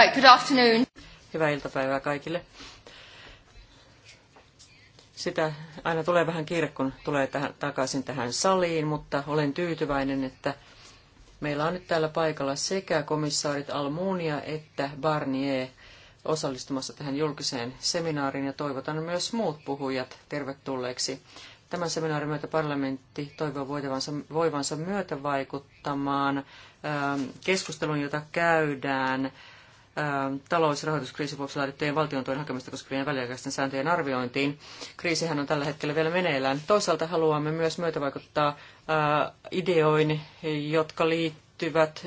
Right, good afternoon. Hyvää iltapäivää kaikille. Sitä aina tulee vähän kiire, kun tulee tähän, takaisin tähän saliin, mutta olen tyytyväinen, että meillä on nyt täällä paikalla sekä komissaarit Almunia että Barnier osallistumassa tähän julkiseen seminaariin ja toivotan myös muut puhujat tervetulleeksi. Tämän seminaarin myötä parlamentti toivoo voivansa, voivansa myötä vaikuttamaan ähm, keskusteluun, jota käydään talous- ja rahoituskriisin vuoksi laadittujen valtiontuen hakemista koskevien väliaikaisten sääntöjen arviointiin. Kriisihän on tällä hetkellä vielä meneillään. Toisaalta haluamme myös myötävaikuttaa ideoin, jotka liittyvät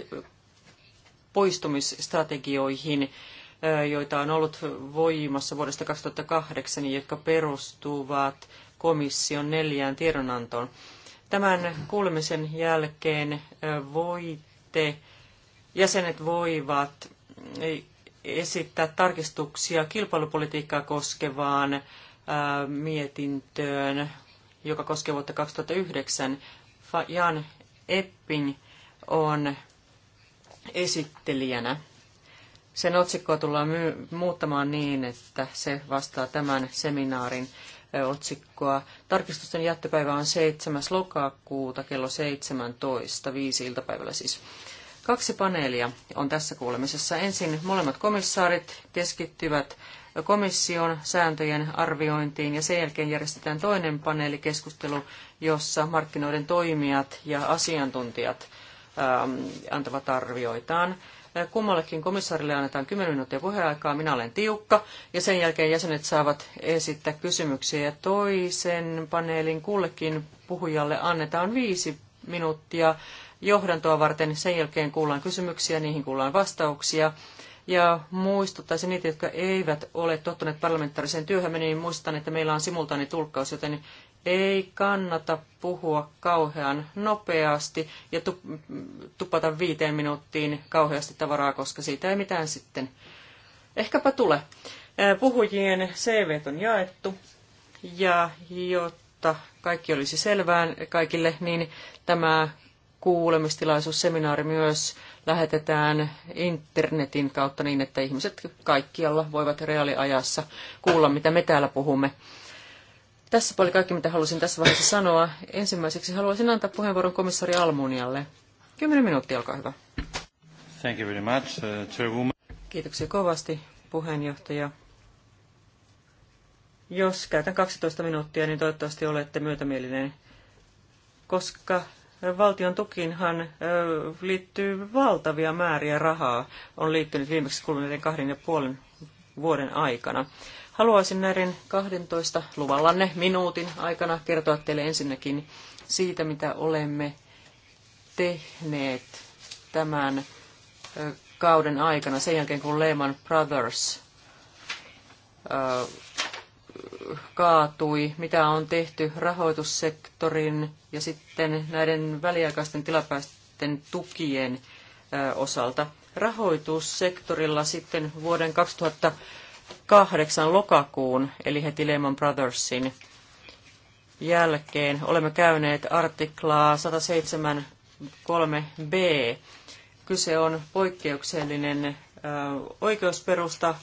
poistumisstrategioihin, joita on ollut voimassa vuodesta 2008, jotka perustuvat komission neljään tiedonantoon. Tämän kuulemisen jälkeen voitte, jäsenet voivat esittää tarkistuksia kilpailupolitiikkaa koskevaan mietintöön, joka koskee vuotta 2009. Jan Epping on esittelijänä. Sen otsikkoa tullaan my- muuttamaan niin, että se vastaa tämän seminaarin otsikkoa. Tarkistusten jättöpäivä on 7. lokakuuta kello 17, viisi iltapäivällä siis. Kaksi paneelia on tässä kuulemisessa. Ensin molemmat komissaarit keskittyvät komission sääntöjen arviointiin ja sen jälkeen järjestetään toinen paneelikeskustelu, jossa markkinoiden toimijat ja asiantuntijat ähm, antavat arvioitaan. Kummallekin komissaarille annetaan 10 minuuttia puheaikaa, minä olen tiukka, ja sen jälkeen jäsenet saavat esittää kysymyksiä, ja toisen paneelin kullekin puhujalle annetaan viisi minuuttia johdantoa varten. Niin sen jälkeen kuullaan kysymyksiä, niihin kuullaan vastauksia. Ja muistuttaisin niitä, jotka eivät ole tottuneet parlamentaariseen työhön, niin muistan, että meillä on simultaani tulkkaus, joten ei kannata puhua kauhean nopeasti ja tupata viiteen minuuttiin kauheasti tavaraa, koska siitä ei mitään sitten ehkäpä tule. Puhujien CV on jaettu ja jotta kaikki olisi selvään kaikille, niin tämä kuulemistilaisuus, seminaari myös lähetetään internetin kautta niin, että ihmiset kaikkialla voivat reaaliajassa kuulla, mitä me täällä puhumme. Tässä oli kaikki, mitä halusin tässä vaiheessa sanoa. Ensimmäiseksi haluaisin antaa puheenvuoron komissari Almunialle. Kymmenen minuuttia, olkaa hyvä. Thank you very much, uh, Kiitoksia kovasti, puheenjohtaja. Jos käytän 12 minuuttia, niin toivottavasti olette myötämielinen, koska valtion tukiinhan liittyy valtavia määriä rahaa, on liittynyt viimeksi kuluneiden kahden ja puolen vuoden aikana. Haluaisin näiden 12 luvallanne minuutin aikana kertoa teille ensinnäkin siitä, mitä olemme tehneet tämän kauden aikana sen jälkeen, kun Lehman Brothers kaatui, mitä on tehty rahoitussektorin ja sitten näiden väliaikaisten tilapäisten tukien osalta. Rahoitussektorilla sitten vuoden 2008 lokakuun, eli heti Lehman Brothersin jälkeen, olemme käyneet artiklaa 173 b Kyse on poikkeuksellinen oikeusperusta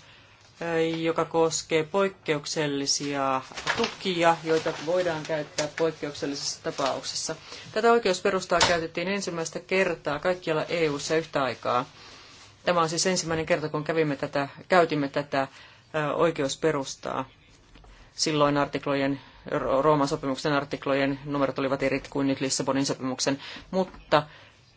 joka koskee poikkeuksellisia tukia, joita voidaan käyttää poikkeuksellisessa tapauksessa. Tätä oikeusperustaa käytettiin ensimmäistä kertaa kaikkialla EU-ssa yhtä aikaa. Tämä on siis ensimmäinen kerta, kun kävimme tätä, käytimme tätä oikeusperustaa. Silloin artiklojen, Rooman sopimuksen artiklojen numerot olivat eri kuin nyt Lissabonin sopimuksen, mutta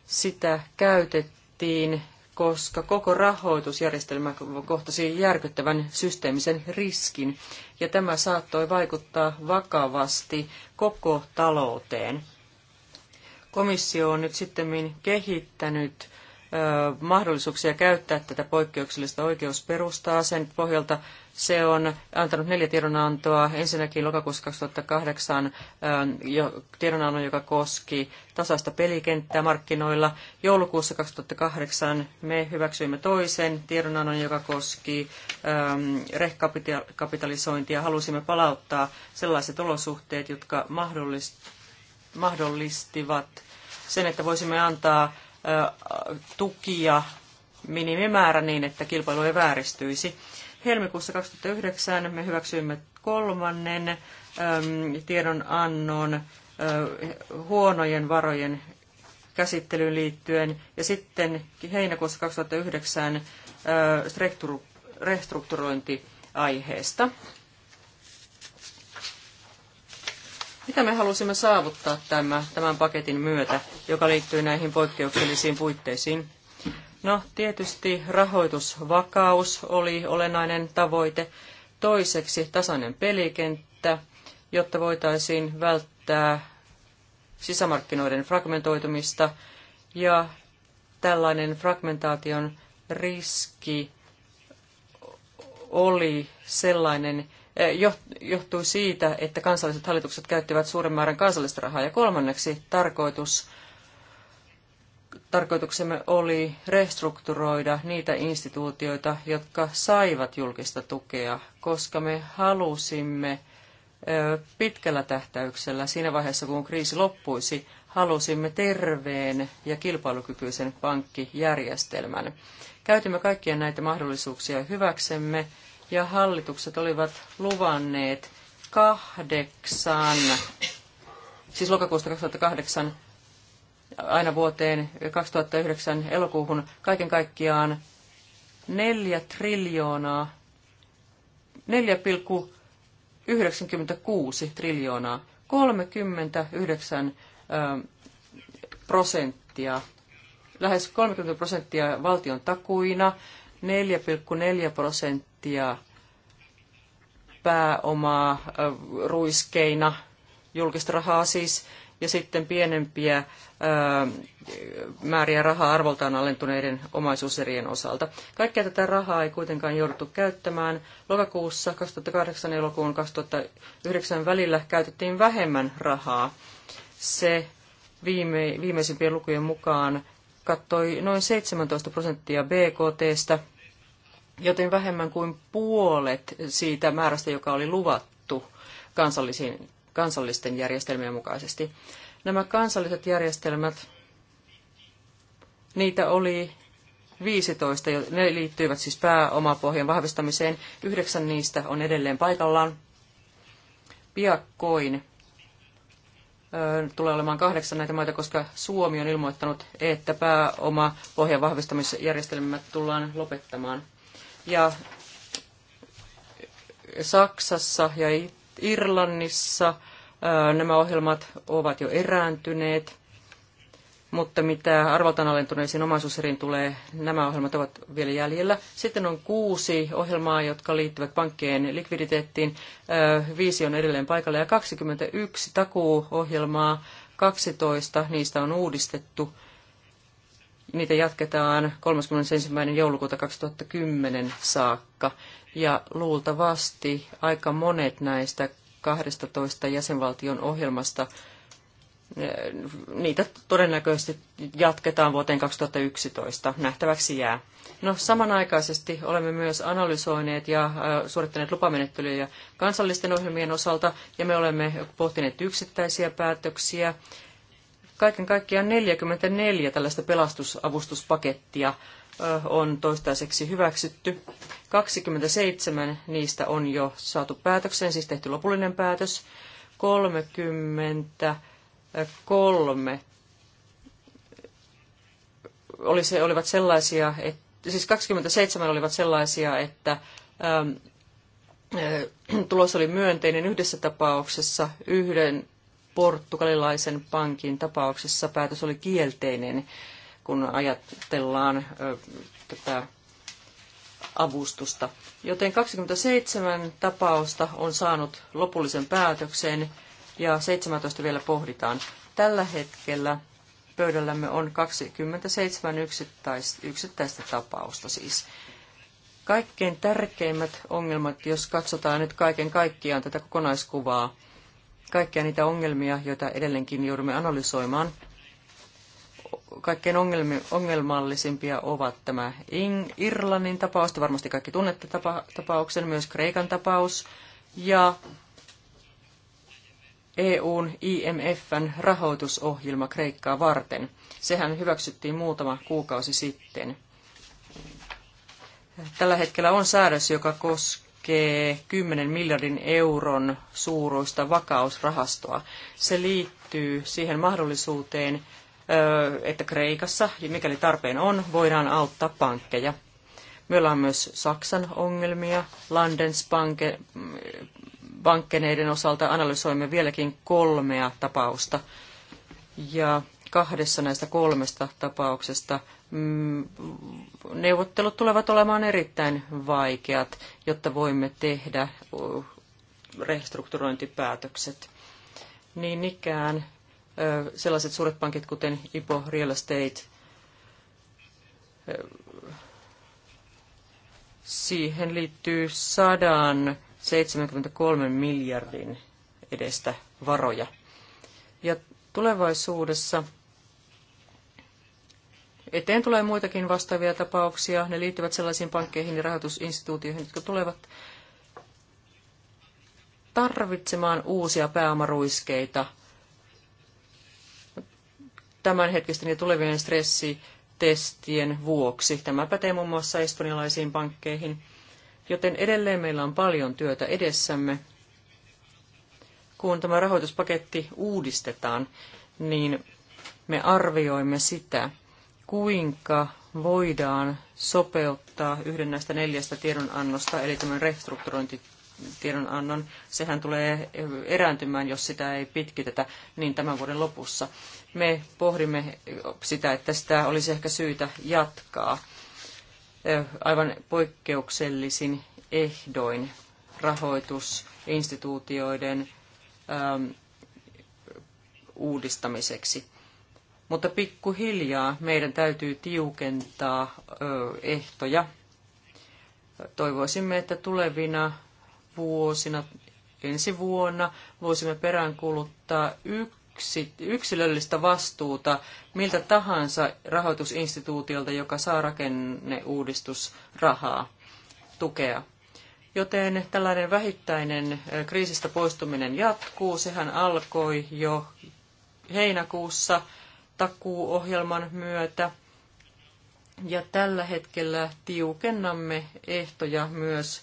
sitä käytettiin koska koko rahoitusjärjestelmä kohtasi järkyttävän systeemisen riskin, ja tämä saattoi vaikuttaa vakavasti koko talouteen. Komissio on nyt sitten kehittänyt mahdollisuuksia käyttää tätä poikkeuksellista oikeusperustaa. Sen pohjalta se on antanut neljä tiedonantoa. Ensinnäkin lokakuussa 2008 ähm, jo tiedonannon, joka koski tasaista pelikenttää markkinoilla. Joulukuussa 2008 me hyväksyimme toisen tiedonannon, joka koski ähm, rekapitalisointia. Halusimme palauttaa sellaiset olosuhteet, jotka mahdollistivat sen, että voisimme antaa äh, tukia minimimäärä niin, että kilpailu ei vääristyisi. Helmikuussa 2009 me hyväksyimme kolmannen äm, tiedonannon äh, huonojen varojen käsittelyyn liittyen. Ja sitten heinäkuussa 2009 äh, restrukturointi aiheesta. Mitä me halusimme saavuttaa tämän, tämän paketin myötä, joka liittyy näihin poikkeuksellisiin puitteisiin? No, tietysti rahoitusvakaus oli olennainen tavoite. Toiseksi tasainen pelikenttä, jotta voitaisiin välttää sisämarkkinoiden fragmentoitumista ja tällainen fragmentaation riski oli sellainen, eh, johtui siitä, että kansalliset hallitukset käyttivät suuren määrän kansallista rahaa. Ja kolmanneksi tarkoitus tarkoituksemme oli restrukturoida niitä instituutioita, jotka saivat julkista tukea, koska me halusimme pitkällä tähtäyksellä siinä vaiheessa, kun kriisi loppuisi, halusimme terveen ja kilpailukykyisen pankkijärjestelmän. Käytimme kaikkia näitä mahdollisuuksia hyväksemme ja hallitukset olivat luvanneet kahdeksan, siis lokakuusta 2008 aina vuoteen 2009 elokuuhun kaiken kaikkiaan 4 triljoonaa, 4,96 triljoonaa, 39 prosenttia, lähes 30 prosenttia valtion takuina, 4,4 prosenttia pääomaa ruiskeina, julkista rahaa siis, ja sitten pienempiä määriä rahaa arvoltaan alentuneiden omaisuuserien osalta. Kaikkea tätä rahaa ei kuitenkaan jouduttu käyttämään. Lokakuussa 2008 elokuun 2009 välillä käytettiin vähemmän rahaa. Se viime, viimeisimpien lukujen mukaan kattoi noin 17 prosenttia BKTstä, joten vähemmän kuin puolet siitä määrästä, joka oli luvattu kansallisiin kansallisten järjestelmien mukaisesti. Nämä kansalliset järjestelmät, niitä oli 15, ne liittyivät siis pääomapohjan vahvistamiseen. Yhdeksän niistä on edelleen paikallaan. Piakkoin tulee olemaan kahdeksan näitä maita, koska Suomi on ilmoittanut, että pääoma pohjan vahvistamisjärjestelmät tullaan lopettamaan. Ja Saksassa ja Irlannissa nämä ohjelmat ovat jo erääntyneet, mutta mitä arvoltaan alentuneisiin omaisuuseriin tulee, nämä ohjelmat ovat vielä jäljellä. Sitten on kuusi ohjelmaa, jotka liittyvät pankkien likviditeettiin. Viisi on edelleen paikalla ja 21 takuuohjelmaa, 12 niistä on uudistettu. Niitä jatketaan 31. joulukuuta 2010 saakka ja luultavasti aika monet näistä 12 jäsenvaltion ohjelmasta eh, niitä todennäköisesti jatketaan vuoteen 2011, nähtäväksi jää. No, samanaikaisesti olemme myös analysoineet ja eh, suorittaneet lupamenettelyjä kansallisten ohjelmien osalta, ja me olemme pohtineet yksittäisiä päätöksiä. Kaiken kaikkiaan 44 tällaista pelastusavustuspakettia on toistaiseksi hyväksytty. 27 niistä on jo saatu päätökseen, siis tehty lopullinen päätös. 33 oli se, olivat sellaisia, että, siis 27 olivat sellaisia, että äm, tulos oli myönteinen yhdessä tapauksessa, yhden portugalilaisen pankin tapauksessa päätös oli kielteinen kun ajatellaan tätä avustusta. Joten 27 tapausta on saanut lopullisen päätöksen ja 17 vielä pohditaan. Tällä hetkellä pöydällämme on 27 yksittäistä tapausta siis. Kaikkein tärkeimmät ongelmat, jos katsotaan nyt kaiken kaikkiaan tätä kokonaiskuvaa, kaikkia niitä ongelmia, joita edelleenkin joudumme analysoimaan, kaikkein ongelmallisimpia ovat tämä Irlannin tapaus, te varmasti kaikki tunnette tapa, tapauksen, myös Kreikan tapaus ja EUn IMFn rahoitusohjelma Kreikkaa varten. Sehän hyväksyttiin muutama kuukausi sitten. Tällä hetkellä on säädös, joka koskee 10 miljardin euron suuruista vakausrahastoa. Se liittyy siihen mahdollisuuteen, että Kreikassa, ja mikäli tarpeen on, voidaan auttaa pankkeja. Meillä on myös Saksan ongelmia, Landensbankkeneiden osalta analysoimme vieläkin kolmea tapausta. Ja kahdessa näistä kolmesta tapauksesta mm, neuvottelut tulevat olemaan erittäin vaikeat, jotta voimme tehdä restrukturointipäätökset. Niin ikään sellaiset suuret pankit kuten IPO Real Estate siihen liittyy 173 miljardin edestä varoja. Ja tulevaisuudessa eteen tulee muitakin vastaavia tapauksia. Ne liittyvät sellaisiin pankkeihin ja rahoitusinstituutioihin, jotka tulevat tarvitsemaan uusia pääomaruiskeita – tämänhetkisten ja tulevien stressitestien vuoksi. Tämä pätee muun muassa espanjalaisiin pankkeihin, joten edelleen meillä on paljon työtä edessämme. Kun tämä rahoituspaketti uudistetaan, niin me arvioimme sitä, kuinka voidaan sopeuttaa yhden näistä neljästä tiedonannosta, eli tämän restrukturointi tiedonannon. Sehän tulee erääntymään, jos sitä ei pitkitetä, niin tämän vuoden lopussa. Me pohdimme sitä, että sitä olisi ehkä syytä jatkaa aivan poikkeuksellisin ehdoin rahoitusinstituutioiden uudistamiseksi. Mutta pikkuhiljaa meidän täytyy tiukentaa ehtoja. Toivoisimme, että tulevina vuosina ensi vuonna voisimme peräänkuuluttaa yksi, yksilöllistä vastuuta miltä tahansa rahoitusinstituutiolta, joka saa rakenneuudistusrahaa tukea. Joten tällainen vähittäinen kriisistä poistuminen jatkuu. Sehän alkoi jo heinäkuussa takuuohjelman myötä. Ja tällä hetkellä tiukennamme ehtoja myös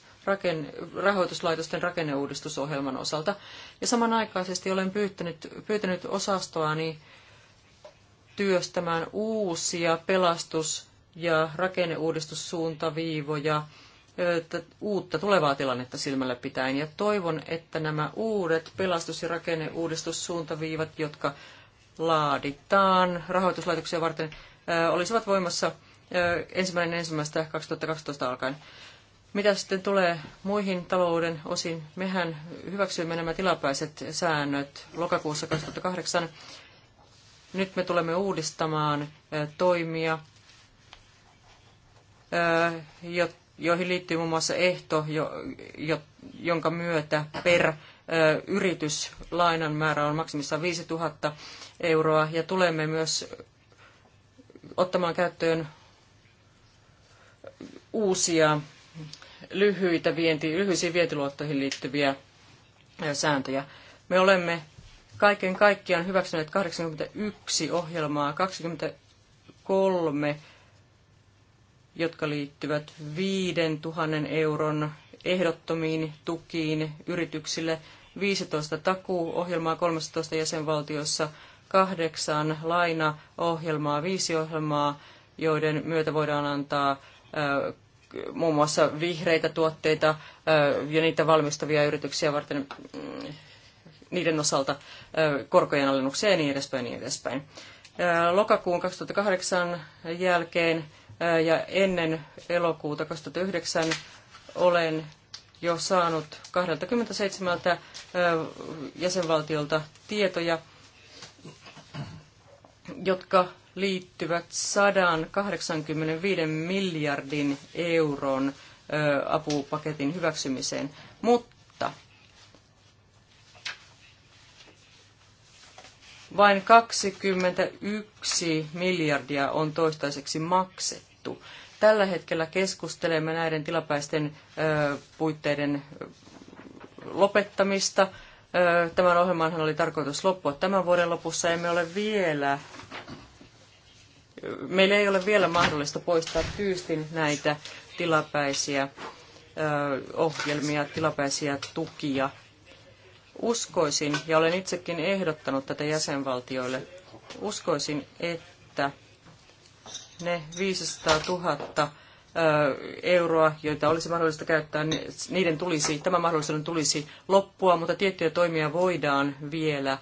rahoituslaitosten rakenneuudistusohjelman osalta. Ja samanaikaisesti olen pyytänyt, pyytänyt osastoani työstämään uusia pelastus- ja rakenneuudistussuuntaviivoja uutta tulevaa tilannetta silmällä pitäen. Ja toivon, että nämä uudet pelastus- ja rakenneuudistussuuntaviivat, jotka laaditaan rahoituslaitoksia varten, olisivat voimassa ensimmäinen ensimmäistä 2012 alkaen. Mitä sitten tulee muihin talouden osiin? Mehän hyväksyimme nämä tilapäiset säännöt lokakuussa 2008. Nyt me tulemme uudistamaan toimia, joihin liittyy muun muassa ehto, jonka myötä per yritys lainan määrä on maksimissaan 5000 euroa ja tulemme myös ottamaan käyttöön uusia lyhyitä vienti, lyhyisiin vientiluottoihin liittyviä sääntöjä. Me olemme kaiken kaikkiaan hyväksyneet 81 ohjelmaa, 23, jotka liittyvät 5000 euron ehdottomiin tukiin yrityksille, 15 takuuohjelmaa 13 jäsenvaltiossa, kahdeksan lainaohjelmaa, viisi ohjelmaa, joiden myötä voidaan antaa muun muassa vihreitä tuotteita ja niitä valmistavia yrityksiä varten mm, niiden osalta korkojen alennuksia ja niin edespäin. Niin edespäin. Lokakuun 2008 jälkeen ja ennen elokuuta 2009 olen jo saanut 27 jäsenvaltiolta tietoja, jotka liittyvät 185 miljardin euron apupaketin hyväksymiseen, mutta vain 21 miljardia on toistaiseksi maksettu. Tällä hetkellä keskustelemme näiden tilapäisten puitteiden lopettamista. Tämän ohjelmanhan oli tarkoitus loppua tämän vuoden lopussa. Emme ole vielä meillä ei ole vielä mahdollista poistaa tyystin näitä tilapäisiä ohjelmia, tilapäisiä tukia. Uskoisin, ja olen itsekin ehdottanut tätä jäsenvaltioille, uskoisin, että ne 500 000 euroa, joita olisi mahdollista käyttää, niin niiden tulisi, tämän mahdollisuuden tulisi loppua, mutta tiettyjä toimia voidaan vielä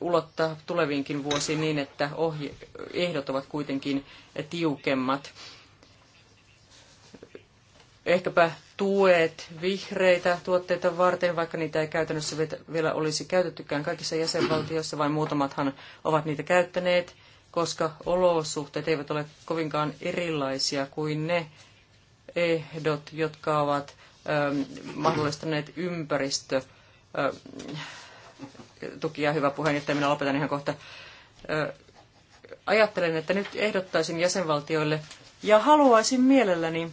ulottaa tuleviinkin vuosiin niin, että ohje- ehdot ovat kuitenkin tiukemmat. Ehkäpä tuet vihreitä tuotteita varten, vaikka niitä ei käytännössä vielä olisi käytettykään kaikissa jäsenvaltioissa, vain muutamathan ovat niitä käyttäneet, koska olosuhteet eivät ole kovinkaan erilaisia kuin ne ehdot, jotka ovat mahdollistaneet ympäristö ja hyvä puheenjohtaja, minä lopetan ihan kohta. Ajattelen, että nyt ehdottaisin jäsenvaltioille ja haluaisin mielelläni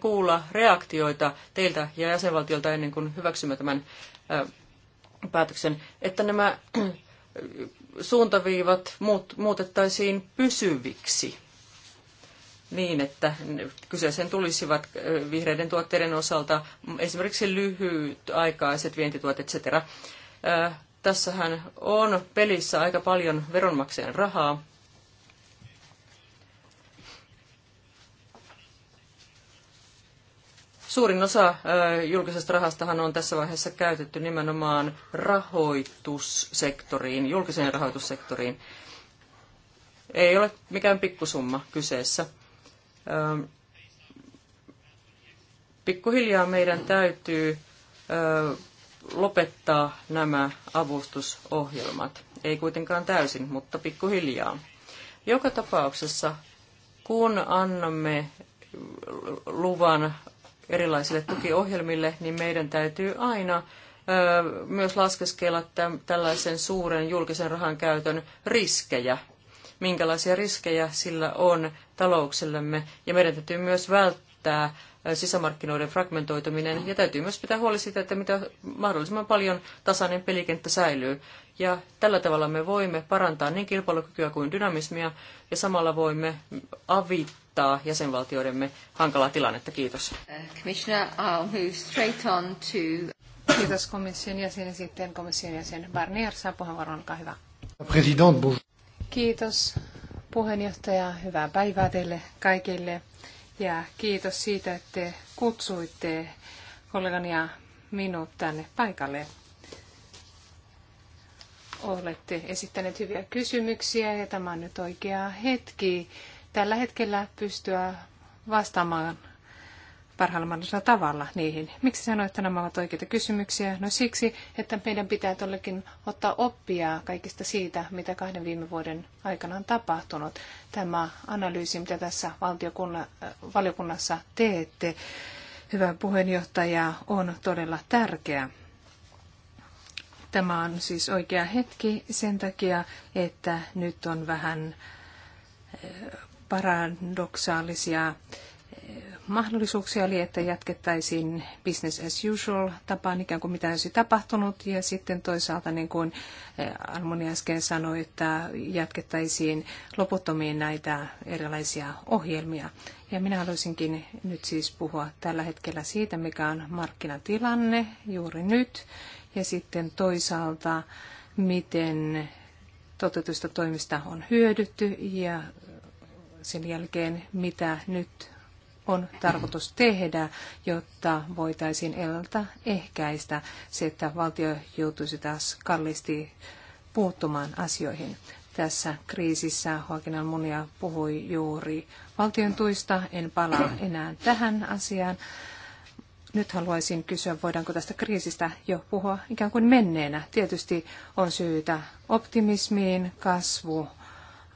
kuulla reaktioita teiltä ja jäsenvaltiolta ennen kuin hyväksymme tämän päätöksen, että nämä suuntaviivat muutettaisiin pysyviksi niin, että kyseeseen tulisivat vihreiden tuotteiden osalta esimerkiksi lyhytaikaiset vientituot, etc. Äh, tässähän on pelissä aika paljon veronmaksajan rahaa. Suurin osa äh, julkisesta rahastahan on tässä vaiheessa käytetty nimenomaan rahoitussektoriin, julkiseen rahoitussektoriin. Ei ole mikään pikkusumma kyseessä. Ähm, pikkuhiljaa meidän täytyy äh, lopettaa nämä avustusohjelmat. Ei kuitenkaan täysin, mutta pikkuhiljaa. Joka tapauksessa, kun annamme luvan erilaisille tukiohjelmille, niin meidän täytyy aina myös laskeskella tällaisen suuren julkisen rahan käytön riskejä, minkälaisia riskejä sillä on talouksellemme, ja meidän täytyy myös välttää sisämarkkinoiden fragmentoituminen ja täytyy myös pitää huoli siitä, että mitä mahdollisimman paljon tasainen pelikenttä säilyy. Ja tällä tavalla me voimme parantaa niin kilpailukykyä kuin dynamismia ja samalla voimme avittaa jäsenvaltioidemme hankalaa tilannetta. Kiitos. Uh, Commissioner, I'll move straight on to... Kiitos komission jäsen ja sitten komission jäsen Barnier saa puheenvuoron, olkaa hyvä. President, Kiitos puheenjohtaja, hyvää päivää teille kaikille. Ja kiitos siitä, että te kutsuitte kollegani ja minut tänne paikalle. Olette esittäneet hyviä kysymyksiä ja tämä on nyt oikea hetki tällä hetkellä pystyä vastaamaan parhaalla mahdollisella tavalla niihin. Miksi sanoit että nämä ovat oikeita kysymyksiä? No siksi, että meidän pitää tollekin ottaa oppia kaikista siitä, mitä kahden viime vuoden aikana on tapahtunut. Tämä analyysi, mitä tässä äh, valiokunnassa teette, hyvä puheenjohtaja, on todella tärkeä. Tämä on siis oikea hetki sen takia, että nyt on vähän äh, paradoksaalisia mahdollisuuksia oli, että jatkettaisiin business as usual tapaan, ikään kuin mitä olisi tapahtunut. Ja sitten toisaalta, niin kuin eh, Almoni äsken sanoi, että jatkettaisiin loputtomiin näitä erilaisia ohjelmia. Ja minä haluaisinkin nyt siis puhua tällä hetkellä siitä, mikä on markkinatilanne juuri nyt. Ja sitten toisaalta, miten toteutusta toimista on hyödytty ja sen jälkeen, mitä nyt on tarkoitus tehdä, jotta voitaisiin ennalta ehkäistä se, että valtio joutuisi taas kalliisti puuttumaan asioihin. Tässä kriisissä Joakinan monia puhui juuri valtion tuista. En palaa enää tähän asiaan. Nyt haluaisin kysyä, voidaanko tästä kriisistä jo puhua ikään kuin menneenä. Tietysti on syytä optimismiin, kasvu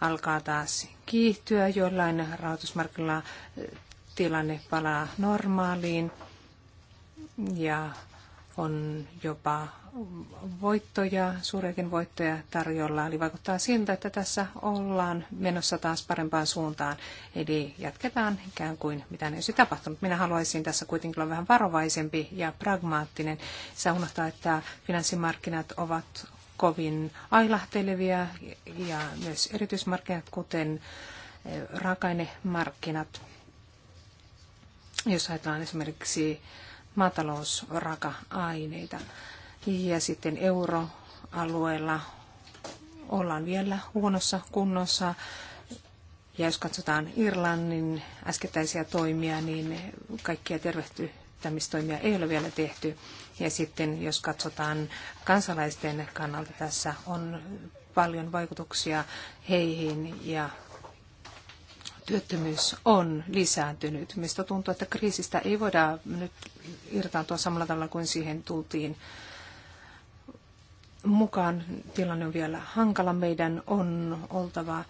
alkaa taas kiihtyä jollain rahoitusmarkkinoilla tilanne palaa normaaliin ja on jopa voittoja, suuriakin voittoja tarjolla. Eli vaikuttaa siltä, että tässä ollaan menossa taas parempaan suuntaan. Eli jatketaan ikään kuin mitä ei olisi tapahtunut. Minä haluaisin tässä kuitenkin olla vähän varovaisempi ja pragmaattinen. Se unohtaa, että finanssimarkkinat ovat kovin ailahtelevia ja myös erityismarkkinat, kuten eh, raaka-ainemarkkinat jos ajatellaan esimerkiksi maatalousraka-aineita. Ja sitten euroalueella ollaan vielä huonossa kunnossa. Ja jos katsotaan Irlannin äskettäisiä toimia, niin kaikkia tervehtytämistoimia ei ole vielä tehty. Ja sitten jos katsotaan kansalaisten kannalta, tässä on paljon vaikutuksia heihin ja työttömyys on lisääntynyt. Mistä tuntuu, että kriisistä ei voida nyt irtaantua samalla tavalla kuin siihen tultiin mukaan. Tilanne on vielä hankala. Meidän on oltava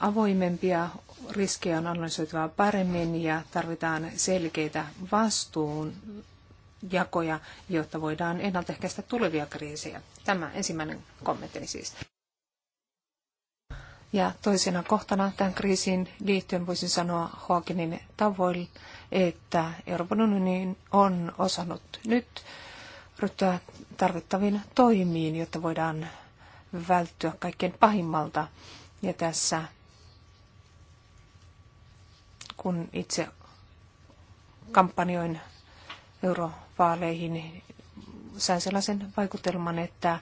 avoimempia, riskejä on analysoitava paremmin ja tarvitaan selkeitä vastuun jakoja, jotta voidaan ennaltaehkäistä tulevia kriisejä. Tämä ensimmäinen kommentti siis. Ja toisena kohtana tämän kriisiin liittyen voisin sanoa Hoakinin tavoin, että Euroopan unioni on osannut nyt ryhtyä tarvittaviin toimiin, jotta voidaan välttyä kaikkein pahimmalta. Ja tässä, kun itse kampanjoin eurovaaleihin, sain sellaisen vaikutelman, että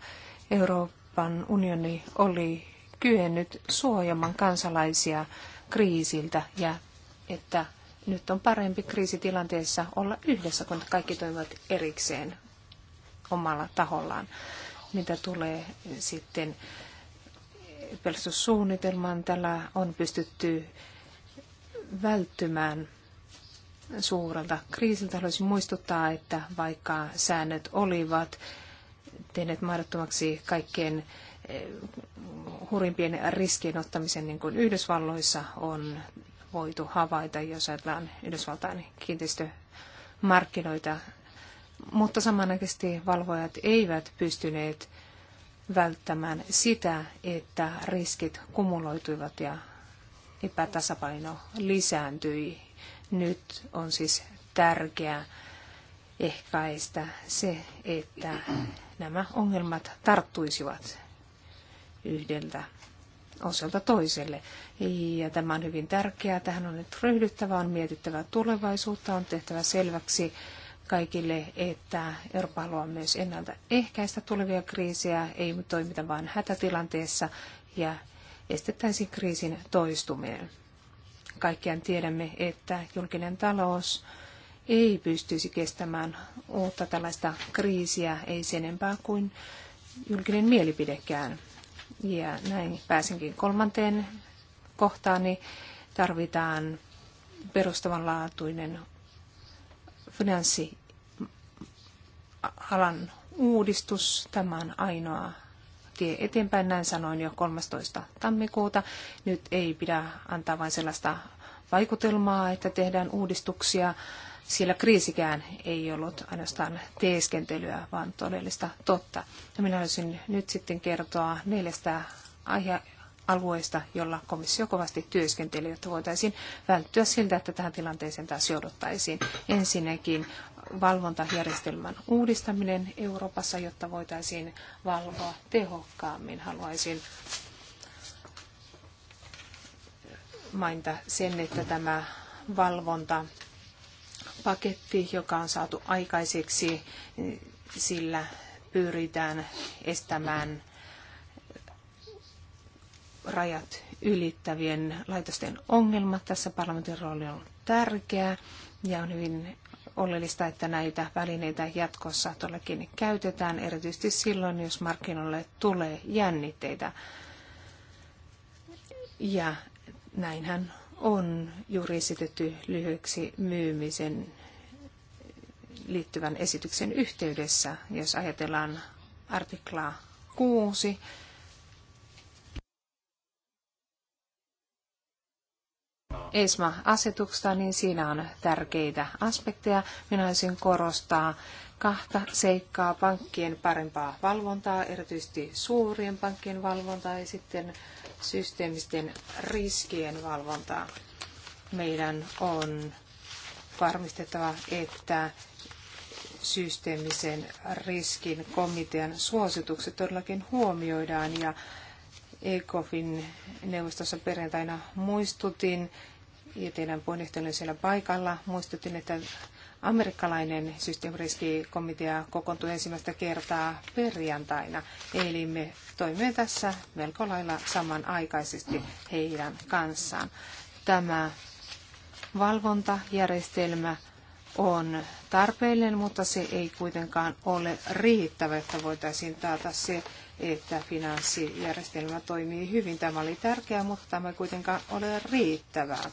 Euroopan unioni oli kyennyt suojamaan kansalaisia kriisiltä ja että nyt on parempi kriisitilanteessa olla yhdessä, kun kaikki toimivat erikseen omalla tahollaan. Mitä tulee sitten pelastussuunnitelmaan, tällä on pystytty välttymään suurelta kriisiltä. Haluaisin muistuttaa, että vaikka säännöt olivat tehneet mahdottomaksi kaikkien hurimpien riskien ottamisen, niin kuin Yhdysvalloissa on voitu havaita, jos ajatellaan Yhdysvaltain kiinteistömarkkinoita. Mutta samanaikaisesti valvojat eivät pystyneet välttämään sitä, että riskit kumuloituivat ja epätasapaino lisääntyi. Nyt on siis tärkeää ehkäistä se, että nämä ongelmat tarttuisivat yhdeltä osalta toiselle. Ja tämä on hyvin tärkeää. Tähän on nyt ryhdyttävä, on mietittävä tulevaisuutta, on tehtävä selväksi kaikille, että Eurooppa haluaa myös ennaltaehkäistä tulevia kriisejä, ei toimita vain hätätilanteessa ja estettäisiin kriisin toistuminen. Kaikkiaan tiedämme, että julkinen talous ei pystyisi kestämään uutta tällaista kriisiä, ei sen enempää kuin julkinen mielipidekään. Ja näin pääsinkin kolmanteen kohtaan, niin tarvitaan perustavanlaatuinen finanssialan uudistus. Tämä on ainoa tie eteenpäin, näin sanoin jo 13. tammikuuta. Nyt ei pidä antaa vain sellaista vaikutelmaa, että tehdään uudistuksia sillä kriisikään ei ollut ainoastaan teeskentelyä, vaan todellista totta. Ja minä haluaisin nyt sitten kertoa neljästä aihealueesta, jolla komissio kovasti työskenteli, jotta voitaisiin välttyä siltä, että tähän tilanteeseen taas jouduttaisiin. Ensinnäkin valvontajärjestelmän uudistaminen Euroopassa, jotta voitaisiin valvoa tehokkaammin. Haluaisin mainita sen, että tämä valvonta paketti, joka on saatu aikaiseksi, sillä pyritään estämään rajat ylittävien laitosten ongelmat. Tässä parlamentin rooli on ollut tärkeä ja on hyvin oleellista, että näitä välineitä jatkossa todellakin käytetään, erityisesti silloin, jos markkinoille tulee jännitteitä. Ja näinhän on juuri esitetty lyhyeksi myymisen liittyvän esityksen yhteydessä, jos ajatellaan artiklaa 6, ESMA-asetuksesta, niin siinä on tärkeitä aspekteja. Minä haluaisin korostaa kahta seikkaa, pankkien parempaa valvontaa, erityisesti suurien pankkien valvontaa ja sitten systeemisten riskien valvontaa. Meidän on varmistettava, että systeemisen riskin komitean suositukset todellakin huomioidaan ja ECOFin neuvostossa perjantaina muistutin ja teidän puheenjohtajanne siellä paikalla muistutin, että Amerikkalainen systeemiriskikomitea kokoontui ensimmäistä kertaa perjantaina, eli me toimimme tässä melko lailla samanaikaisesti heidän kanssaan. Tämä valvontajärjestelmä on tarpeellinen, mutta se ei kuitenkaan ole riittävä, että voitaisiin taata se, että finanssijärjestelmä toimii hyvin. Tämä oli tärkeää, mutta tämä ei kuitenkaan ole riittävää.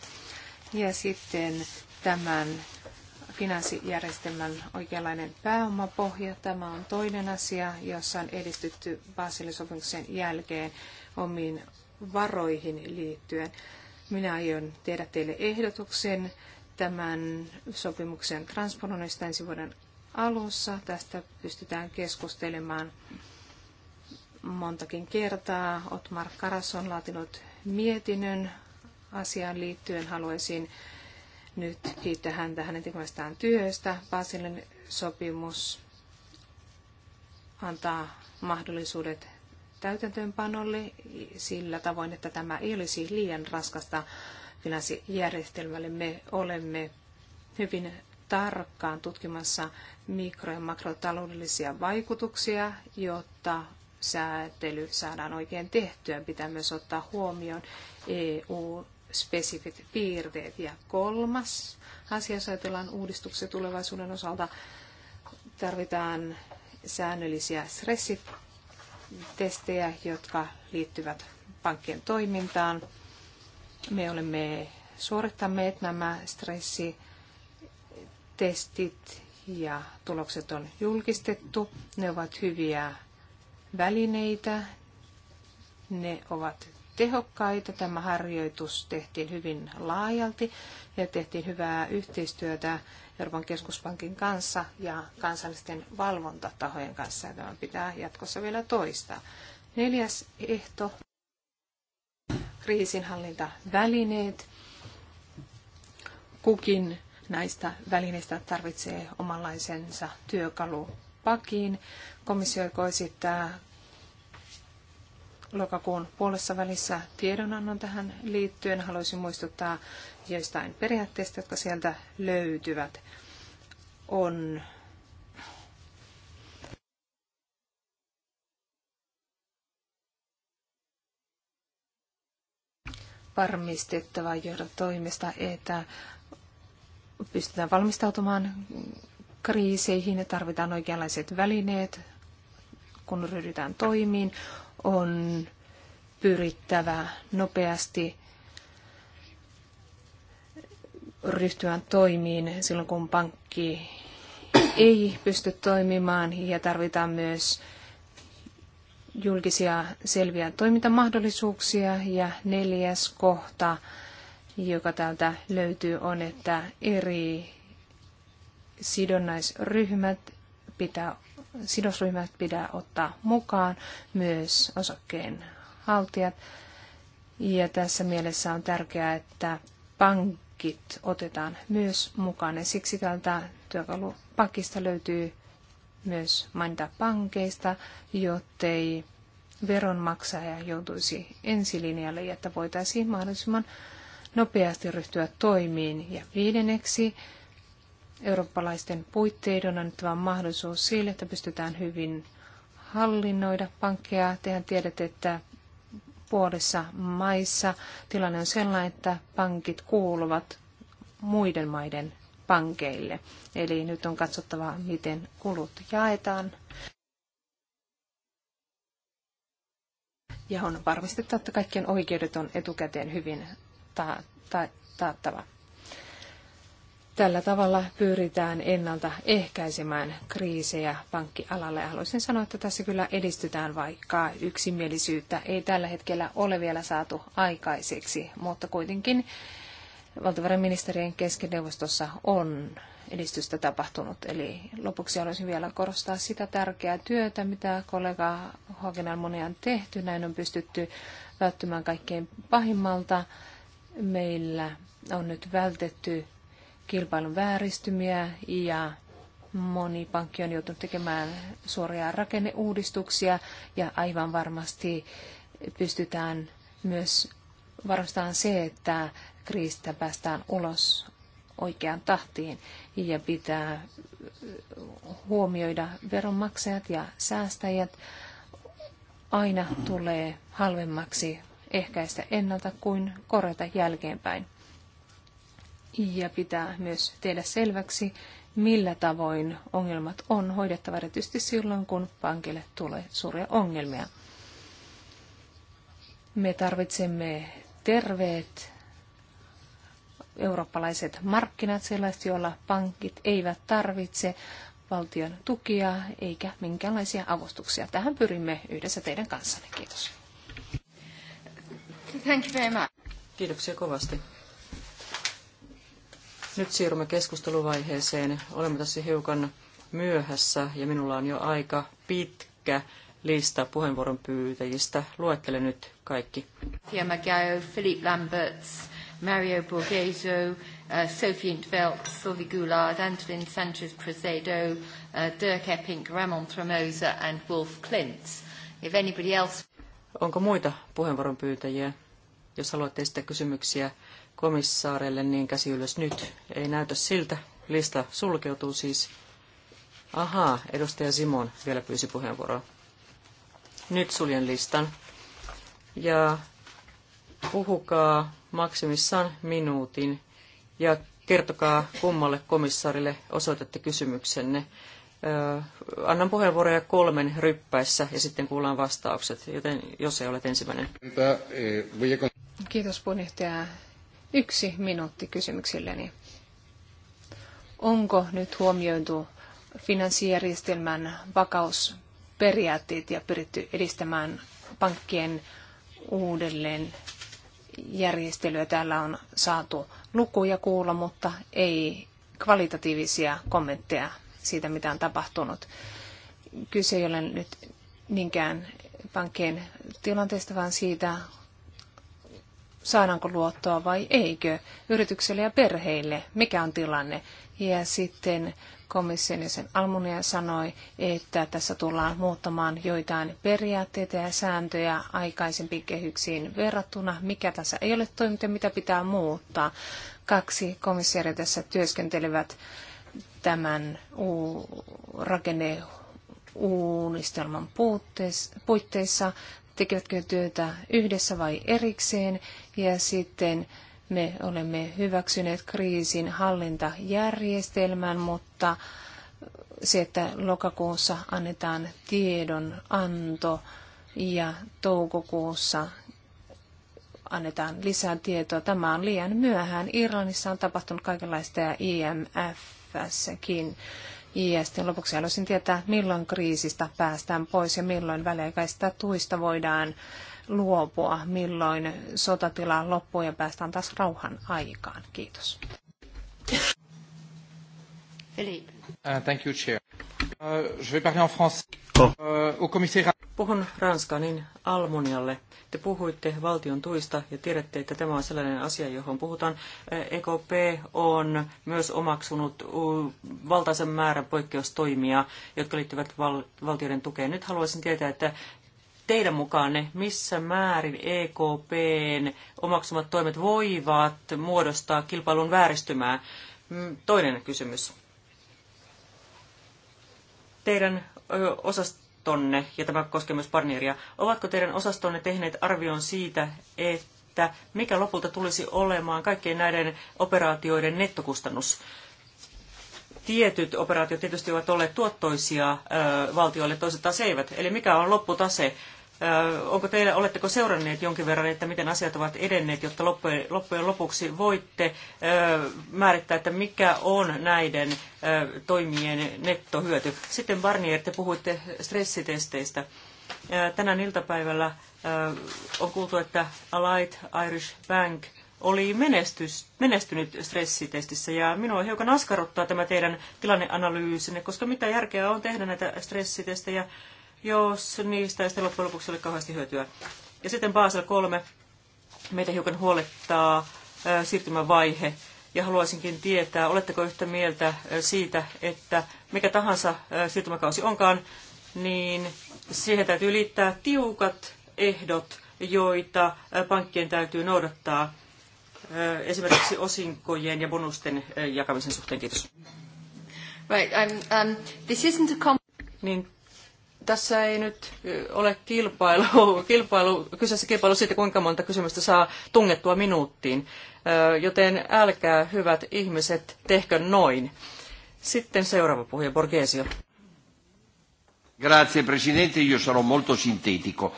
Ja sitten tämän finanssijärjestelmän oikeanlainen pääomapohja. Tämä on toinen asia, jossa on edistytty Baselin sopimuksen jälkeen omiin varoihin liittyen. Minä aion tehdä teille ehdotuksen tämän sopimuksen transponoinnista ensi vuoden alussa. Tästä pystytään keskustelemaan montakin kertaa. Otmar Karas on laatinut mietinnön asiaan liittyen. Haluaisin nyt kiittää häntä hänen tekemästään työstä. Basilin sopimus antaa mahdollisuudet täytäntöönpanolle sillä tavoin, että tämä ei olisi liian raskasta finanssijärjestelmälle. Me olemme hyvin tarkkaan tutkimassa mikro- ja makrotaloudellisia vaikutuksia, jotta säätely saadaan oikein tehtyä. Pitää myös ottaa huomioon EU spesifit piirteet. Ja kolmas asia, jos ajatellaan uudistuksen tulevaisuuden osalta, tarvitaan säännöllisiä stressitestejä, jotka liittyvät pankkien toimintaan. Me olemme suorittaneet nämä stressitestit ja tulokset on julkistettu. Ne ovat hyviä välineitä, ne ovat tehokkaita. Tämä harjoitus tehtiin hyvin laajalti ja tehtiin hyvää yhteistyötä Euroopan keskuspankin kanssa ja kansallisten valvontatahojen kanssa. Tämä pitää jatkossa vielä toistaa. Neljäs ehto, kriisinhallintavälineet. Kukin näistä välineistä tarvitsee omanlaisensa työkalupakin. Komissio aikoo esittää lokakuun puolessa välissä tiedonannon tähän liittyen. Haluaisin muistuttaa joistain periaatteista, jotka sieltä löytyvät. On varmistettava johdon toimesta, että pystytään valmistautumaan kriiseihin ja tarvitaan oikeanlaiset välineet, kun ryhdytään toimiin, on pyrittävä nopeasti ryhtyä toimiin silloin, kun pankki ei pysty toimimaan ja tarvitaan myös julkisia selviä toimintamahdollisuuksia. Ja neljäs kohta, joka täältä löytyy, on, että eri sidonnaisryhmät pitää sidosryhmät pitää ottaa mukaan, myös osakkeen haltijat. Ja tässä mielessä on tärkeää, että pankit otetaan myös mukaan. Ja siksi tältä työkalupakista löytyy myös mainita pankeista, jottei veronmaksaja joutuisi ensilinjalle, että voitaisiin mahdollisimman nopeasti ryhtyä toimiin. Ja viidenneksi eurooppalaisten puitteiden on annettava mahdollisuus sille, että pystytään hyvin hallinnoida pankkeja. Tehän tiedätte, että puolessa maissa tilanne on sellainen, että pankit kuuluvat muiden maiden pankeille. Eli nyt on katsottava, miten kulut jaetaan. Ja on varmistettava, että kaikkien oikeudet on etukäteen hyvin ta- ta- taattava. Tällä tavalla pyritään ennalta ehkäisemään kriisejä pankkialalle. Haluaisin sanoa, että tässä kyllä edistytään, vaikka yksimielisyyttä ei tällä hetkellä ole vielä saatu aikaiseksi, mutta kuitenkin valtiovarainministerien keskineuvostossa on edistystä tapahtunut. Eli lopuksi haluaisin vielä korostaa sitä tärkeää työtä, mitä kollega Hogenal monia on tehty. Näin on pystytty välttymään kaikkein pahimmalta. Meillä on nyt vältetty kilpailun vääristymiä ja moni pankki on joutunut tekemään suoria rakenneuudistuksia ja aivan varmasti pystytään myös varmistamaan se, että kriisistä päästään ulos oikeaan tahtiin ja pitää huomioida veronmaksajat ja säästäjät. Aina tulee halvemmaksi ehkäistä ennalta kuin korjata jälkeenpäin ja pitää myös tehdä selväksi, millä tavoin ongelmat on hoidettava erityisesti silloin, kun pankille tulee suuria ongelmia. Me tarvitsemme terveet eurooppalaiset markkinat, sellaiset, joilla pankit eivät tarvitse valtion tukia eikä minkäänlaisia avustuksia. Tähän pyrimme yhdessä teidän kanssanne. Kiitos. Thank you very much. Kiitoksia kovasti. Nyt siirrymme keskusteluvaiheeseen. Olemme tässä hiukan myöhässä ja minulla on jo aika pitkä lista puheenvuoron pyytäjistä. Luettele nyt kaikki. Tia Magao, Philippe Lamberts, Mario Borghese, uh, Sophie Intveld, Sylvie Goulard, Antolin Sanchez Presedo, uh, Dirk Epping, Ramon Tremosa and Wolf Klintz. If anybody else... Onko muita puheenvuoron pyytäjiä? Jos haluatte esittää kysymyksiä, komissaarelle, niin käsi ylös nyt. Ei näytä siltä. Lista sulkeutuu siis. Ahaa, edustaja Simon vielä pyysi puheenvuoroa. Nyt suljen listan. Ja puhukaa maksimissaan minuutin ja kertokaa kummalle komissaarille osoitatte kysymyksenne. Annan puheenvuoroja kolmen ryppäissä ja sitten kuullaan vastaukset, joten jos ei olet ensimmäinen. Eh, Kiitos puheenjohtaja. Yksi minuutti kysymyksilleni. Onko nyt huomioitu finanssijärjestelmän vakausperiaatteet ja pyritty edistämään pankkien uudelleen järjestelyä? Täällä on saatu lukuja kuulla, mutta ei kvalitatiivisia kommentteja siitä, mitä on tapahtunut. Kyse ei ole nyt niinkään pankkien tilanteesta, vaan siitä, saadaanko luottoa vai eikö yrityksille ja perheille, mikä on tilanne. Ja sitten komission sen Almunia sanoi, että tässä tullaan muuttamaan joitain periaatteita ja sääntöjä aikaisempiin kehyksiin verrattuna, mikä tässä ei ole toiminut ja mitä pitää muuttaa. Kaksi komissaaria tässä työskentelevät tämän u- rakenne puitteissa tekevätkö työtä yhdessä vai erikseen. Ja sitten me olemme hyväksyneet kriisin hallintajärjestelmän, mutta se, että lokakuussa annetaan tiedonanto ja toukokuussa annetaan lisää tietoa. Tämä on liian myöhään. Irlannissa on tapahtunut kaikenlaista ja IMFssäkin. Ja sitten lopuksi haluaisin tietää, milloin kriisistä päästään pois ja milloin väliaikaisista tuista voidaan luopua, milloin sotatila loppuu ja päästään taas rauhan aikaan. Kiitos. Philippe. Uh, thank you, Chair. Euh, oh. euh, Puhun ranskaa, niin Almunialle. Te puhuitte valtion tuista ja tiedätte, että tämä on sellainen asia, johon puhutaan. EKP on myös omaksunut valtaisen määrän poikkeustoimia, jotka liittyvät val- valtioiden tukeen. Nyt haluaisin tietää, että teidän mukaanne, missä määrin EKPn omaksumat toimet voivat muodostaa kilpailun vääristymää? Mm, toinen kysymys teidän osastonne, ja tämä koskee myös Barnieria, ovatko teidän osastonne tehneet arvion siitä, että mikä lopulta tulisi olemaan kaikkien näiden operaatioiden nettokustannus? tietyt operaatiot tietysti ovat olleet tuottoisia ö, valtioille, toiset taas eivät. Eli mikä on lopputase? Onko teillä, oletteko seuranneet jonkin verran, että miten asiat ovat edenneet, jotta loppujen lopuksi voitte määrittää, että mikä on näiden toimien nettohyöty? Sitten Barnier, te puhuitte stressitesteistä. Tänään iltapäivällä on kuultu, että Allied Irish Bank oli menestys, menestynyt stressitestissä ja minua hiukan askarruttaa tämä teidän tilanneanalyysinne, koska mitä järkeä on tehdä näitä stressitestejä jos niistä ei sitten loppujen lopuksi ole kauheasti hyötyä. Ja sitten Basel 3. Meitä hiukan huolettaa siirtymävaihe ja haluaisinkin tietää, oletteko yhtä mieltä siitä, että mikä tahansa siirtymäkausi onkaan, niin siihen täytyy liittää tiukat ehdot, joita pankkien täytyy noudattaa esimerkiksi osinkojen ja bonusten jakamisen suhteen. Kiitos. Right, I'm, um, um, this isn't a com- niin tässä ei nyt ole kilpailu, kilpailu, kyseessä kilpailu siitä, kuinka monta kysymystä saa tungettua minuuttiin. Joten älkää, hyvät ihmiset, tehkö noin. Sitten seuraava puhuja, Borgesio. Grazie Presidente, io sarò molto sintetico.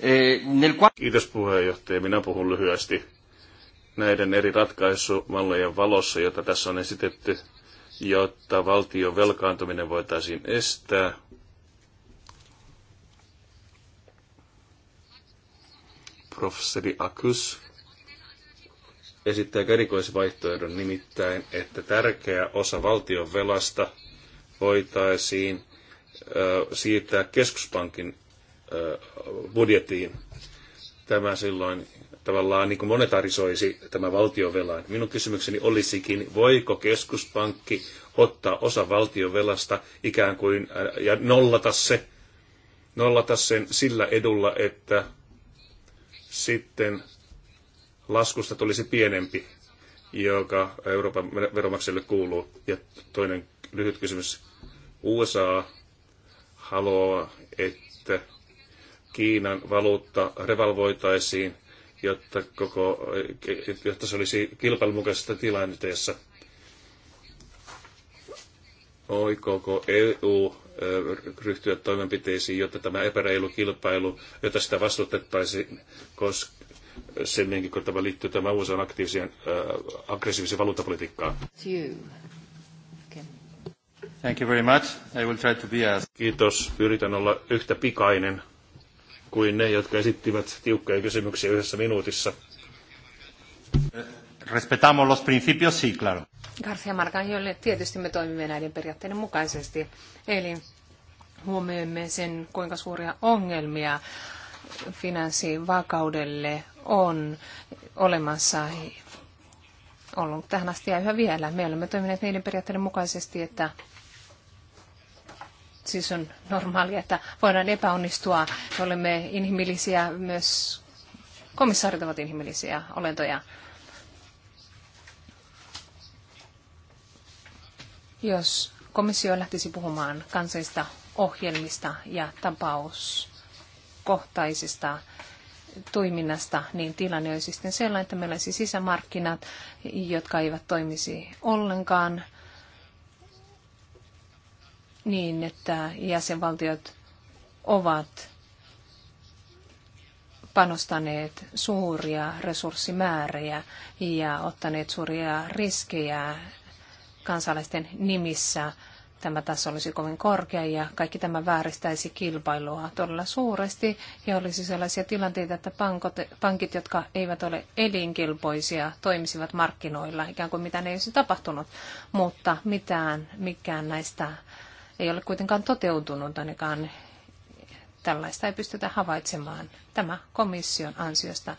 Eh, nel... Kiitos puheenjohtaja, minä puhun lyhyesti. Näiden eri ratkaisumallejen valossa, joita tässä on esitetty, jotta valtion velkaantuminen voitaisiin estää, professori Akus esittää erikoisvaihtoehdon nimittäin, että tärkeä osa valtion velasta voitaisiin siirtää keskuspankin budjettiin. Tämä silloin tavallaan niin kuin monetarisoisi tämä valtiovelan. Minun kysymykseni olisikin, voiko keskuspankki ottaa osa valtiovelasta ikään kuin ja nollata se, nollata sen sillä edulla, että sitten laskusta tulisi pienempi, joka Euroopan veromaksajille kuuluu. Ja toinen lyhyt kysymys. USA haluaa, että Kiinan valuutta revalvoitaisiin, jotta, koko, jotta se olisi kilpailumukaisessa tilanteessa. Oikoko EU ryhtyä toimenpiteisiin, jotta tämä epäreilu kilpailu, jota sitä vastustettaisiin, koska semminkin, kun tämä liittyy tämä USA aktiiviseen, äh, aggressiiviseen valuuttapolitiikkaan. Thank you very much. I will try to be as... Kiitos. Yritän olla yhtä pikainen kuin ne, jotka esittivät tiukkoja kysymyksiä yhdessä minuutissa. Uh, Respetamos los principios, sí, claro. Garcia Margallolle tietysti me toimimme näiden periaatteiden mukaisesti. Eli huomioimme sen, kuinka suuria ongelmia finanssivakaudelle on olemassa ollut tähän asti ja yhä vielä. Me olemme toimineet niiden periaatteiden mukaisesti, että siis on normaalia, että voidaan epäonnistua. Me olemme inhimillisiä, myös komissaarit ovat inhimillisiä olentoja. jos komissio lähtisi puhumaan kansallisista ohjelmista ja tapauskohtaisista toiminnasta, niin tilanne olisi sitten sellainen, että meillä olisi sisämarkkinat, jotka eivät toimisi ollenkaan niin, että jäsenvaltiot ovat panostaneet suuria resurssimääriä ja ottaneet suuria riskejä kansalaisten nimissä tämä taso olisi kovin korkea ja kaikki tämä vääristäisi kilpailua todella suuresti ja olisi sellaisia tilanteita, että pankot, pankit, jotka eivät ole elinkelpoisia, toimisivat markkinoilla, ikään kuin mitään ei olisi tapahtunut, mutta mitään, mikään näistä ei ole kuitenkaan toteutunut ainakaan tällaista ei pystytä havaitsemaan. Tämä komission ansiosta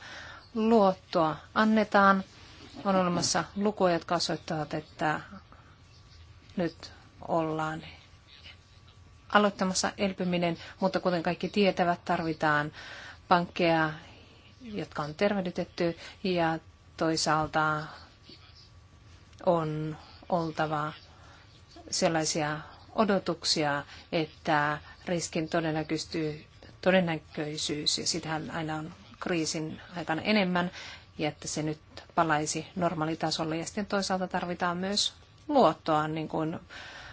luottoa annetaan. On olemassa lukuja, jotka osoittavat, että nyt ollaan aloittamassa elpyminen, mutta kuten kaikki tietävät, tarvitaan pankkeja, jotka on tervehdytetty ja toisaalta on oltava sellaisia odotuksia, että riskin todennäköisyys, todennäköisyys ja sitähän aina on kriisin aikana enemmän, ja että se nyt palaisi normaalitasolle. Ja sitten toisaalta tarvitaan myös luottoa, niin kuin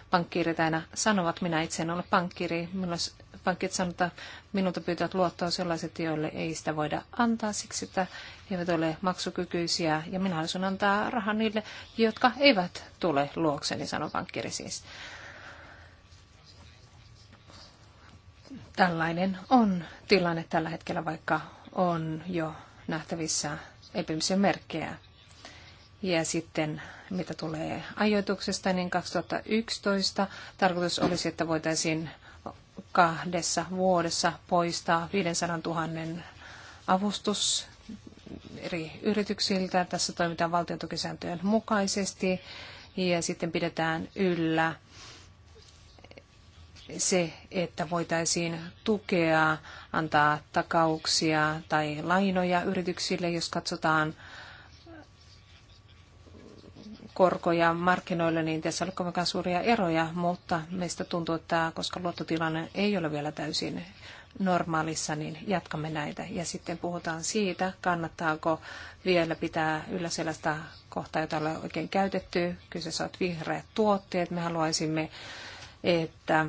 pankkiirit aina sanovat. Minä itse en ole pankkiiri. Minulla pankit sanovat, että minulta pyytävät luottoa sellaiset, joille ei sitä voida antaa siksi, että he eivät ole maksukykyisiä. Ja minä haluaisin antaa rahaa niille, jotka eivät tule luokseni, sanoi pankkiiri siis. Tällainen on tilanne tällä hetkellä, vaikka on jo nähtävissä epimisen merkkejä. Ja sitten mitä tulee ajoituksesta, niin 2011 tarkoitus olisi, että voitaisiin kahdessa vuodessa poistaa 500 000 avustus eri yrityksiltä. Tässä toimitaan valtiontukisääntöjen mukaisesti ja sitten pidetään yllä se, että voitaisiin tukea, antaa takauksia tai lainoja yrityksille, jos katsotaan korkoja markkinoille, niin tässä ei ole kovinkaan suuria eroja, mutta meistä tuntuu, että koska luottotilanne ei ole vielä täysin normaalissa, niin jatkamme näitä. Ja sitten puhutaan siitä, kannattaako vielä pitää yllä sellaista kohtaa, jota ei oikein käytetty. Kyseessä on vihreät tuotteet. Me haluaisimme, että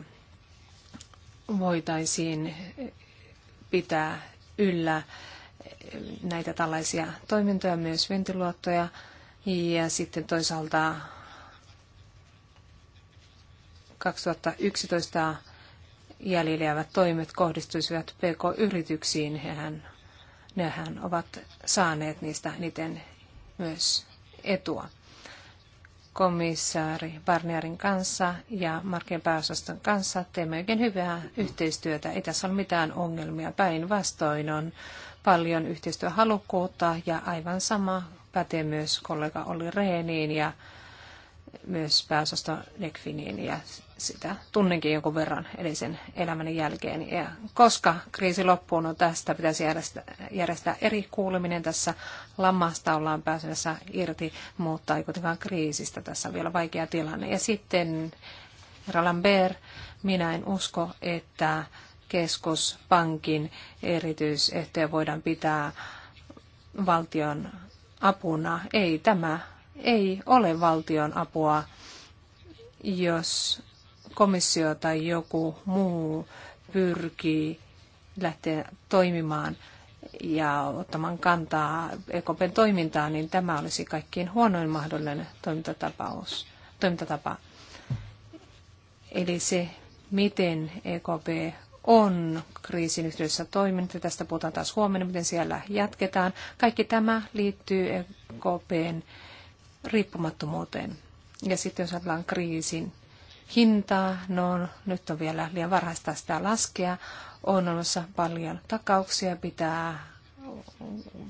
voitaisiin pitää yllä näitä tällaisia toimintoja, myös ventiluottoja, ja sitten toisaalta 2011 jäljellä jäävät toimet kohdistuisivat PK-yrityksiin. Hehän, nehän ovat saaneet niistä niiden myös etua. Komissaari Barnierin kanssa ja Markkeen pääosaston kanssa teemme oikein hyvää yhteistyötä. Ei tässä ole mitään ongelmia. Päinvastoin on paljon yhteistyöhalukkuutta ja aivan sama pätee myös kollega Olli Reeniin ja myös pääosasta Nekfiniin ja sitä tunnenkin jonkun verran edellisen elämäni jälkeen. Ja koska kriisi loppuun on tästä, pitäisi järjestää, järjestää eri kuuleminen tässä. Lammasta ollaan pääsemässä irti, mutta ei kuitenkaan kriisistä. Tässä on vielä vaikea tilanne. Ja sitten Ralambert, minä en usko, että keskuspankin erityisehtoja voidaan pitää valtion apuna. Ei tämä ei ole valtion apua, jos komissio tai joku muu pyrkii lähteä toimimaan ja ottamaan kantaa EKPn toimintaan, niin tämä olisi kaikkein huonoin mahdollinen toimintatapaus, toimintatapa. Eli se, miten EKP on kriisin yhteydessä toiminut, ja tästä puhutaan taas huomenna, miten siellä jatketaan. Kaikki tämä liittyy EKPn riippumattomuuteen. Ja sitten jos ajatellaan kriisin hintaa, no nyt on vielä liian varhaista sitä laskea, on olemassa paljon takauksia, pitää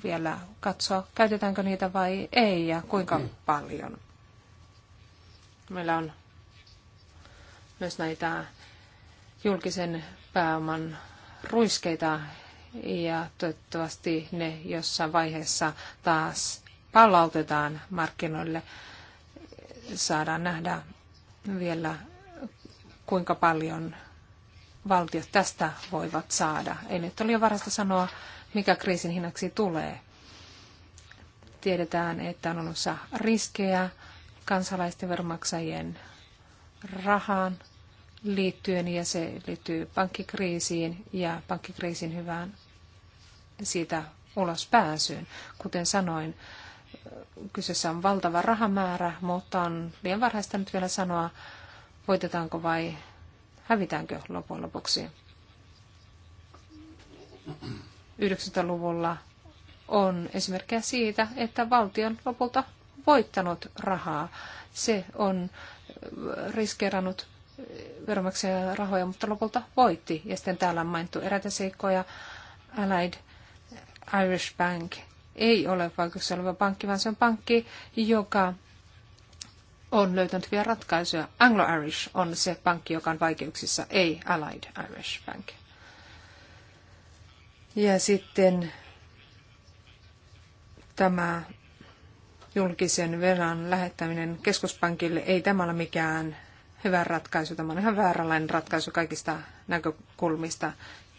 vielä katsoa, käytetäänkö niitä vai ei ja kuinka paljon. Meillä on myös näitä julkisen pääoman ruiskeita ja toivottavasti ne jossain vaiheessa taas palautetaan markkinoille. Saadaan nähdä vielä, kuinka paljon valtiot tästä voivat saada. Ei nyt ole varasta sanoa, mikä kriisin hinnaksi tulee. Tiedetään, että on ollut riskejä kansalaisten veronmaksajien rahaan liittyen ja se liittyy pankkikriisiin ja pankkikriisin hyvään siitä ulos pääsyyn. Kuten sanoin, kyseessä on valtava rahamäärä, mutta on liian varhaista nyt vielä sanoa, voitetaanko vai hävitäänkö lopun lopuksi. 90-luvulla on esimerkkejä siitä, että on lopulta voittanut rahaa. Se on riskeerannut veronmaksajan rahoja, mutta lopulta voitti. Ja sitten täällä on mainittu eräitä seikkoja. Allied Irish Bank ei ole vaikeuksessa oleva pankki, vaan se on pankki, joka on löytänyt vielä ratkaisuja. Anglo-Irish on se pankki, joka on vaikeuksissa, ei Allied Irish Bank. Ja sitten tämä julkisen velan lähettäminen keskuspankille ei tämä ole mikään hyvä ratkaisu. Tämä on ihan vääränlainen ratkaisu kaikista näkökulmista.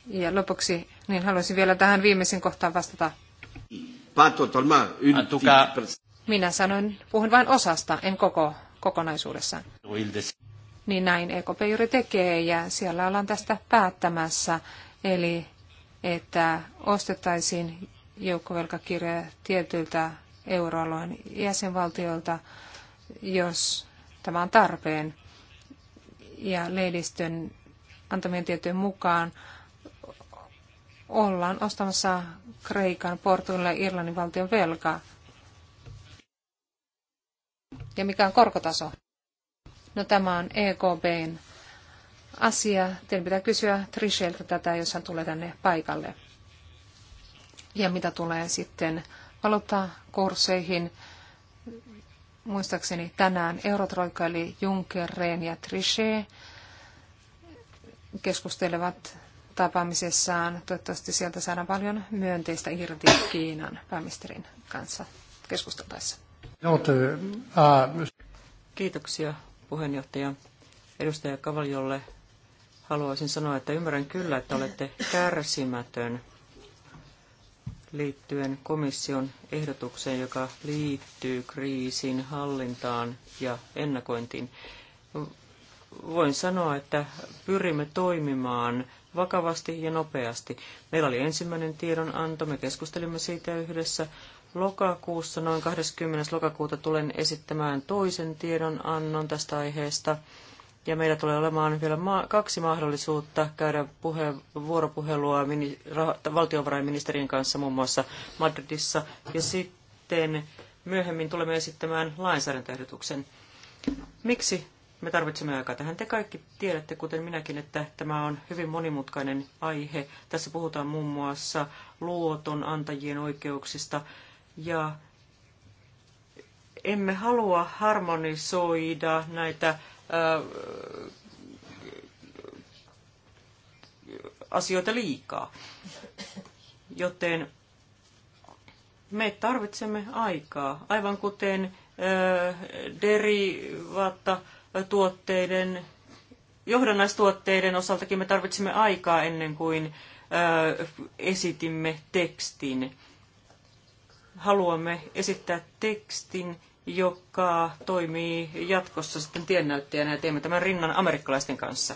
Ja lopuksi niin haluaisin vielä tähän viimeisen kohtaan vastata. Minä sanoin, puhun vain osasta, en koko kokonaisuudessaan. Niin näin EKP juuri tekee ja siellä ollaan tästä päättämässä. Eli että ostettaisiin joukkovelkakirjoja tietyiltä euroalueen jäsenvaltioilta, jos tämä on tarpeen ja lehdistön antamien tietojen mukaan ollaan ostamassa Kreikan, Portugalin ja Irlannin valtion velkaa. Ja mikä on korkotaso? No tämä on EKBn asia. Teidän pitää kysyä Trisheltä tätä, jos hän tulee tänne paikalle. Ja mitä tulee sitten valuuttakursseihin, kursseihin muistaakseni tänään Eurotroika eli Juncker, Rehn ja Trichet keskustelevat tapaamisessaan. Toivottavasti sieltä saadaan paljon myönteistä irti Kiinan pääministerin kanssa keskusteltaessa. Kiitoksia puheenjohtaja. Edustaja Kavaljolle haluaisin sanoa, että ymmärrän kyllä, että olette kärsimätön liittyen komission ehdotukseen, joka liittyy kriisin hallintaan ja ennakointiin. Voin sanoa, että pyrimme toimimaan vakavasti ja nopeasti. Meillä oli ensimmäinen tiedonanto, me keskustelimme siitä yhdessä. Lokakuussa, noin 20. lokakuuta, tulen esittämään toisen tiedonannon tästä aiheesta. Ja meillä tulee olemaan vielä ma- kaksi mahdollisuutta käydä puhe- vuoropuhelua mini- rah- valtiovarainministerin kanssa muun muassa Madridissa. Ja sitten myöhemmin tulemme esittämään lainsäädäntöehdotuksen. Miksi me tarvitsemme aikaa tähän? Te kaikki tiedätte, kuten minäkin, että tämä on hyvin monimutkainen aihe. Tässä puhutaan muun muassa antajien oikeuksista ja emme halua harmonisoida näitä asioita liikaa. Joten me tarvitsemme aikaa, aivan kuten derivaatta tuotteiden, johdannaistuotteiden osaltakin me tarvitsemme aikaa ennen kuin esitimme tekstin. Haluamme esittää tekstin, joka toimii jatkossa sitten tiennäyttäjänä ja teemme tämän rinnan amerikkalaisten kanssa.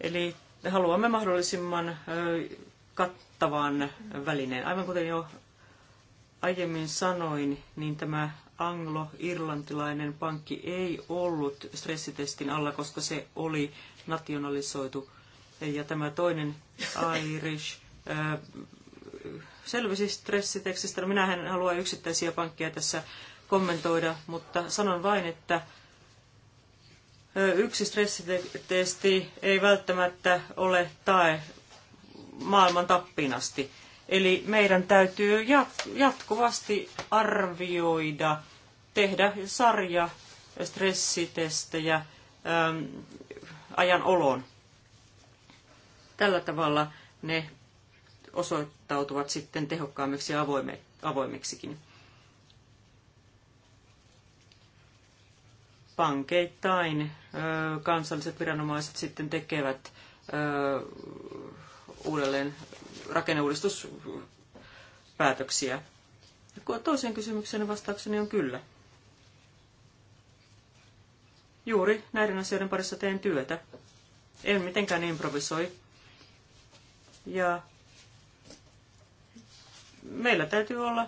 Eli haluamme mahdollisimman kattavan välineen. Aivan kuten jo aiemmin sanoin, niin tämä anglo-irlantilainen pankki ei ollut stressitestin alla, koska se oli nationalisoitu. Ja tämä toinen Irish selvisi stressitestistä. No, minähän haluan yksittäisiä pankkeja tässä kommentoida, mutta sanon vain, että yksi stressitesti ei välttämättä ole tae maailman tappiin asti. Eli meidän täytyy jatkuvasti arvioida, tehdä sarja stressitestejä äm, ajan oloon. Tällä tavalla ne osoittautuvat sitten tehokkaammiksi ja avoimiksikin. pankeittain kansalliset viranomaiset sitten tekevät uudelleen rakenneuudistuspäätöksiä. Toiseen kysymykseen vastaukseni on kyllä. Juuri näiden asioiden parissa teen työtä. En mitenkään improvisoi. Ja meillä täytyy olla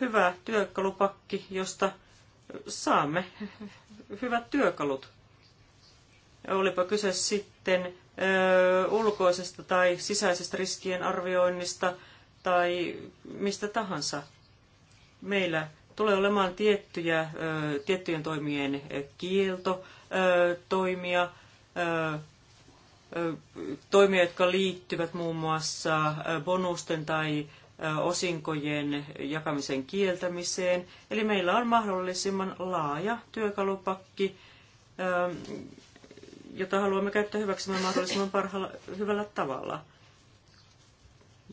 hyvä työkalupakki, josta saamme hyvät työkalut. Olipa kyse sitten ö, ulkoisesta tai sisäisestä riskien arvioinnista tai mistä tahansa. Meillä tulee olemaan tiettyjä, ö, tiettyjen toimien kielto, ö, toimia, ö, toimia, jotka liittyvät muun muassa bonusten tai osinkojen jakamisen kieltämiseen. Eli meillä on mahdollisimman laaja työkalupakki, jota haluamme käyttää hyväksemme mahdollisimman parhaalla, hyvällä tavalla.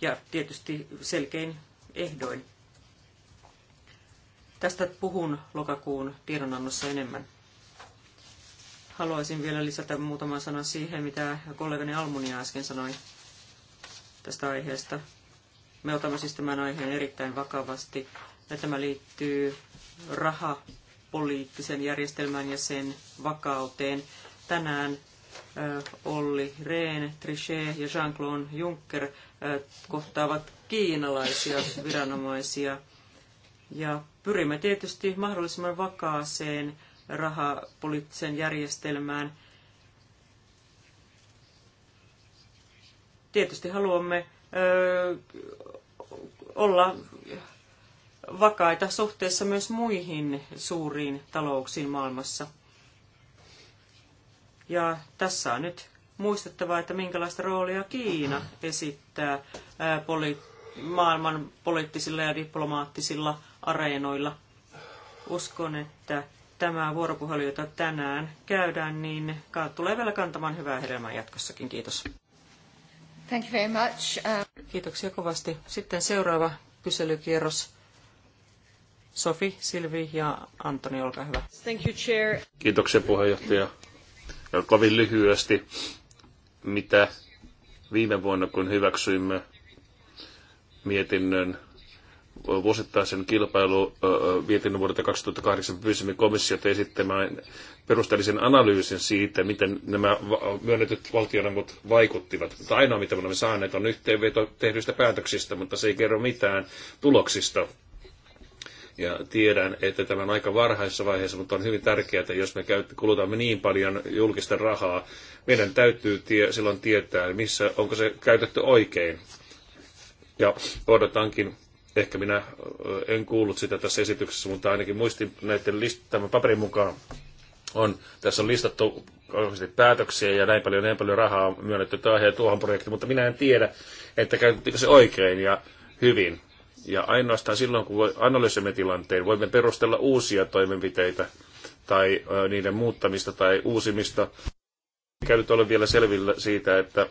Ja tietysti selkein ehdoin. Tästä puhun lokakuun tiedonannossa enemmän. Haluaisin vielä lisätä muutaman sanan siihen, mitä kollegani Almunia äsken sanoi tästä aiheesta. Me otamme siis tämän aiheen erittäin vakavasti. Ja tämä liittyy rahapoliittisen järjestelmään ja sen vakauteen. Tänään Olli Rehn, Trichet ja Jean-Claude Juncker kohtaavat kiinalaisia viranomaisia. Ja pyrimme tietysti mahdollisimman vakaaseen rahapoliittiseen järjestelmään. Tietysti haluamme olla vakaita suhteessa myös muihin suuriin talouksiin maailmassa. Ja tässä on nyt muistettava, että minkälaista roolia Kiina esittää poli- maailman poliittisilla ja diplomaattisilla areenoilla. Uskon, että tämä vuoropuhelu, jota tänään käydään, niin tulee vielä kantamaan hyvää hedelmää jatkossakin. Kiitos. Thank you very much. Um, Kiitoksia kovasti. Sitten seuraava kyselykierros. Sofi, Silvi ja Antoni, olkaa hyvä. Thank you, chair. Kiitoksia puheenjohtaja. Ja kovin lyhyesti, mitä viime vuonna kun hyväksyimme mietinnön vuosittaisen vietin vuodelta 2008 pyysimme komissiota esittämään perusteellisen analyysin siitä, miten nämä myönnetyt valtionavut vaikuttivat. Mutta ainoa, mitä me olemme saaneet, on yhteenveto tehdyistä päätöksistä, mutta se ei kerro mitään tuloksista. Ja tiedän, että tämä on aika varhaisessa vaiheessa, mutta on hyvin tärkeää, että jos me kulutamme niin paljon julkista rahaa, meidän täytyy tie, silloin tietää, missä onko se käytetty oikein. Ja odotankin Ehkä minä en kuullut sitä tässä esityksessä, mutta ainakin muistin näiden list- tämän paperin mukaan. On, tässä on listattu päätöksiä ja näin paljon, näin paljon rahaa on myönnetty tähän ja tuohon projektiin, mutta minä en tiedä, että käytettiinkö se oikein ja hyvin. Ja ainoastaan silloin, kun analysoimme tilanteen, voimme perustella uusia toimenpiteitä tai niiden muuttamista tai uusimista. Mikä nyt ole vielä selvillä siitä, että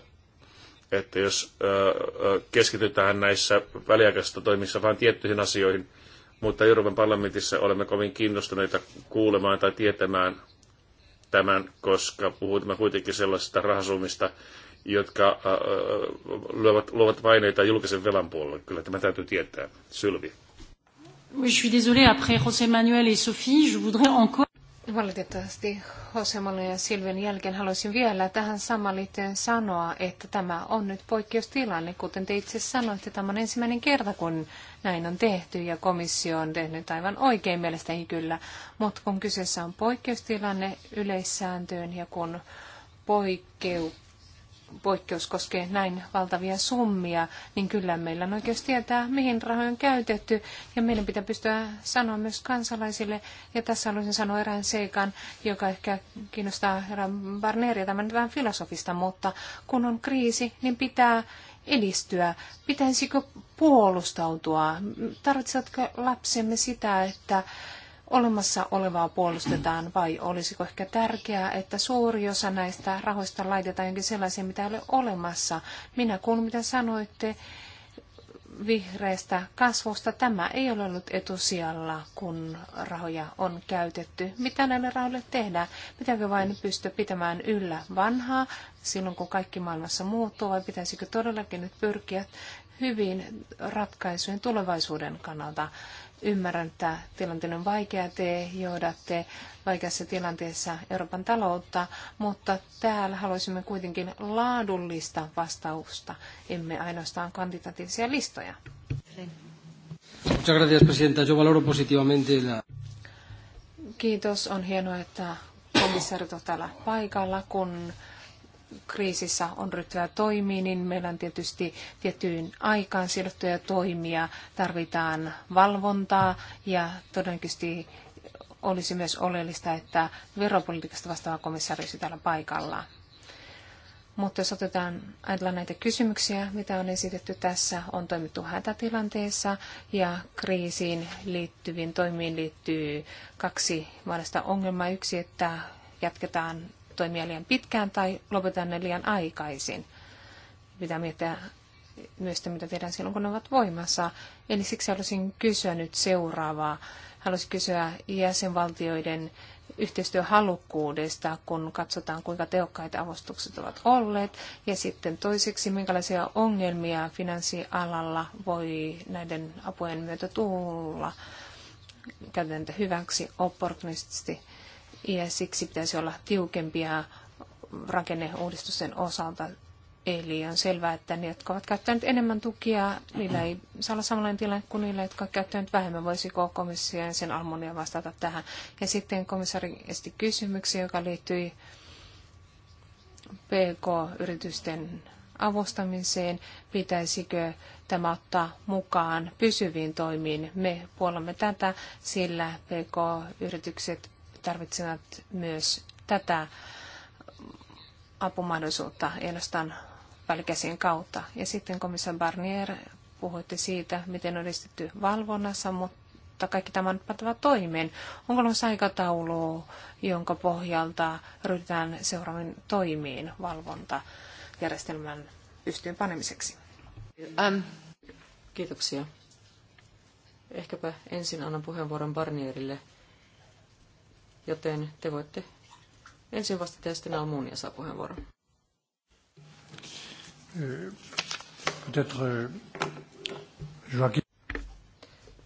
että jos keskitytään näissä väliaikaisissa toimissa vain tiettyihin asioihin, mutta Euroopan parlamentissa olemme kovin kiinnostuneita kuulemaan tai tietämään tämän, koska puhutaan kuitenkin sellaisista rahasummista, jotka luovat, luovat paineita julkisen velan puolelle. Kyllä tämä täytyy tietää. Sylvi. Oui, je suis désolée, après José Manuel et Sophie, je voudrais encore... Valitettavasti Hosemallin ja Silven jälkeen haluaisin vielä tähän samaan liittyen sanoa, että tämä on nyt poikkeustilanne. Kuten te itse sanoitte, tämä on ensimmäinen kerta, kun näin on tehty ja komissio on tehnyt aivan oikein mielestäni kyllä. Mutta kun kyseessä on poikkeustilanne yleissääntöön ja kun poikkeuk poikkeus koskee näin valtavia summia, niin kyllä meillä on oikeus tietää, mihin rahoja on käytetty, ja meidän pitää pystyä sanoa myös kansalaisille, ja tässä haluaisin sanoa erään seikan, joka ehkä kiinnostaa herra Barneria, tämä nyt vähän filosofista, mutta kun on kriisi, niin pitää edistyä? Pitäisikö puolustautua? Tarvitsetko lapsemme sitä, että olemassa olevaa puolustetaan vai olisiko ehkä tärkeää, että suuri osa näistä rahoista laitetaan jonkin sellaiseen, mitä ei ole olemassa. Minä kuulin, mitä sanoitte vihreästä kasvusta. Tämä ei ole ollut etusijalla, kun rahoja on käytetty. Mitä näille rahoille tehdään? Pitääkö vain pystyä pitämään yllä vanhaa silloin, kun kaikki maailmassa muuttuu, vai pitäisikö todellakin nyt pyrkiä hyvin ratkaisujen tulevaisuuden kannalta? Ymmärrän, että tilanteen on vaikea, te johdatte vaikeassa tilanteessa Euroopan taloutta, mutta täällä haluaisimme kuitenkin laadullista vastausta, emme ainoastaan kvantitatiivisia listoja. Kiitos, on hienoa, että komissaari on täällä paikalla, kun kriisissä on ryhtyä toimiin, niin meillä on tietysti tiettyyn aikaan sidottuja toimia. Tarvitaan valvontaa ja todennäköisesti olisi myös oleellista, että veropolitiikasta vastaava komissaari olisi täällä paikalla. Mutta jos otetaan, ajatellaan näitä kysymyksiä, mitä on esitetty tässä, on toimittu hätätilanteessa ja kriisiin liittyviin toimiin liittyy kaksi mahdollista ongelmaa. Yksi, että jatketaan toimia liian pitkään tai lopetetaan ne liian aikaisin. Pitää miettiä myös sitä, mitä tehdään silloin, kun ne ovat voimassa. Eli siksi haluaisin kysyä nyt seuraavaa. Haluaisin kysyä jäsenvaltioiden yhteistyöhalukkuudesta, kun katsotaan, kuinka tehokkaita avustukset ovat olleet. Ja sitten toiseksi, minkälaisia ongelmia finanssialalla voi näiden apujen myötä tulla käytetään hyväksi opportunistisesti ja siksi pitäisi olla tiukempia rakenneuudistusten osalta. Eli on selvää, että ne, jotka ovat käyttäneet enemmän tukia, niillä ei saa olla samanlainen tilanne kuin niillä, jotka ovat käyttäneet vähemmän. Voisiko komissio ja sen almonia vastata tähän? Ja sitten komissaari esti kysymyksiä, joka liittyi PK-yritysten avustamiseen, pitäisikö tämä ottaa mukaan pysyviin toimiin. Me puolamme tätä, sillä PK-yritykset tarvitsevat myös tätä apumahdollisuutta ainoastaan välikäsien kautta. Ja sitten komissaari Barnier puhuitte siitä, miten on edistetty valvonnassa, mutta kaikki tämä on pantava toimeen. Onko olemassa aikataulu, jonka pohjalta ryhdytään seuraaviin toimiin valvontajärjestelmän pystyyn panemiseksi? Um. Kiitoksia. Ehkäpä ensin annan puheenvuoron Barnierille joten te voitte ensin vastata ja sitten Almunia saa puheenvuoron. Euh, euh,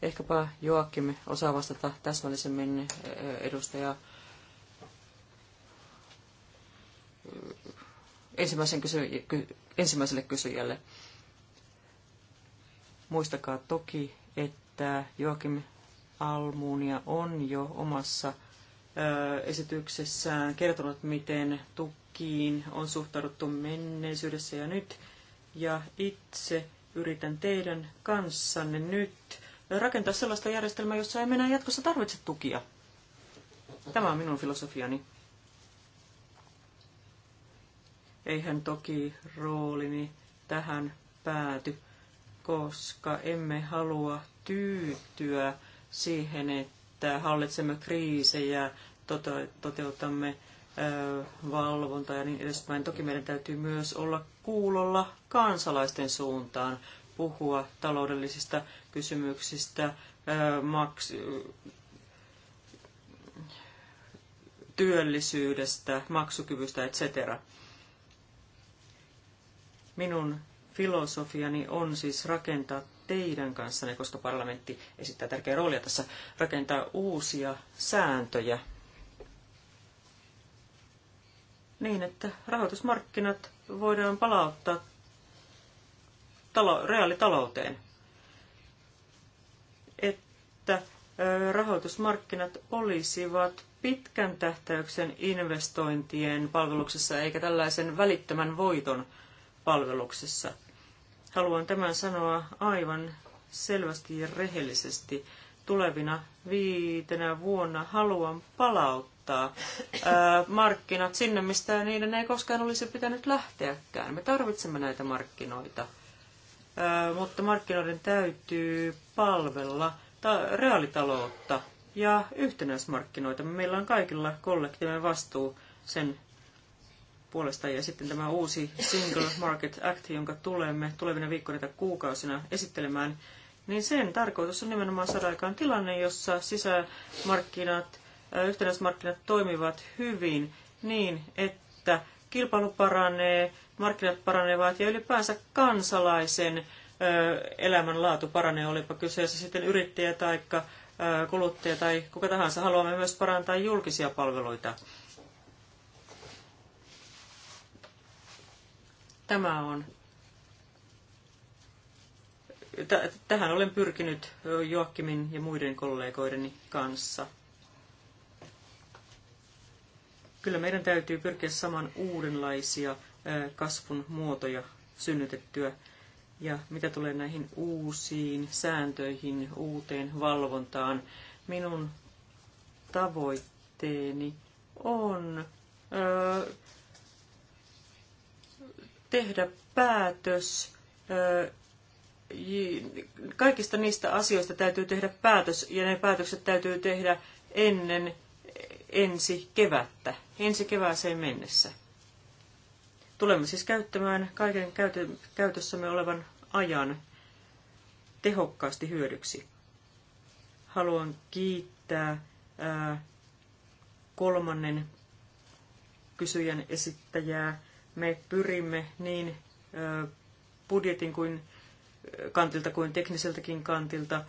Ehkäpä Joakim osaa vastata täsmällisemmin äh, edustaja äh, ensimmäisen kysy, ensimmäiselle kysyjälle. Muistakaa toki, että Joakim Almunia on jo omassa esityksessään kertonut, miten tukiin on suhtauduttu menneisyydessä ja nyt. Ja itse yritän teidän kanssanne nyt rakentaa sellaista järjestelmää, jossa ei mennä jatkossa tarvitse tukia. Tämä on minun filosofiani. Eihän toki roolini tähän pääty, koska emme halua tyytyä siihen, että että hallitsemme kriisejä, tota, toteutamme valvonta ja niin edespäin. Toki meidän täytyy myös olla kuulolla kansalaisten suuntaan, puhua taloudellisista kysymyksistä, maks- työllisyydestä, maksukyvystä, etc. Minun filosofiani on siis rakentaa teidän kanssanne, koska parlamentti esittää tärkeää roolia tässä rakentaa uusia sääntöjä niin, että rahoitusmarkkinat voidaan palauttaa talo, reaalitalouteen. Että rahoitusmarkkinat olisivat pitkän tähtäyksen investointien palveluksessa eikä tällaisen välittömän voiton palveluksessa – Haluan tämän sanoa aivan selvästi ja rehellisesti. Tulevina viitenä vuonna haluan palauttaa ää, markkinat sinne, mistä niiden ei koskaan olisi pitänyt lähteäkään. Me tarvitsemme näitä markkinoita, ää, mutta markkinoiden täytyy palvella ta- reaalitaloutta ja yhtenäismarkkinoita. Meillä on kaikilla kollektiivinen vastuu sen puolesta. Ja sitten tämä uusi Single Market Act, jonka tulemme tulevina viikkoina tai kuukausina esittelemään, niin sen tarkoitus on nimenomaan saada aikaan tilanne, jossa sisämarkkinat, yhtenäismarkkinat toimivat hyvin niin, että kilpailu paranee, markkinat paranevat ja ylipäänsä kansalaisen elämänlaatu paranee, olipa kyseessä sitten yrittäjä tai kuluttaja tai kuka tahansa. Haluamme myös parantaa julkisia palveluita. Tämä on. Tähän olen pyrkinyt Joakimin ja muiden kollegoideni kanssa. Kyllä meidän täytyy pyrkiä saman uudenlaisia kasvun muotoja synnytettyä. Ja mitä tulee näihin uusiin sääntöihin, uuteen valvontaan, minun tavoitteeni on tehdä päätös. Kaikista niistä asioista täytyy tehdä päätös ja ne päätökset täytyy tehdä ennen ensi kevättä, ensi kevääseen mennessä. Tulemme siis käyttämään kaiken käytössämme olevan ajan tehokkaasti hyödyksi. Haluan kiittää kolmannen kysyjän esittäjää me pyrimme niin budjetin kuin kantilta kuin tekniseltäkin kantilta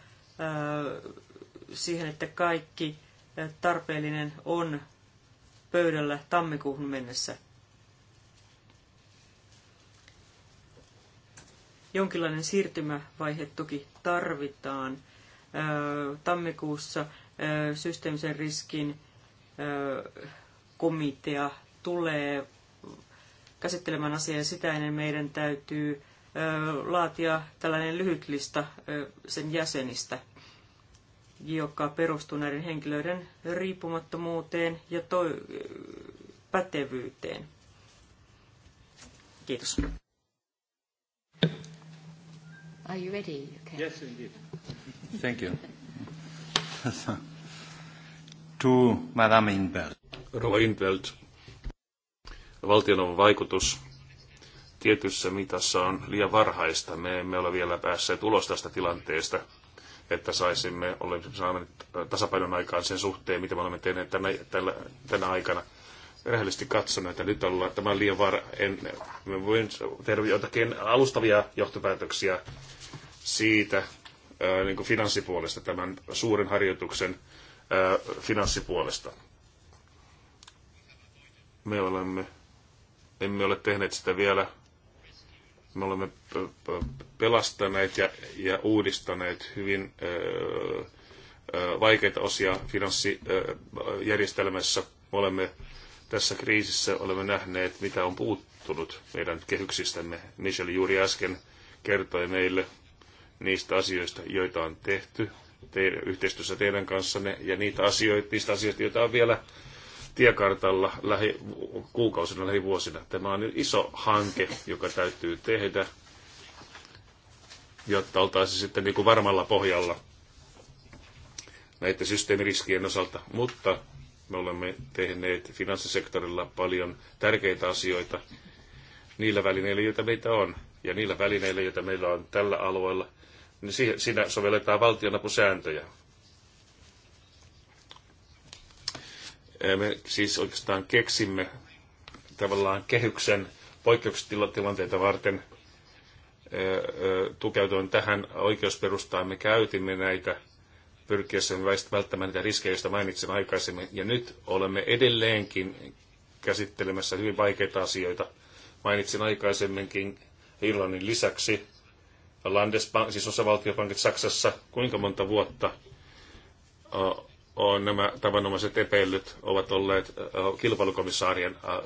siihen, että kaikki tarpeellinen on pöydällä tammikuuhun mennessä. Jonkinlainen siirtymävaihe toki tarvitaan. Tammikuussa systeemisen riskin komitea tulee käsittelemään asiaa ja sitä ennen meidän täytyy laatia tällainen lyhyt lista sen jäsenistä, joka perustuu näiden henkilöiden riippumattomuuteen ja toi, pätevyyteen. Kiitos. Are you ready? Okay. Yes, indeed. Thank you. to Madame Inbelt. Rova Inbelt valtionavun vaikutus tietyssä mitassa on liian varhaista. Me emme ole vielä päässeet ulos tästä tilanteesta, että saisimme, olemme saaneet tasapainon aikaan sen suhteen, mitä me olemme tehneet tänä, tänä, tänä aikana. Rehellisesti katsonut, että nyt ollaan, tämä on liian varhainen. Me voin tehdä jotakin alustavia johtopäätöksiä siitä niin kuin finanssipuolesta, tämän suuren harjoituksen finanssipuolesta. Me olemme emme ole tehneet sitä vielä. Me olemme pelastaneet ja, ja uudistaneet hyvin ö, ö, vaikeita osia finanssijärjestelmässä. Me olemme tässä kriisissä olemme nähneet, mitä on puuttunut meidän kehyksistämme. Michel juuri äsken kertoi meille niistä asioista, joita on tehty teidän, yhteistyössä teidän kanssanne ja niitä asioita, niistä asioista, joita on vielä tiekartalla lähikuukausina, lähivuosina. Tämä on iso hanke, joka täytyy tehdä, jotta oltaisiin sitten niin kuin varmalla pohjalla näiden systeemiriskien osalta. Mutta me olemme tehneet finanssisektorilla paljon tärkeitä asioita niillä välineillä, joita meitä on. Ja niillä välineillä, joita meillä on tällä alueella, niin siinä sovelletaan valtionapusääntöjä. Me siis oikeastaan keksimme tavallaan kehyksen poikkeustilanteita varten tukeutuen tähän oikeusperustaan me käytimme näitä pyrkiessä välttämään niitä riskejä, joista mainitsin aikaisemmin. Ja nyt olemme edelleenkin käsittelemässä hyvin vaikeita asioita. Mainitsin aikaisemminkin Irlannin lisäksi Landesbank, siis osavaltiopankit Saksassa, kuinka monta vuotta on nämä tavanomaiset epäilyt ovat olleet äh, kilpailukomissaarien äh, äh,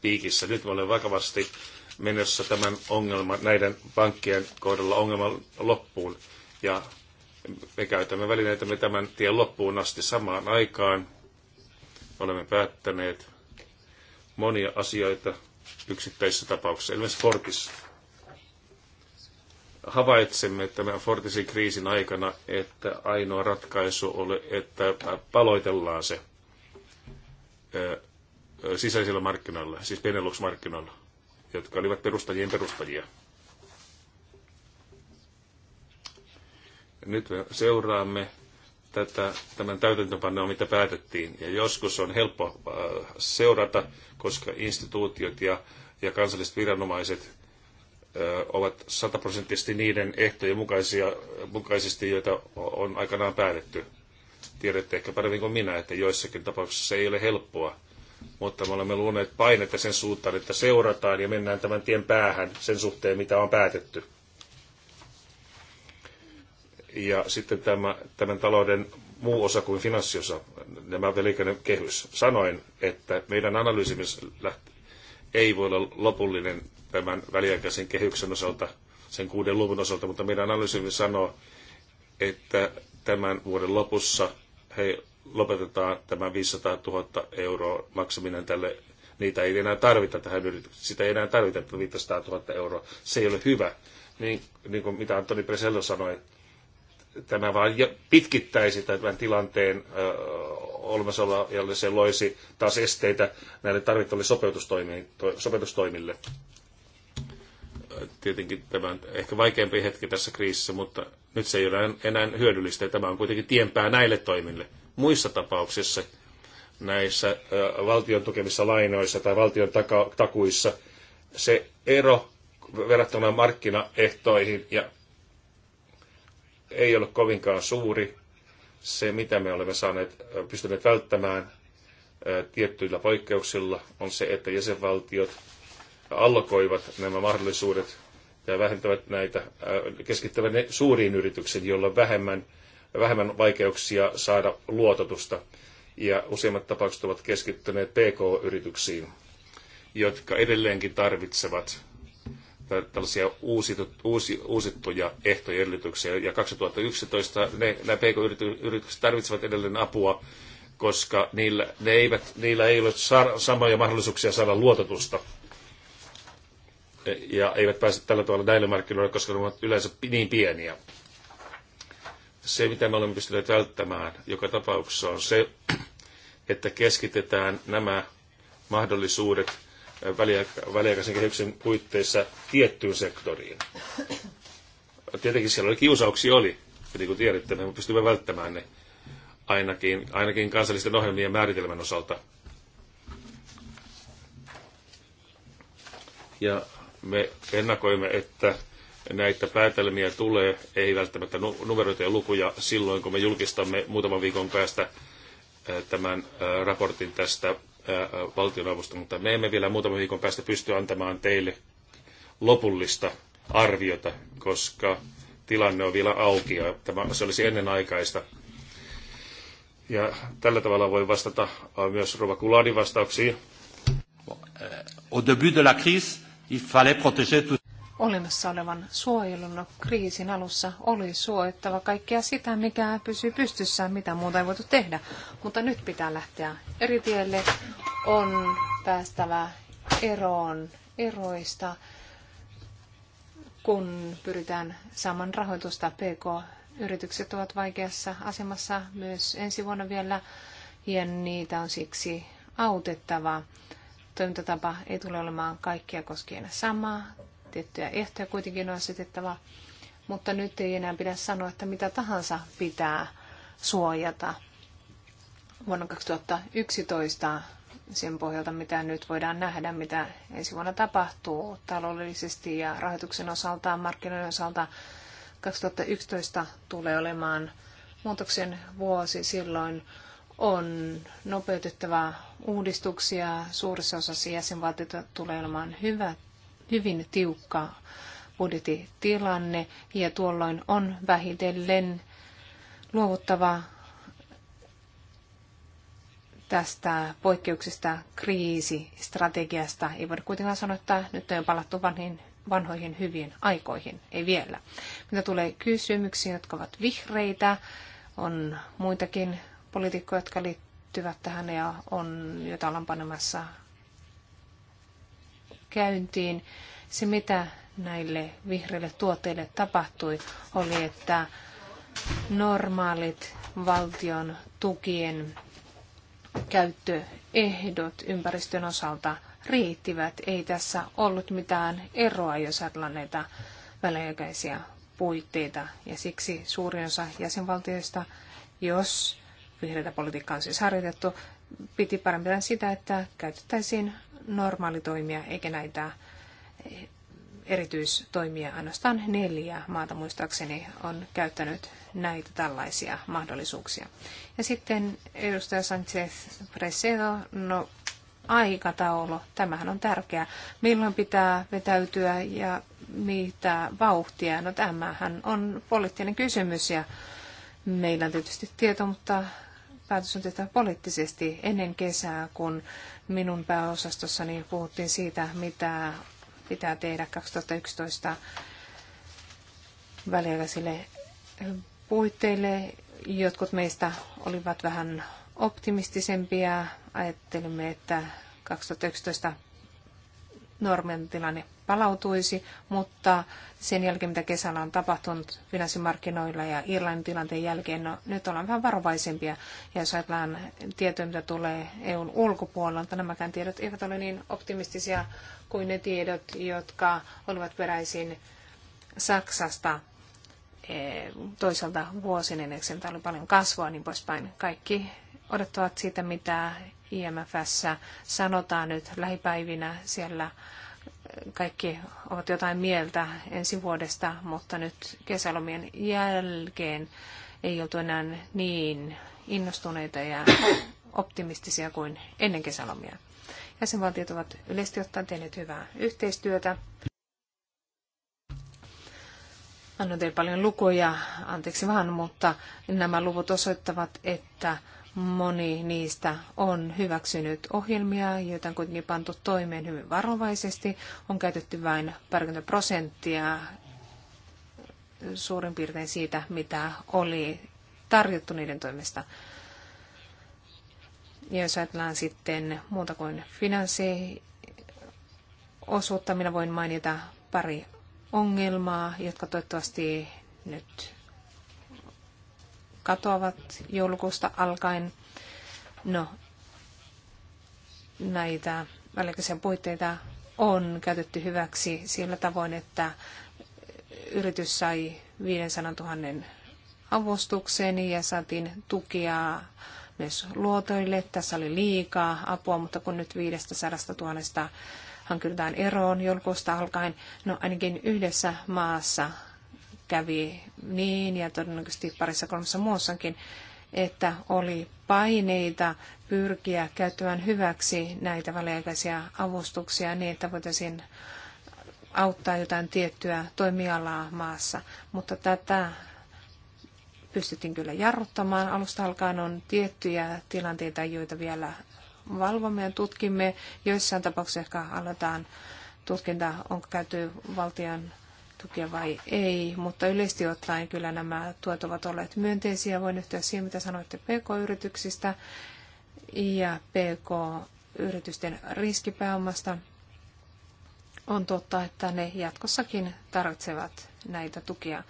piikissä. Nyt me olemme vakavasti menossa tämän ongelman, näiden pankkien kohdalla ongelman loppuun. Ja me käytämme välineitämme tämän tien loppuun asti samaan aikaan. Olemme päättäneet monia asioita yksittäisissä tapauksissa, esimerkiksi Fortis havaitsemme tämän Fortisin kriisin aikana, että ainoa ratkaisu oli, että paloitellaan se sisäisillä markkinoilla, siis Benelux-markkinoilla, jotka olivat perustajien perustajia. Nyt me seuraamme tätä, tämän täytäntöpanoa, mitä päätettiin. Ja joskus on helppo seurata, koska instituutiot ja, ja kansalliset viranomaiset ovat sataprosenttisesti niiden ehtojen mukaisia, mukaisesti, joita on aikanaan päätetty. Tiedätte ehkä paremmin kuin minä, että joissakin tapauksissa se ei ole helppoa, mutta me olemme luoneet painetta sen suuntaan, että seurataan ja mennään tämän tien päähän sen suhteen, mitä on päätetty. Ja sitten tämä, tämän talouden muu osa kuin finanssiosa, nämä velikäinen kehys. Sanoin, että meidän analyysimme ei voi olla lopullinen tämän väliaikaisen kehyksen osalta, sen kuuden luvun osalta, mutta meidän analyysimme sanoo, että tämän vuoden lopussa he lopetetaan tämä 500 000 euroa maksaminen tälle. Niitä ei enää tarvita tähän yritykseen. Sitä ei enää tarvita, että 500 000 euroa. Se ei ole hyvä. Niin, niin kuin mitä Antoni Presello sanoi, tämä vaan pitkittäisi tämän tilanteen äh, olemassaoloa, jolle se loisi taas esteitä näille tarvittaville sopeutustoimille tietenkin tämä on ehkä vaikeampi hetki tässä kriisissä, mutta nyt se ei ole enää hyödyllistä ja tämä on kuitenkin tienpää näille toimille. Muissa tapauksissa näissä valtion tukemissa lainoissa tai valtion takuissa se ero verrattuna markkinaehtoihin ja ei ole kovinkaan suuri. Se, mitä me olemme saaneet, pystyneet välttämään tiettyillä poikkeuksilla, on se, että jäsenvaltiot allokoivat nämä mahdollisuudet ja vähentävät näitä, äh, keskittävät ne suuriin yrityksiin, joilla on vähemmän, vähemmän vaikeuksia saada luototusta. Ja useimmat tapaukset ovat keskittyneet PK-yrityksiin, jotka edelleenkin tarvitsevat tällaisia uusitut, uusi, uusittuja ehtoja edellytyksiä. Ja 2011 ne, nämä PK-yritykset tarvitsevat edelleen apua, koska niillä, ne eivät, niillä ei ole samoja mahdollisuuksia saada luototusta ja eivät pääse tällä tavalla näille markkinoille, koska ne ovat yleensä niin pieniä. Se, mitä me olemme pystyneet välttämään joka tapauksessa, on se, että keskitetään nämä mahdollisuudet äh, väliaikaisen kehyksen puitteissa tiettyyn sektoriin. Tietenkin siellä oli kiusauksia, oli, niin kuin tiedätte, me pystymme välttämään ne ainakin, ainakin kansallisten ohjelmien määritelmän osalta. Ja me ennakoimme, että näitä päätelmiä tulee, ei välttämättä numeroita ja lukuja, silloin kun me julkistamme muutaman viikon päästä äh, tämän äh, raportin tästä äh, valtionavusta, mutta me emme vielä muutaman viikon päästä pysty antamaan teille lopullista arviota, koska tilanne on vielä auki ja tämä, se olisi ennenaikaista. Ja tällä tavalla voi vastata myös Rova Kuladin vastauksiin. Euh, au début de la crise, olemassa olevan suojelun kriisin alussa oli suojattava kaikkea sitä, mikä pysyy pystyssään, mitä muuta ei voitu tehdä. Mutta nyt pitää lähteä eri tielle. On päästävä eroon eroista, kun pyritään saamaan rahoitusta. PK-yritykset ovat vaikeassa asemassa myös ensi vuonna vielä, ja niitä on siksi autettava toimintatapa ei tule olemaan kaikkia koskien samaa, Tiettyjä ehtoja kuitenkin on asetettava, mutta nyt ei enää pidä sanoa, että mitä tahansa pitää suojata. Vuonna 2011 sen pohjalta, mitä nyt voidaan nähdä, mitä ensi vuonna tapahtuu taloudellisesti ja rahoituksen osalta, markkinoiden osalta. 2011 tulee olemaan muutoksen vuosi. Silloin on nopeutettava uudistuksia. Suurissa osassa jäsenvaltioita tulee olemaan hyvä, hyvin tiukka budjettitilanne ja tuolloin on vähitellen luovuttava tästä poikkeuksesta kriisistrategiasta. Ei voida kuitenkaan sanoa, että nyt on palattu vanhin, vanhoihin hyviin aikoihin, ei vielä. Mitä tulee kysymyksiin, jotka ovat vihreitä, on muitakin poliitikkoja, jotka liittyvät tähän ja on, jo ollaan panemassa käyntiin. Se, mitä näille vihreille tuotteille tapahtui, oli, että normaalit valtion tukien käyttöehdot ympäristön osalta riittivät. Ei tässä ollut mitään eroa, jos ajatellaan näitä väliaikaisia puitteita. Ja siksi suurin osa jäsenvaltioista, jos vihreitä politiikkaa on siis harjoitettu, piti parempina sitä, että käytettäisiin normaalitoimia eikä näitä erityistoimia. Ainoastaan neljä maata muistaakseni on käyttänyt näitä tällaisia mahdollisuuksia. Ja sitten edustaja Sanchez Presedo, no aikataulu, tämähän on tärkeää. Milloin pitää vetäytyä ja mitä vauhtia? No tämähän on poliittinen kysymys ja meillä on tietysti tieto, mutta päätös on tehty poliittisesti ennen kesää, kun minun pääosastossani puhuttiin siitä, mitä pitää tehdä 2011 väliaikaisille puitteille. Jotkut meistä olivat vähän optimistisempia. Ajattelimme, että 2011 normien tilanne palautuisi, mutta sen jälkeen, mitä kesällä on tapahtunut finanssimarkkinoilla ja Irlannin tilanteen jälkeen, no, nyt ollaan vähän varovaisempia. Ja jos ajatellaan tietoja, mitä tulee EUn ulkopuolelta, nämäkään tiedot eivät ole niin optimistisia kuin ne tiedot, jotka olivat peräisin Saksasta eh, toiselta vuosinennekseltä oli paljon kasvua niin poispäin. Kaikki odottavat siitä, mitä IMFssä sanotaan nyt lähipäivinä siellä kaikki ovat jotain mieltä ensi vuodesta, mutta nyt kesälomien jälkeen ei oltu enää niin innostuneita ja optimistisia kuin ennen kesälomia. Jäsenvaltiot ovat yleisesti ottaen tehneet hyvää yhteistyötä. Annoin teille paljon lukuja, anteeksi vaan, mutta nämä luvut osoittavat, että moni niistä on hyväksynyt ohjelmia, joita on kuitenkin pantu toimeen hyvin varovaisesti. On käytetty vain parikymmentä prosenttia suurin piirtein siitä, mitä oli tarjottu niiden toimesta. Ja jos ajatellaan sitten muuta kuin finanssiosuutta, minä voin mainita pari ongelmaa, jotka toivottavasti nyt katoavat joulukuusta alkaen. No, näitä välikäisiä puitteita on käytetty hyväksi sillä tavoin, että yritys sai 500 000 avustukseen ja saatiin tukia myös luotoille. Tässä oli liikaa apua, mutta kun nyt 500 000 hankitaan eroon joulukuusta alkaen, no ainakin yhdessä maassa kävi niin ja todennäköisesti parissa kolmessa muussakin, että oli paineita pyrkiä käyttämään hyväksi näitä väliaikaisia avustuksia niin, että voitaisiin auttaa jotain tiettyä toimialaa maassa. Mutta tätä pystyttiin kyllä jarruttamaan. Alusta alkaen on tiettyjä tilanteita, joita vielä valvomme ja tutkimme. Joissain tapauksissa ehkä aletaan tutkinta, onko käyty valtion tukea vai ei, mutta yleisesti ottaen kyllä nämä tuet ovat olleet myönteisiä. Voin yhtyä siihen, mitä sanoitte PK-yrityksistä ja PK-yritysten riskipääomasta. On totta, että ne jatkossakin tarvitsevat näitä tukia,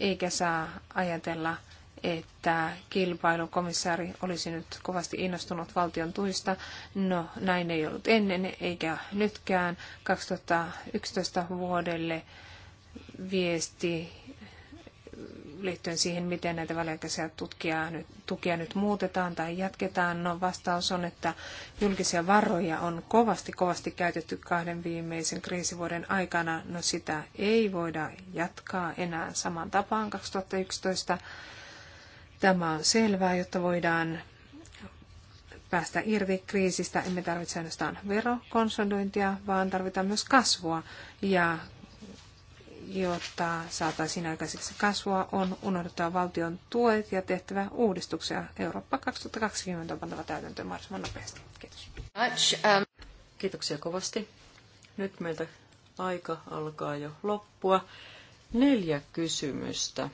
eikä saa ajatella – että kilpailukomissaari olisi nyt kovasti innostunut valtion tuista. No, näin ei ollut ennen eikä nytkään. 2011 vuodelle viesti liittyen siihen, miten näitä väliaikaisia tutkia nyt, tukia nyt muutetaan tai jatketaan. No vastaus on, että julkisia varoja on kovasti, kovasti käytetty kahden viimeisen kriisivuoden aikana. No sitä ei voida jatkaa enää saman tapaan 2011 Tämä on selvää, jotta voidaan päästä irti kriisistä. Emme tarvitse ainoastaan verokonsolidointia, vaan tarvitaan myös kasvua. Ja jotta saataisiin aikaiseksi kasvua, on unohdettava valtion tuet ja tehtävä uudistuksia. Eurooppa 2020 on pantava täytäntöön mahdollisimman nopeasti. Kiitos. Um, Kiitoksia kovasti. Nyt meiltä aika alkaa jo loppua. Neljä kysymystä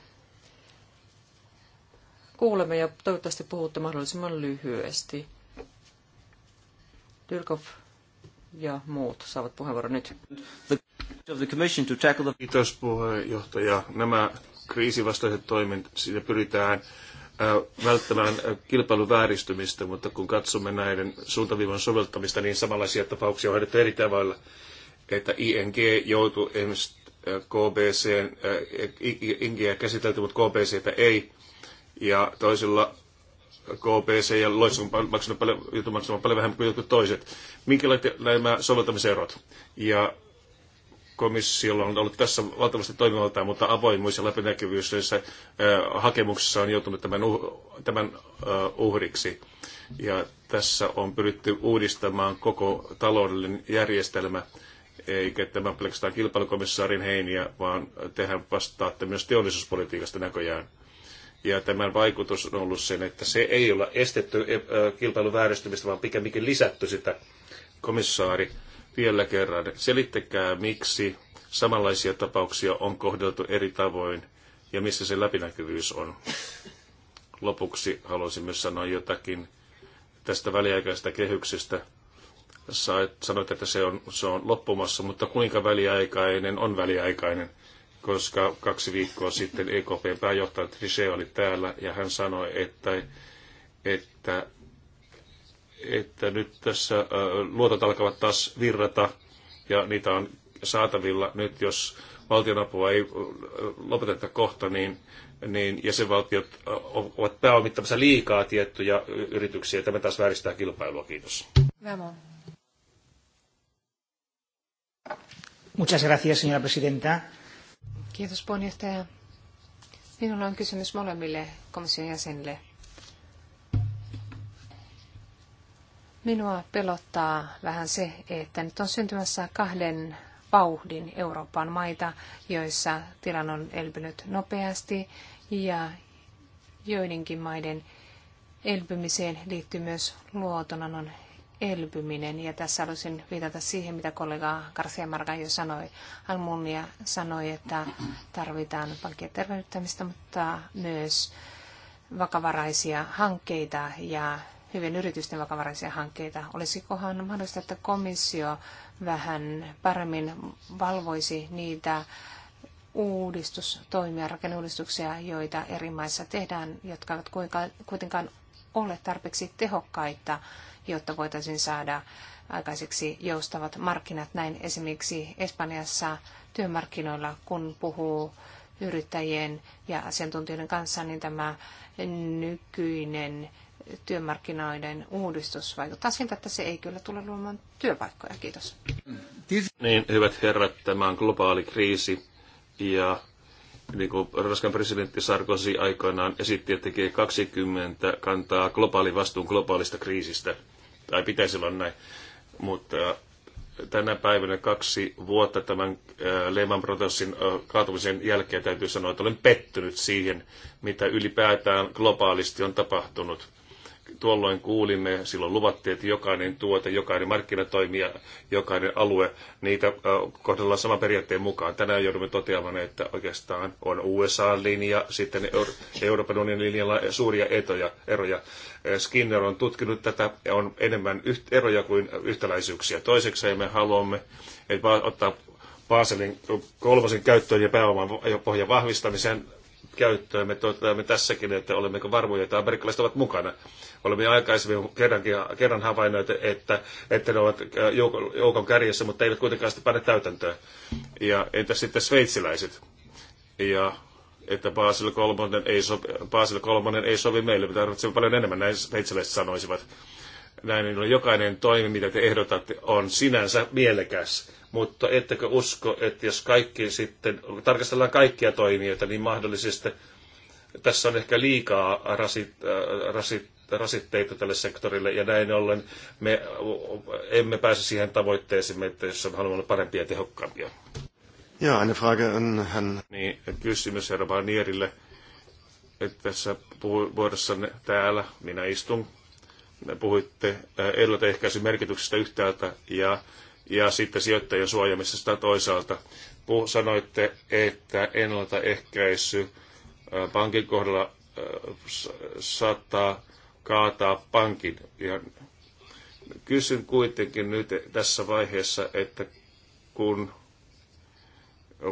kuulemme ja toivottavasti puhutte mahdollisimman lyhyesti. Dyrkov ja muut saavat puheenvuoron nyt. Kiitos puheenjohtaja. Nämä kriisivastaiset toimet, siinä pyritään välttämään kilpailun vääristymistä, mutta kun katsomme näiden suuntaviivan soveltamista, niin samanlaisia tapauksia on hoidettu eri tavalla, että ING joutui ensin KBC, ING käsitelty, mutta KBC ei ja toisilla KPC ja Loitsu on maksanut paljon, maksanut paljon vähemmän kuin jotkut toiset. Minkälaiset nämä soveltamiserot? Ja komissiolla on ollut tässä valtavasti toimivaltaa, mutta avoimuus ja läpinäkyvyys näissä hakemuksissa on joutunut tämän, uh, tämän uh, uhriksi. Ja tässä on pyritty uudistamaan koko taloudellinen järjestelmä, eikä tämä pelkästään kilpailukomissaarin heiniä, vaan tehän vastaatte myös teollisuuspolitiikasta näköjään ja tämän vaikutus on ollut sen, että se ei ole estetty eh, äh, kilpailun vääristymistä, vaan pikemminkin lisätty sitä. Komissaari, vielä kerran, selittäkää miksi samanlaisia tapauksia on kohdeltu eri tavoin ja missä se läpinäkyvyys on. Lopuksi haluaisin myös sanoa jotakin tästä väliaikaisesta kehyksestä. Sanoit, että se on, se on loppumassa, mutta kuinka väliaikainen on väliaikainen? koska kaksi viikkoa sitten EKPn pääjohtaja Trichet oli täällä ja hän sanoi, että, että, että nyt tässä luotot alkavat taas virrata ja niitä on saatavilla nyt, jos valtionapua ei lopeteta kohta, niin, niin jäsenvaltiot ovat pääomittamassa liikaa tiettyjä yrityksiä. Tämä taas vääristää kilpailua. Kiitos. Muchas gracias, señora presidenta. Kiitos puheenjohtaja. Minulla on kysymys molemmille komission jäsenille. Minua pelottaa vähän se, että nyt on syntymässä kahden vauhdin Euroopan maita, joissa tilanne on elpynyt nopeasti ja joidenkin maiden elpymiseen liittyy myös luotonannon elpyminen. Ja tässä haluaisin viitata siihen, mitä kollega Garcia Marga jo sanoi. Almunia sanoi, että tarvitaan pankkien tervehdyttämistä, mutta myös vakavaraisia hankkeita ja hyvien yritysten vakavaraisia hankkeita. Olisikohan mahdollista, että komissio vähän paremmin valvoisi niitä uudistustoimia, rakenneuudistuksia, joita eri maissa tehdään, jotka eivät kuitenkaan ole tarpeeksi tehokkaita jotta voitaisiin saada aikaiseksi joustavat markkinat. Näin esimerkiksi Espanjassa työmarkkinoilla, kun puhuu yrittäjien ja asiantuntijoiden kanssa, niin tämä nykyinen työmarkkinoiden uudistus vaikuttaa siltä, että se ei kyllä tule luomaan työpaikkoja. Kiitos. Niin, hyvät herrat, tämä on globaali kriisi ja niin kuin Ranskan presidentti Sarkozy aikoinaan esitti, että g 20 kantaa globaali vastuun globaalista kriisistä tai pitäisi olla näin, mutta äh, tänä päivänä kaksi vuotta tämän äh, Lehman Brothersin äh, kaatumisen jälkeen täytyy sanoa, että olen pettynyt siihen, mitä ylipäätään globaalisti on tapahtunut tuolloin kuulimme, silloin luvattiin, että jokainen tuote, jokainen markkinatoimija, jokainen alue, niitä kohdellaan saman periaatteen mukaan. Tänään joudumme toteamaan, että oikeastaan on USA-linja, sitten Euroopan unionin linjalla suuria etoja, eroja. Skinner on tutkinut tätä, ja on enemmän eroja kuin yhtäläisyyksiä. Toiseksi me haluamme että ottaa Baselin kolmosen käyttöön ja pääoman pohjan vahvistamiseen käyttöön. Me toteamme tässäkin, että olemmeko varmoja, että amerikkalaiset ovat mukana. Olemme aikaisemmin kerrankin, kerran havainneet, että, että ne ovat äh, joukon, kärjessä, mutta eivät kuitenkaan sitä pane täytäntöön. Ja entäs sitten sveitsiläiset? Ja että Basel kolmonen ei sovi, Basel kolmonen ei sovi meille, me tarvitsemme paljon enemmän, näin sveitsiläiset sanoisivat näin, niin jokainen toimi, mitä te ehdotatte, on sinänsä mielekäs, mutta ettekö usko, että jos kaikki sitten, tarkastellaan kaikkia toimijoita, niin mahdollisesti tässä on ehkä liikaa rasit, äh, rasit, rasitteita tälle sektorille, ja näin ollen me emme pääse siihen tavoitteeseemme, että jos haluamme olla parempia ja tehokkaampia. Ja, eine Frage an Herrn... Niin, kysymys herra Barnierille, että tässä vuodessa täällä minä istun, puhuitte äh, ennaltaehkäisyn merkityksestä yhtäältä ja ja sitten sijoittajien suojaamisesta toisaalta. Puh, sanoitte, että ennaltaehkäisy pankin kohdalla saattaa kaataa pankin. Ja kysyn kuitenkin nyt tässä vaiheessa, että kun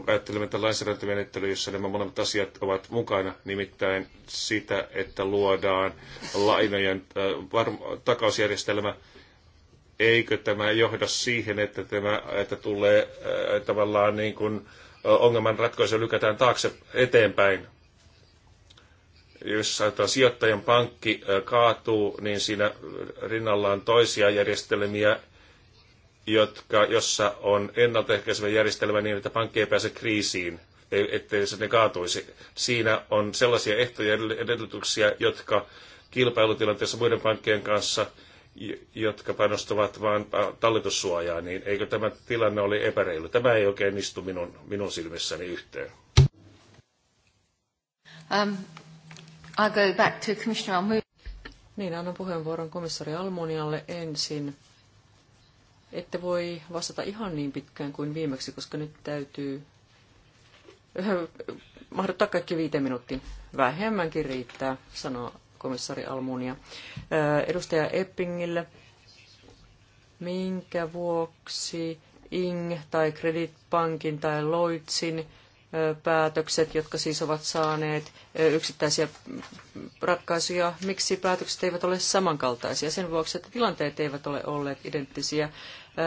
ajattelemme, että lainsäädäntömenettely, jossa nämä molemmat asiat ovat mukana, nimittäin sitä, että luodaan lainojen takausjärjestelmä, eikö tämä johda siihen, että, tämä, että tulee ää, äh, tavallaan niin kuin ongelman ratkaisu lykätään taakse eteenpäin? Jos ajatellaan, sijoittajan pankki äh, kaatuu, niin siinä rinnalla on toisia järjestelmiä, jotka, jossa on ennaltaehkäisevä järjestelmä niin, että pankki ei pääse kriisiin, ettei se ne kaatuisi. Siinä on sellaisia ehtoja ja edellytyksiä, jotka kilpailutilanteessa muiden pankkien kanssa – jotka panostavat vain äh, talletussuojaan, niin eikö tämä tilanne ole epäreilu? Tämä ei oikein istu minun, minun silmissäni yhteen. Um, I'll go back to Commissioner Almu. Niin, annan puheenvuoron komissari Almunialle ensin. Ette voi vastata ihan niin pitkään kuin viimeksi, koska nyt täytyy mahduttaa kaikki viiteen minuuttiin. Vähemmänkin riittää, sanoo komissari Almunia. Edustaja Eppingille, minkä vuoksi ING tai Kreditpankin tai Loitsin päätökset, jotka siis ovat saaneet yksittäisiä ratkaisuja. Miksi päätökset eivät ole samankaltaisia? Sen vuoksi, että tilanteet eivät ole olleet identtisiä.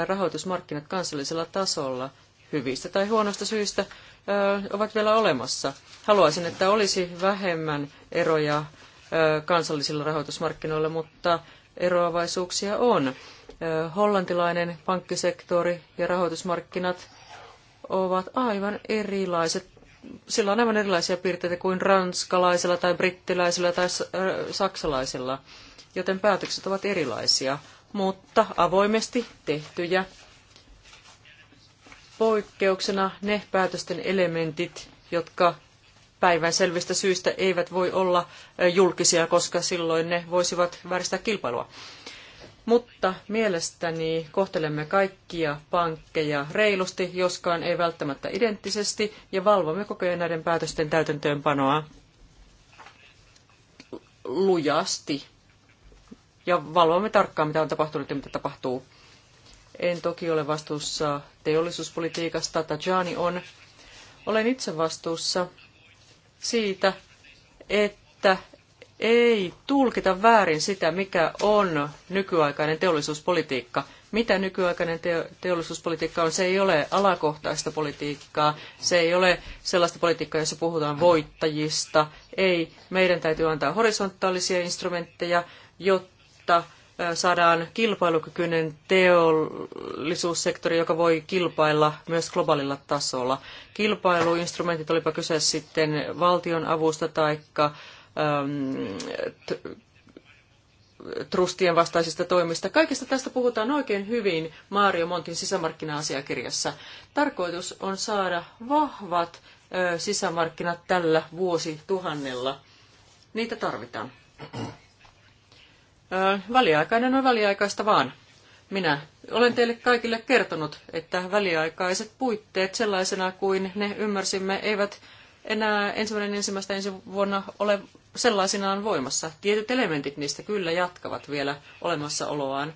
Rahoitusmarkkinat kansallisella tasolla hyvistä tai huonoista syistä ovat vielä olemassa. Haluaisin, että olisi vähemmän eroja kansallisilla rahoitusmarkkinoilla, mutta eroavaisuuksia on. Hollantilainen pankkisektori ja rahoitusmarkkinat ovat aivan erilaiset. Sillä on aivan erilaisia piirteitä kuin ranskalaisella tai brittiläisellä tai saksalaisella, joten päätökset ovat erilaisia, mutta avoimesti tehtyjä. Poikkeuksena ne päätösten elementit, jotka päivän selvistä syistä eivät voi olla julkisia, koska silloin ne voisivat vääristää kilpailua. Mutta mielestäni kohtelemme kaikkia pankkeja reilusti, joskaan ei välttämättä identtisesti, ja valvomme koko ajan näiden päätösten täytäntöönpanoa lujasti. Ja valvomme tarkkaan, mitä on tapahtunut ja mitä tapahtuu. En toki ole vastuussa teollisuuspolitiikasta, Tajani on. Olen itse vastuussa siitä, että ei tulkita väärin sitä, mikä on nykyaikainen teollisuuspolitiikka. Mitä nykyaikainen teollisuuspolitiikka on? Se ei ole alakohtaista politiikkaa, se ei ole sellaista politiikkaa, jossa puhutaan voittajista. Ei, meidän täytyy antaa horisontaalisia instrumentteja, jotta saadaan kilpailukykyinen teollisuussektori, joka voi kilpailla myös globaalilla tasolla. Kilpailuinstrumentit, olipa kyse sitten valtion avusta tai trustien vastaisista toimista. Kaikesta tästä puhutaan oikein hyvin Mario Montin sisämarkkina-asiakirjassa. Tarkoitus on saada vahvat sisämarkkinat tällä vuosituhannella. Niitä tarvitaan väliaikainen on väliaikaista vaan. Minä olen teille kaikille kertonut, että väliaikaiset puitteet sellaisena kuin ne ymmärsimme eivät enää ensimmäinen ensimmäistä ensi vuonna ole sellaisinaan voimassa. Tietyt elementit niistä kyllä jatkavat vielä olemassaoloaan.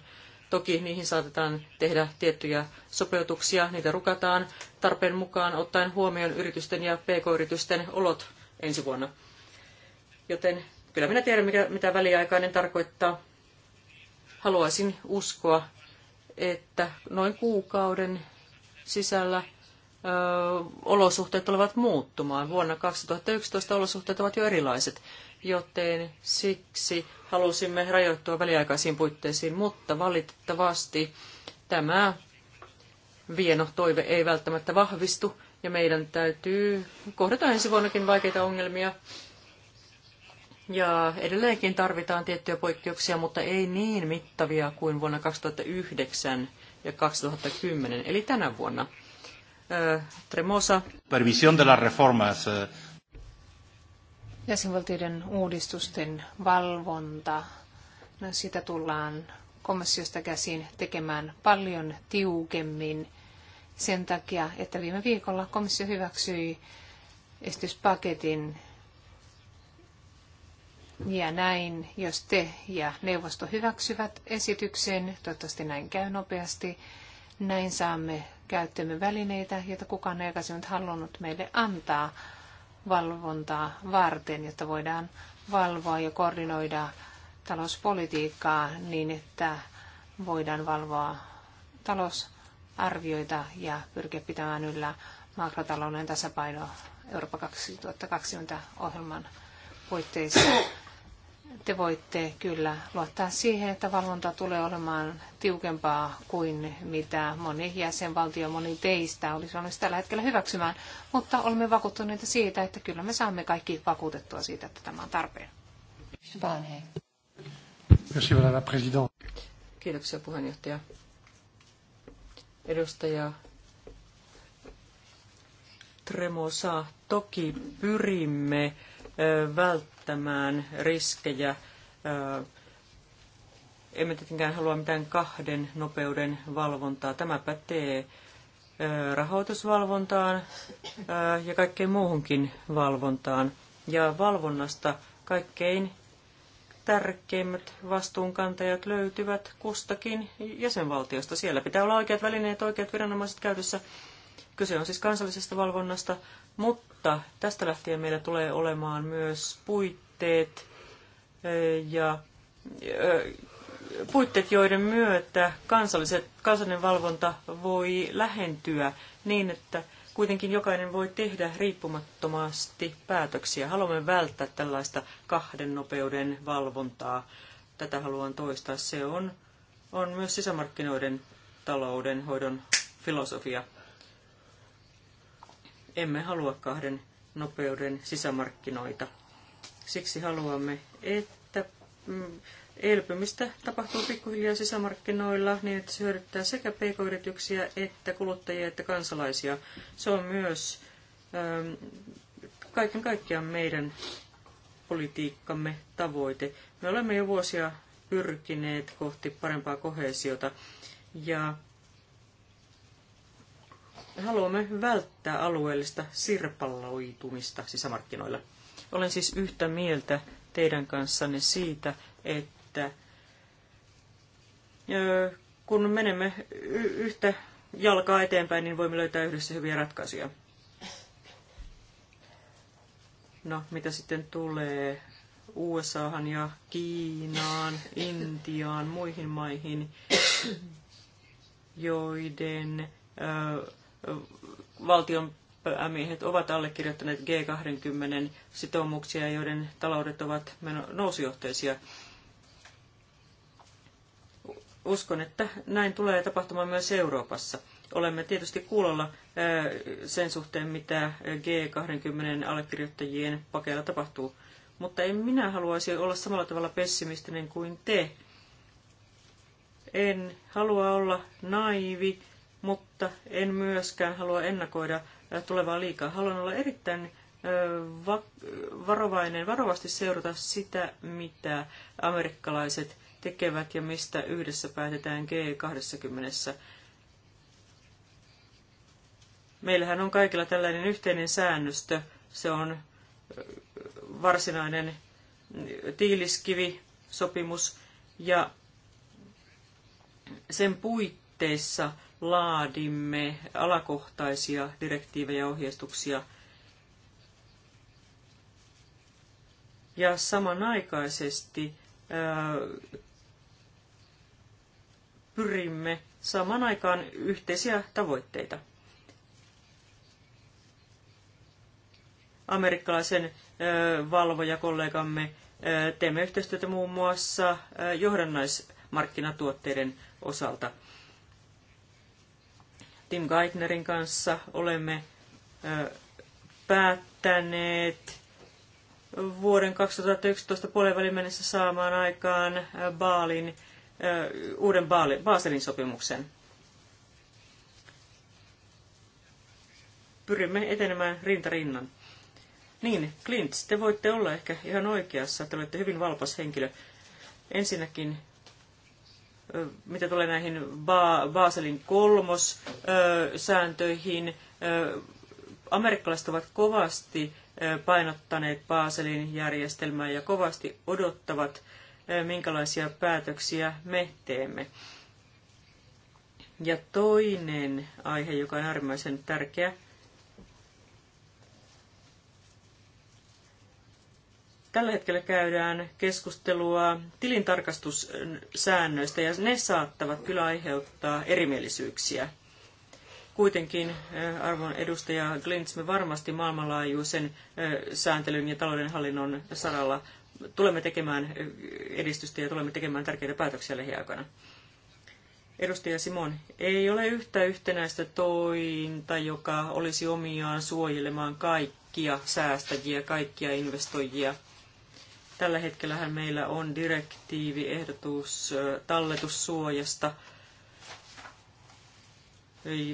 Toki niihin saatetaan tehdä tiettyjä sopeutuksia, niitä rukataan tarpeen mukaan ottaen huomioon yritysten ja pk-yritysten olot ensi vuonna. Joten Kyllä minä tiedän, mikä, mitä väliaikainen tarkoittaa. Haluaisin uskoa, että noin kuukauden sisällä ö, olosuhteet tulevat muuttumaan. Vuonna 2011 olosuhteet ovat jo erilaiset, joten siksi halusimme rajoittua väliaikaisiin puitteisiin, mutta valitettavasti tämä vieno toive ei välttämättä vahvistu ja meidän täytyy kohdata ensi vuonnakin vaikeita ongelmia ja edelleenkin tarvitaan tiettyjä poikkeuksia, mutta ei niin mittavia kuin vuonna 2009 ja 2010, eli tänä vuonna. Tremosa. Supervisión de las reformas. Eh. Jäsenvaltioiden uudistusten valvonta. No, sitä tullaan komissiosta käsin tekemään paljon tiukemmin sen takia, että viime viikolla komissio hyväksyi esityspaketin ja näin, jos te ja neuvosto hyväksyvät esityksen, toivottavasti näin käy nopeasti, näin saamme käyttöömme välineitä, joita kukaan ei aikaisemmin halunnut meille antaa valvontaa varten, jotta voidaan valvoa ja koordinoida talouspolitiikkaa niin, että voidaan valvoa talousarvioita ja pyrkiä pitämään yllä makrotalouden tasapaino Eurooppa 2020 ohjelman puitteissa te voitte kyllä luottaa siihen, että valvonta tulee olemaan tiukempaa kuin mitä moni jäsenvaltio, moni teistä olisi valmis tällä hetkellä hyväksymään, mutta olemme vakuuttuneita siitä, että kyllä me saamme kaikki vakuutettua siitä, että tämä on tarpeen. Kiitoksia puheenjohtaja. Edustaja Tremosa, toki pyrimme välttämään välttämään riskejä. Emme tietenkään halua mitään kahden nopeuden valvontaa. Tämä pätee rahoitusvalvontaan ja kaikkeen muuhunkin valvontaan. Ja valvonnasta kaikkein tärkeimmät vastuunkantajat löytyvät kustakin jäsenvaltiosta. Siellä pitää olla oikeat välineet, oikeat viranomaiset käytössä. Kyse on siis kansallisesta valvonnasta, mutta mutta tästä lähtien meillä tulee olemaan myös puitteet ja puitteet, joiden myötä kansalliset, kansallinen valvonta voi lähentyä niin, että kuitenkin jokainen voi tehdä riippumattomasti päätöksiä. Haluamme välttää tällaista kahden nopeuden valvontaa. Tätä haluan toistaa. Se on, on myös sisämarkkinoiden talouden hoidon filosofia. Emme halua kahden nopeuden sisämarkkinoita. Siksi haluamme, että mm, elpymistä tapahtuu pikkuhiljaa sisämarkkinoilla niin, että se hyödyttää sekä pk-yrityksiä että kuluttajia että kansalaisia. Se on myös ähm, kaiken kaikkiaan meidän politiikkamme tavoite. Me olemme jo vuosia pyrkineet kohti parempaa kohesiota ja haluamme välttää alueellista sirpaloitumista sisämarkkinoilla. Olen siis yhtä mieltä teidän kanssanne siitä, että kun menemme yhtä jalkaa eteenpäin, niin voimme löytää yhdessä hyviä ratkaisuja. No, mitä sitten tulee USAhan ja Kiinaan, Intiaan, muihin maihin, joiden ö, valtion päämiehet ovat allekirjoittaneet G20 sitoumuksia, joiden taloudet ovat nousujohteisia. Uskon, että näin tulee tapahtumaan myös Euroopassa. Olemme tietysti kuulolla sen suhteen, mitä G20 allekirjoittajien pakeilla tapahtuu. Mutta en minä haluaisi olla samalla tavalla pessimistinen kuin te. En halua olla naivi mutta en myöskään halua ennakoida tulevaa liikaa. Haluan olla erittäin varovainen, varovasti seurata sitä, mitä amerikkalaiset tekevät ja mistä yhdessä päätetään G20. Meillähän on kaikilla tällainen yhteinen säännöstö. Se on varsinainen tiiliskivi, sopimus, ja sen puitteissa – laadimme alakohtaisia direktiivejä ja ohjeistuksia. Ja samanaikaisesti ää, pyrimme saamaan aikaan yhteisiä tavoitteita. Amerikkalaisen valvojakollegamme teemme yhteistyötä muun muassa johdannaismarkkinatuotteiden osalta – Tim Geithnerin kanssa olemme päättäneet vuoden 2011 puolenvälin mennessä saamaan aikaan Baalin, uuden Baaselin sopimuksen. Pyrimme etenemään rintarinnan. Niin, Clint, te voitte olla ehkä ihan oikeassa, te olette hyvin valpas henkilö. Ensinnäkin mitä tulee näihin ba- Baselin kolmossääntöihin, amerikkalaiset ovat kovasti painottaneet Baselin järjestelmää ja kovasti odottavat, minkälaisia päätöksiä me teemme. Ja toinen aihe, joka on äärimmäisen tärkeä, Tällä hetkellä käydään keskustelua tilintarkastussäännöistä ja ne saattavat kyllä aiheuttaa erimielisyyksiä. Kuitenkin, eh, arvon edustaja Glintz, me varmasti maailmanlaajuisen eh, sääntelyn ja taloudenhallinnon saralla tulemme tekemään eh, edistystä ja tulemme tekemään tärkeitä päätöksiä lähiaikana. Edustaja Simon, ei ole yhtä yhtenäistä tointa, joka olisi omiaan suojelemaan kaikkia säästäjiä, kaikkia investoijia – Tällä hetkellähän meillä on direktiivi, ehdotus talletussuojasta.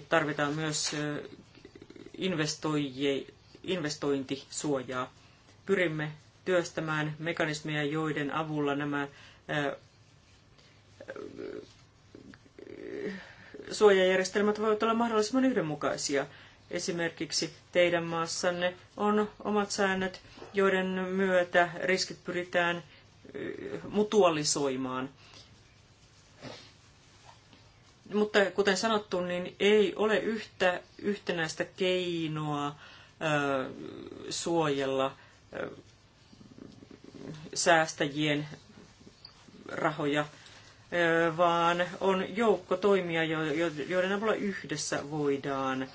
Tarvitaan myös investointisuojaa. Pyrimme työstämään mekanismeja, joiden avulla nämä suojajärjestelmät voivat olla mahdollisimman yhdenmukaisia – esimerkiksi teidän maassanne on omat säännöt, joiden myötä riskit pyritään mutualisoimaan. Mutta kuten sanottu, niin ei ole yhtä yhtenäistä keinoa ö, suojella ö, säästäjien rahoja, ö, vaan on joukko toimia, joiden avulla yhdessä voidaan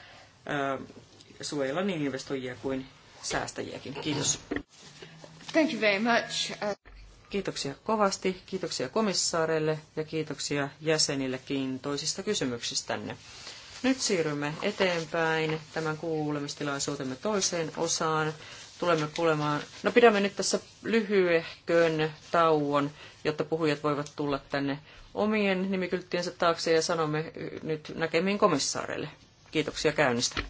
suojella niin investoijia kuin säästäjiäkin. Kiitos. Thank you very much. Kiitoksia kovasti, kiitoksia komissaareille ja kiitoksia jäsenille toisista kysymyksistänne. Nyt siirrymme eteenpäin tämän kuulemistilaisuutemme toiseen osaan. Tulemme kuulemaan, no pidämme nyt tässä lyhyehkön tauon, jotta puhujat voivat tulla tänne omien nimikylttiensä taakse ja sanomme nyt näkemiin komissaareille. Kiitoksia käynnistä.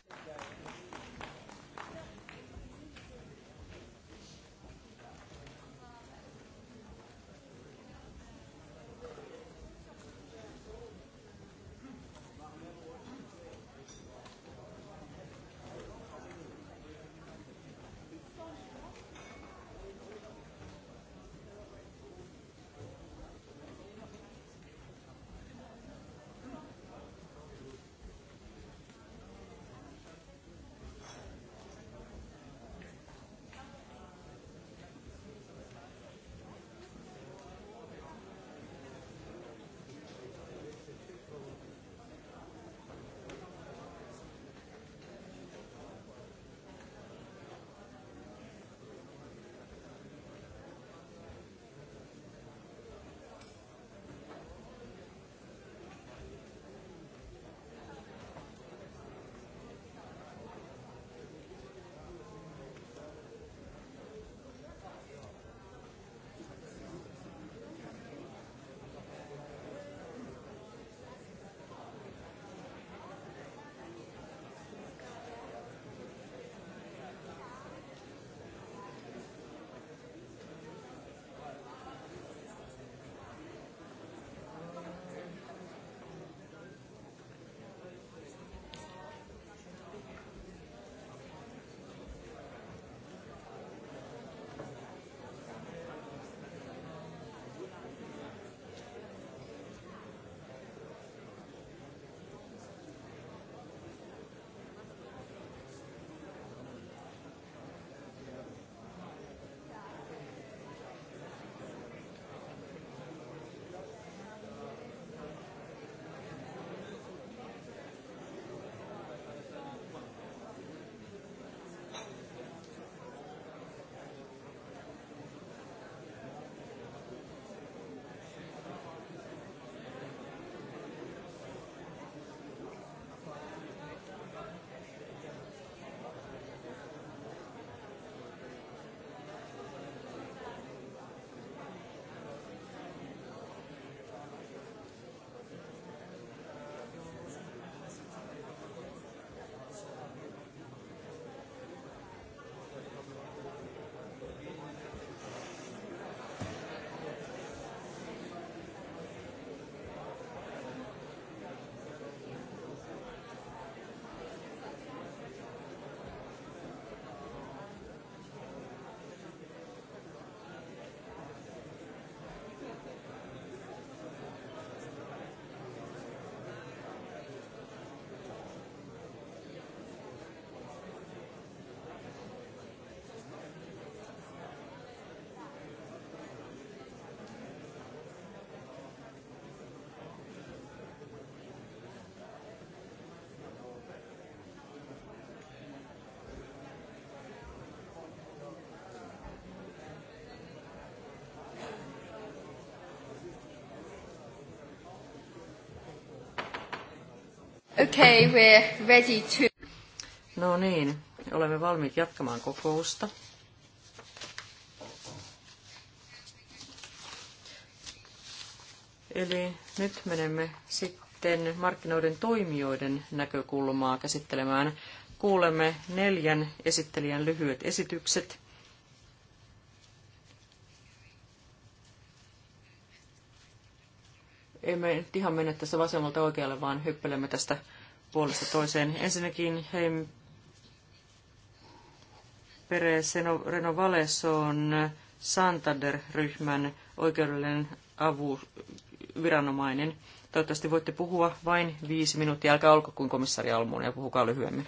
Okay, we're ready to... No niin, olemme valmiit jatkamaan kokousta. Eli nyt menemme sitten markkinoiden toimijoiden näkökulmaa käsittelemään. Kuulemme neljän esittelijän lyhyet esitykset. emme nyt ihan mennä tässä vasemmalta oikealle, vaan hyppelemme tästä puolesta toiseen. Ensinnäkin Heim Perez Reno Valeson Santander-ryhmän oikeudellinen avu viranomainen. Toivottavasti voitte puhua vain viisi minuuttia. Älkää olko kuin komissari Almuun ja puhukaa lyhyemmin.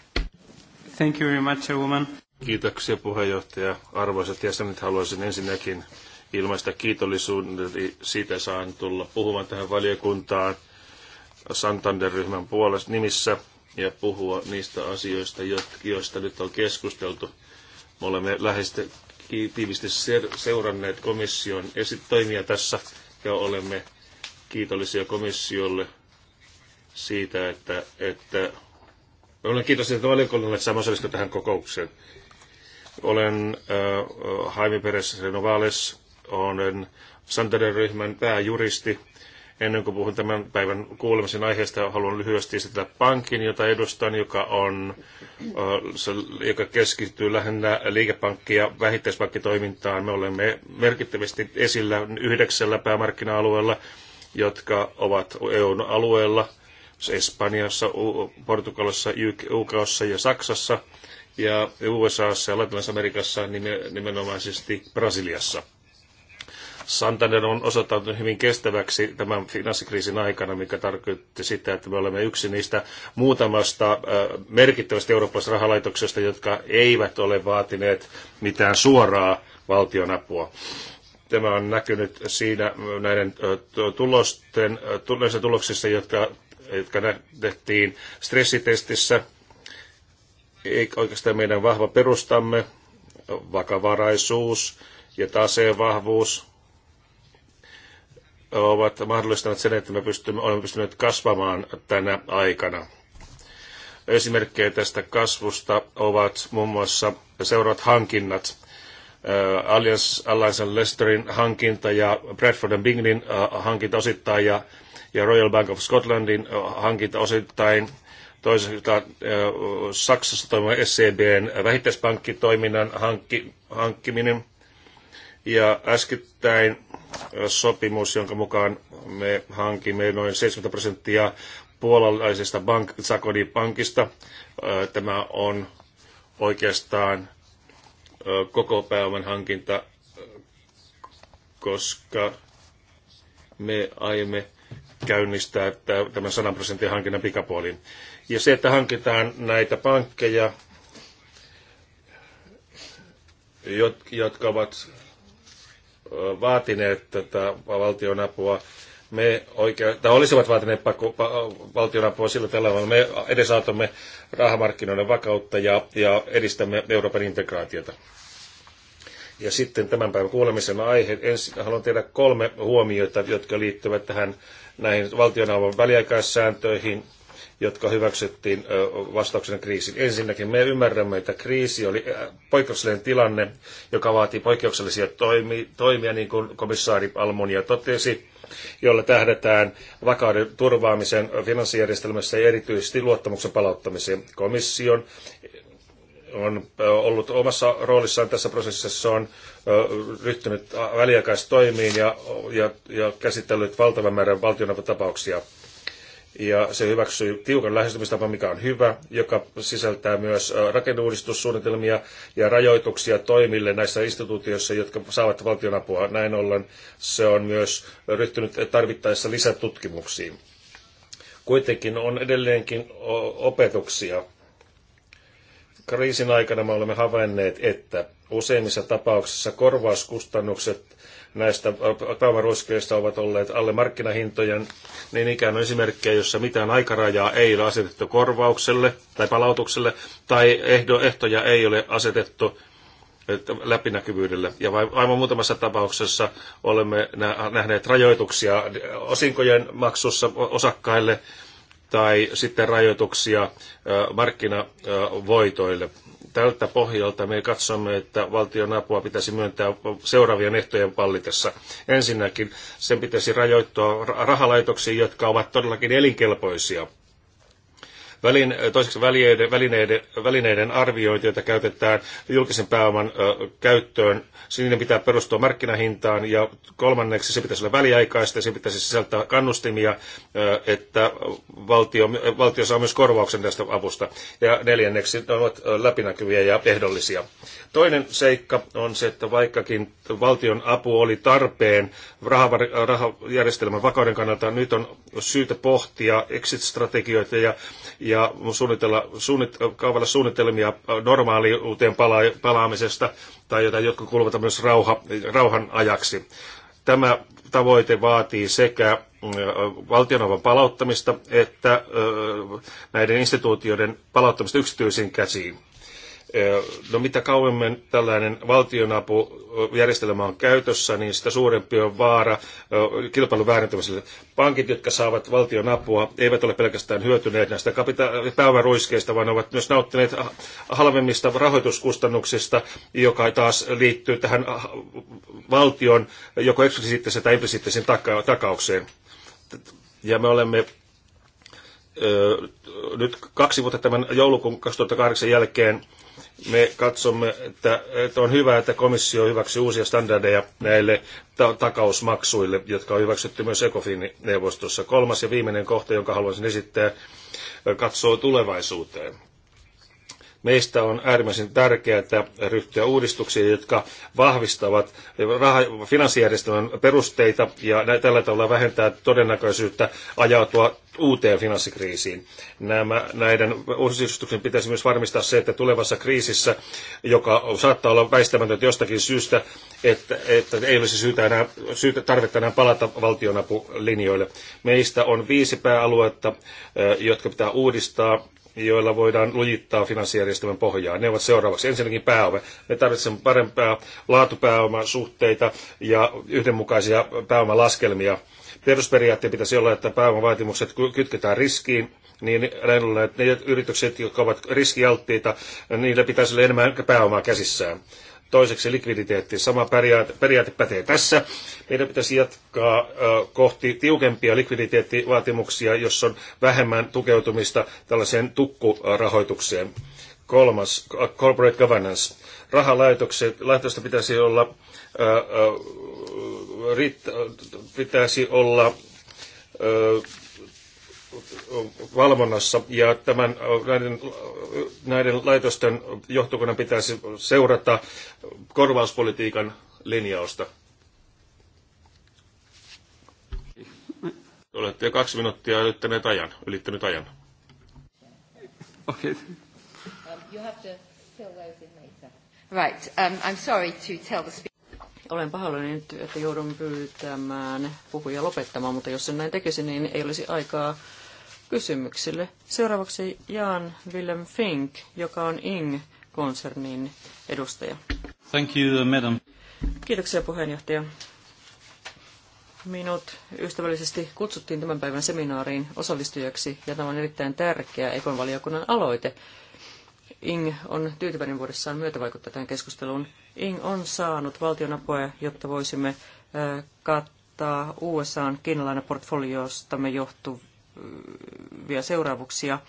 Thank you very much, woman. Kiitoksia puheenjohtaja. Arvoisat jäsenet, haluaisin ensinnäkin ilmaista kiitollisuuden siitä saan tulla puhumaan tähän valiokuntaan Santander-ryhmän puolesta nimissä ja puhua niistä asioista, joista nyt on keskusteltu. Me olemme läheisesti tiivisti seuranneet komission esitoimia tässä ja olemme kiitollisia komissiolle siitä, että, että olen kiitollinen että valiokunnalle, että saamme tähän kokoukseen. Olen äh, Jaime Perez Renovales, olen Santander ryhmän pääjuristi. Ennen kuin puhun tämän päivän kuulemisen aiheesta, haluan lyhyesti esitellä pankin, jota edustan, joka, on, joka keskittyy lähinnä liikepankki- ja vähittäispankkitoimintaan. Me olemme merkittävästi esillä yhdeksällä päämarkkina-alueella, jotka ovat EUn alueella, Espanjassa, Portugalissa, UKssa ja Saksassa ja USAssa ja Latinalaisessa Amerikassa nimenomaisesti Brasiliassa. Santander on osoittautunut hyvin kestäväksi tämän finanssikriisin aikana, mikä tarkoitti sitä, että me olemme yksi niistä muutamasta merkittävästä eurooppalaisesta rahalaitoksesta, jotka eivät ole vaatineet mitään suoraa valtionapua. Tämä on näkynyt siinä näiden tulosten, näissä tuloksissa, jotka, jotka nähtiin stressitestissä. Ei oikeastaan meidän vahva perustamme, vakavaraisuus ja taseen vahvuus ovat mahdollistaneet sen, että me pystymme, olemme pystyneet kasvamaan tänä aikana. Esimerkkejä tästä kasvusta ovat muun muassa seuraavat hankinnat. Allianz äh, Alliance Leicesterin hankinta ja Bradford and Binglin äh, hankinta osittain ja, ja Royal Bank of Scotlandin äh, hankinta osittain. Toisaalta Saksassa toimivan SCBn e vähittäispankkitoiminnan hankki, hankkiminen ja äskettäin sopimus, jonka mukaan me hankimme noin 70 prosenttia puolalaisesta bank, Sakoni pankista. Tämä on oikeastaan koko pääoman hankinta, koska me aiemme käynnistää tämän 100 prosentin hankinnan pikapuolin. Ja se, että hankitaan näitä pankkeja, jotka ovat vaatineet tätä valtionapua, me oikea tai olisivat vaatineet pakko, pa, valtionapua sillä tällä me edesautamme rahamarkkinoiden vakautta ja, ja edistämme Euroopan integraatiota. Ja sitten tämän päivän kuulemisen aihe. Ensin haluan tehdä kolme huomiota, jotka liittyvät tähän näihin valtionavun väliaikaissääntöihin, jotka hyväksyttiin vastauksena kriisiin. Ensinnäkin me ymmärrämme, että kriisi oli poikkeuksellinen tilanne, joka vaatii poikkeuksellisia toimia, niin kuin komissaari Almonia totesi, jolla tähdetään vakauden turvaamisen finanssijärjestelmässä ja erityisesti luottamuksen palauttamiseen. Komission on ollut omassa roolissaan tässä prosessissa, on ryhtynyt väliaikaistoimiin ja, ja, ja käsitellyt valtavan määrän valtioneuvotapauksia. tapauksia ja se hyväksyy tiukan lähestymistapa mikä on hyvä, joka sisältää myös rakenneuudistussuunnitelmia ja rajoituksia toimille näissä instituutioissa, jotka saavat valtionapua. Näin ollen se on myös ryhtynyt tarvittaessa lisätutkimuksiin. Kuitenkin on edelleenkin opetuksia. Kriisin aikana me olemme havainneet, että useimmissa tapauksissa korvauskustannukset näistä pääomaruiskeista ovat olleet alle markkinahintojen, niin ikään on esimerkkejä, jossa mitään aikarajaa ei ole asetettu korvaukselle tai palautukselle, tai ehdo, ehtoja ei ole asetettu läpinäkyvyydelle. Ja aivan muutamassa tapauksessa olemme nähneet rajoituksia osinkojen maksussa osakkaille tai sitten rajoituksia markkinavoitoille. Tältä pohjalta me katsomme, että valtion apua pitäisi myöntää seuraavien ehtojen vallitessa. Ensinnäkin sen pitäisi rajoittua rahalaitoksiin, jotka ovat todellakin elinkelpoisia – Välin, toiseksi välineiden, välineiden, välineiden arviointi, joita käytetään julkisen pääoman ö, käyttöön, siinä pitää perustua markkinahintaan ja kolmanneksi se pitäisi olla väliaikaista ja se pitäisi sisältää kannustimia, ö, että valtio, valtio saa myös korvauksen tästä avusta. Ja neljänneksi ne ovat läpinäkyviä ja ehdollisia. Toinen seikka on se, että vaikkakin valtion apu oli tarpeen rahajärjestelmän vakauden kannalta, nyt on syytä pohtia exit-strategioita ja, ja ja suunnitella, suunnit, kaavalla suunnitelmia normaaliuteen pala, palaamisesta tai jotain jotkut kuuluvat myös rauha, rauhan ajaksi. Tämä tavoite vaatii sekä valtionavun palauttamista että näiden instituutioiden palauttamista yksityisiin käsiin. Eh, no mitä kauemmin tällainen valtionapujärjestelmä eh, on käytössä, niin sitä suurempi on vaara eh, kilpailun väärentämiselle. Pankit, jotka saavat valtion apua, eivät ole pelkästään hyötyneet näistä pääomaruiskeista, vaan ovat myös nauttineet halvemmista rahoituskustannuksista, joka taas liittyy tähän valtion joko eksplisiittisen tai implisiittisen takaukseen. Ja me olemme nyt kaksi vuotta tämän joulukuun 2008 jälkeen me katsomme, että, että on hyvä, että komissio hyväksyy uusia standardeja näille ta- takausmaksuille, jotka on hyväksytty myös ECOFIN-neuvostossa. Kolmas ja viimeinen kohta, jonka haluaisin esittää, katsoo tulevaisuuteen. Meistä on äärimmäisen tärkeää ryhtyä uudistuksiin, jotka vahvistavat raha- finanssijärjestelmän perusteita ja tällä tavalla vähentää todennäköisyyttä ajautua uuteen finanssikriisiin. Nämä, näiden uudistuksen pitäisi myös varmistaa se, että tulevassa kriisissä, joka saattaa olla väistämätöntä jostakin syystä, että, että ei olisi syytä enää, syytä, tarvetta enää palata valtionapulinjoille. Meistä on viisi pääaluetta, jotka pitää uudistaa joilla voidaan lujittaa finanssijärjestelmän pohjaa. Ne ovat seuraavaksi. Ensinnäkin pääoma. Me tarvitsemme parempaa laatupääomasuhteita ja yhdenmukaisia pääomalaskelmia. Perusperiaatteen pitäisi olla, että pääomavaatimukset kytketään riskiin, niin näin ollen, että ne yritykset, jotka ovat riskialttiita, niillä pitäisi olla enemmän pääomaa käsissään. Toiseksi likviditeetti. Sama periaate, periaate pätee tässä. Meidän pitäisi jatkaa ö, kohti tiukempia likviditeettivaatimuksia, jos on vähemmän tukeutumista tällaiseen tukkurahoitukseen. Kolmas, corporate governance. Rahalaitokset, laitosta pitäisi olla, ö, ö, rit, pitäisi olla ö, valvonnassa ja tämän, näiden, näiden laitosten johtokunnan pitäisi seurata korvauspolitiikan linjausta. Olette jo kaksi minuuttia ylittäneet ajan, ylittänyt ajan. Okay. Um, right, um, I'm sorry to tell the Olen pahoillani nyt, että joudun pyytämään puhuja lopettamaan, mutta jos sen näin tekisi, niin ei olisi aikaa kysymyksille. Seuraavaksi Jan Willem Fink, joka on ING-konsernin edustaja. Thank you, madam. Kiitoksia puheenjohtaja. Minut ystävällisesti kutsuttiin tämän päivän seminaariin osallistujaksi ja tämä on erittäin tärkeä ekonvaliokunnan aloite. Ing on tyytyväinen vuodessaan myötävaikuttaa tähän keskusteluun. Ing on saanut valtionapoja, jotta voisimme kattaa USAn kiinalainen portfoliostamme johtuvia vielä seuraavuksia.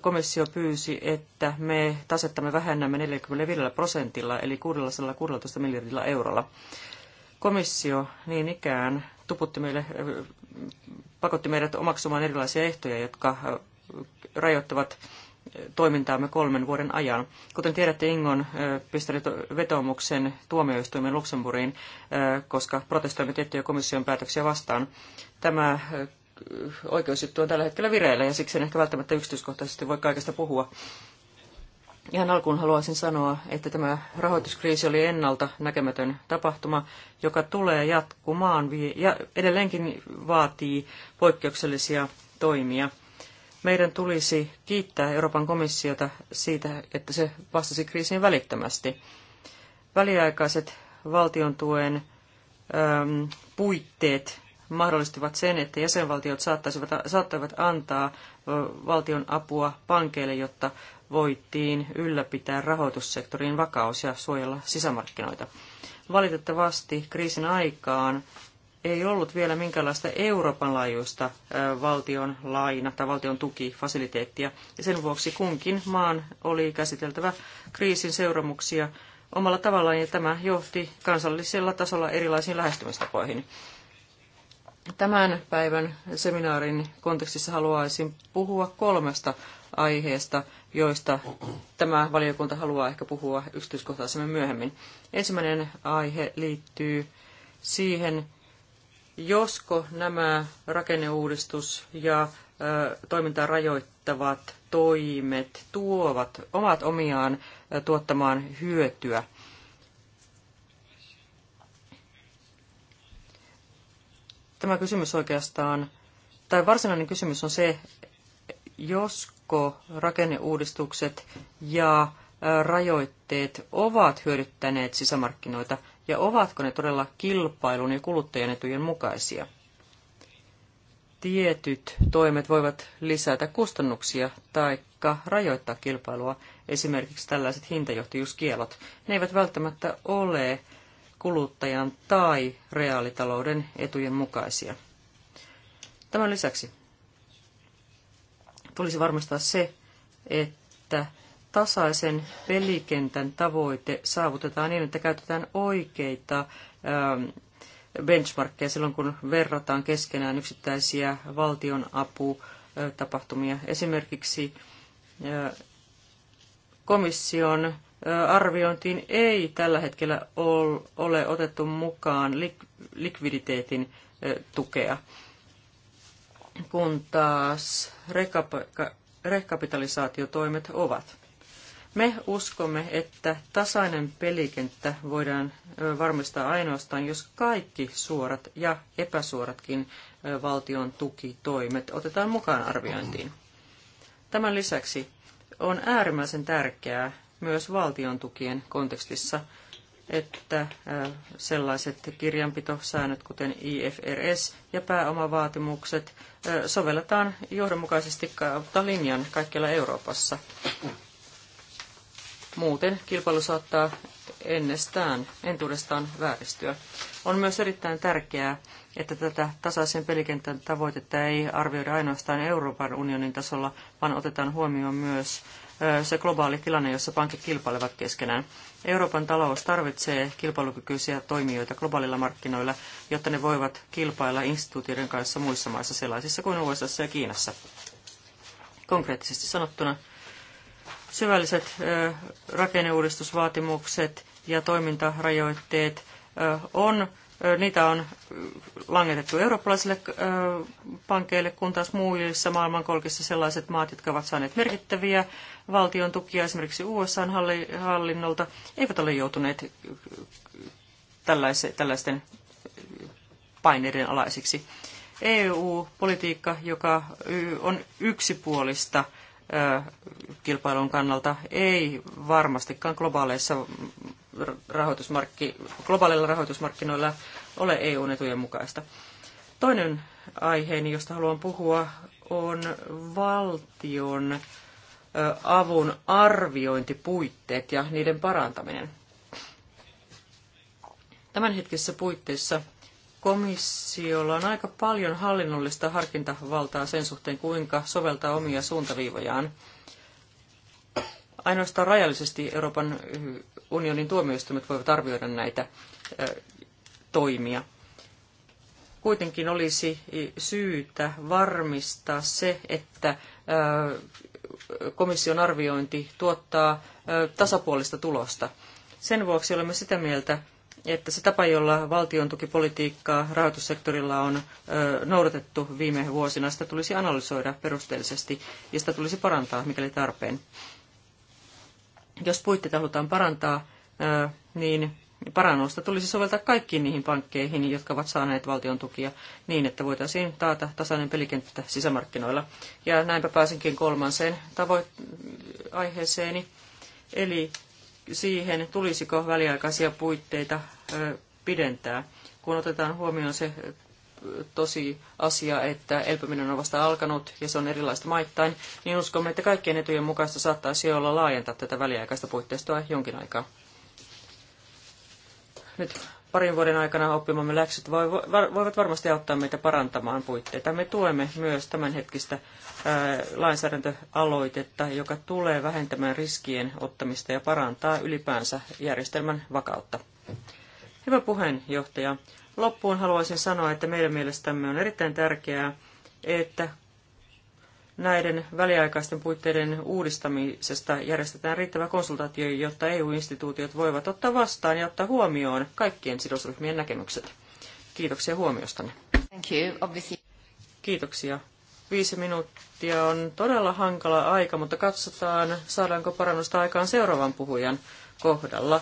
Komissio pyysi, että me tasettamme vähennämme 45 prosentilla, eli 616 miljardilla eurolla. Komissio niin ikään tuputti meille, pakotti meidät omaksumaan erilaisia ehtoja, jotka rajoittavat toimintaamme kolmen vuoden ajan. Kuten tiedätte, Ingon pistänyt vetoomuksen tuomioistuimen Luxemburgiin, koska protestoimme tiettyjä komission päätöksiä vastaan. Tämä oikeusjuttu on tällä hetkellä vireillä ja siksi en ehkä välttämättä yksityiskohtaisesti voi kaikesta puhua. Ihan alkuun haluaisin sanoa, että tämä rahoituskriisi oli ennalta näkemätön tapahtuma, joka tulee jatkumaan ja edelleenkin vaatii poikkeuksellisia toimia. Meidän tulisi kiittää Euroopan komissiota siitä, että se vastasi kriisiin välittömästi. Väliaikaiset valtion tuen puitteet mahdollistivat sen, että jäsenvaltiot saattaisivat, saattoivat antaa valtion apua pankeille, jotta voitiin ylläpitää rahoitussektorin vakaus ja suojella sisämarkkinoita. Valitettavasti kriisin aikaan ei ollut vielä minkäänlaista Euroopan laajuista valtion laina tai valtion tukifasiliteettia, ja sen vuoksi kunkin maan oli käsiteltävä kriisin seuraamuksia omalla tavallaan, ja tämä johti kansallisella tasolla erilaisiin lähestymistapoihin. Tämän päivän seminaarin kontekstissa haluaisin puhua kolmesta aiheesta, joista tämä valiokunta haluaa ehkä puhua yksityiskohtaisemmin myöhemmin. Ensimmäinen aihe liittyy siihen, josko nämä rakenneuudistus- ja toimintaa rajoittavat toimet tuovat omat omiaan tuottamaan hyötyä – tämä kysymys oikeastaan, tai varsinainen kysymys on se, josko rakenneuudistukset ja rajoitteet ovat hyödyttäneet sisämarkkinoita ja ovatko ne todella kilpailun ja kuluttajan etujen mukaisia. Tietyt toimet voivat lisätä kustannuksia tai rajoittaa kilpailua, esimerkiksi tällaiset hintajohtajuuskielot. Ne eivät välttämättä ole kuluttajan tai reaalitalouden etujen mukaisia. Tämän lisäksi tulisi varmistaa se, että tasaisen pelikentän tavoite saavutetaan niin, että käytetään oikeita ähm, benchmarkkeja silloin, kun verrataan keskenään yksittäisiä valtion äh, tapahtumia. Esimerkiksi äh, komission arviointiin ei tällä hetkellä ole otettu mukaan likviditeetin tukea, kun taas rekapitalisaatiotoimet ovat. Me uskomme, että tasainen pelikenttä voidaan varmistaa ainoastaan, jos kaikki suorat ja epäsuoratkin valtion tukitoimet otetaan mukaan arviointiin. Tämän lisäksi on äärimmäisen tärkeää, myös valtion tukien kontekstissa, että äh, sellaiset kirjanpitosäännöt kuten IFRS ja pääomavaatimukset äh, sovelletaan johdonmukaisesti kautta linjan kaikkialla Euroopassa. Muuten kilpailu saattaa ennestään, entuudestaan vääristyä. On myös erittäin tärkeää, että tätä tasaisen pelikentän tavoitetta ei arvioida ainoastaan Euroopan unionin tasolla, vaan otetaan huomioon myös se globaali tilanne, jossa pankit kilpailevat keskenään. Euroopan talous tarvitsee kilpailukykyisiä toimijoita globaalilla markkinoilla, jotta ne voivat kilpailla instituutioiden kanssa muissa maissa sellaisissa kuin USA ja Kiinassa. Konkreettisesti sanottuna syvälliset rakenneuudistusvaatimukset ja toimintarajoitteet on niitä on langetettu eurooppalaisille pankeille, kun taas muissa maailmankolkissa sellaiset maat, jotka ovat saaneet merkittäviä valtion tukia esimerkiksi USAn hallinnolta eivät ole joutuneet tällaisten paineiden alaisiksi. EU-politiikka, joka on yksipuolista kilpailun kannalta, ei varmastikaan globaaleissa rahoitusmarkki, globaaleilla rahoitusmarkkinoilla ole EUn etujen mukaista. Toinen aiheeni, josta haluan puhua, on valtion avun arviointipuitteet ja niiden parantaminen. Tämänhetkisissä puitteissa komissiolla on aika paljon hallinnollista harkintavaltaa sen suhteen, kuinka soveltaa omia suuntaviivojaan. Ainoastaan rajallisesti Euroopan unionin tuomioistuimet voivat arvioida näitä toimia. Kuitenkin olisi syytä varmistaa se, että komission arviointi tuottaa tasapuolista tulosta. Sen vuoksi olemme sitä mieltä, että se tapa, jolla valtion tukipolitiikkaa rahoitussektorilla on noudatettu viime vuosina, sitä tulisi analysoida perusteellisesti ja sitä tulisi parantaa, mikäli tarpeen. Jos puitteita halutaan parantaa, niin parannusta tulisi soveltaa kaikkiin niihin pankkeihin, jotka ovat saaneet valtion tukia niin, että voitaisiin taata tasainen pelikenttä sisämarkkinoilla. Ja näinpä pääsinkin kolmanseen tavoitteeseeni, aiheeseeni, eli siihen tulisiko väliaikaisia puitteita pidentää, kun otetaan huomioon se tosi asia, että elpyminen on vasta alkanut ja se on erilaista maittain, niin uskomme, että kaikkien etujen mukaista saattaisi olla laajentaa tätä väliaikaista puitteistoa jonkin aikaa nyt parin vuoden aikana oppimamme läksyt voivat varmasti auttaa meitä parantamaan puitteita. Me tuemme myös tämänhetkistä lainsäädäntöaloitetta, joka tulee vähentämään riskien ottamista ja parantaa ylipäänsä järjestelmän vakautta. Hyvä puheenjohtaja, loppuun haluaisin sanoa, että meidän mielestämme on erittäin tärkeää, että näiden väliaikaisten puitteiden uudistamisesta järjestetään riittävä konsultaatio, jotta EU-instituutiot voivat ottaa vastaan ja ottaa huomioon kaikkien sidosryhmien näkemykset. Kiitoksia huomiostanne. Thank you, obviously. Kiitoksia. Viisi minuuttia on todella hankala aika, mutta katsotaan, saadaanko parannusta aikaan seuraavan puhujan kohdalla.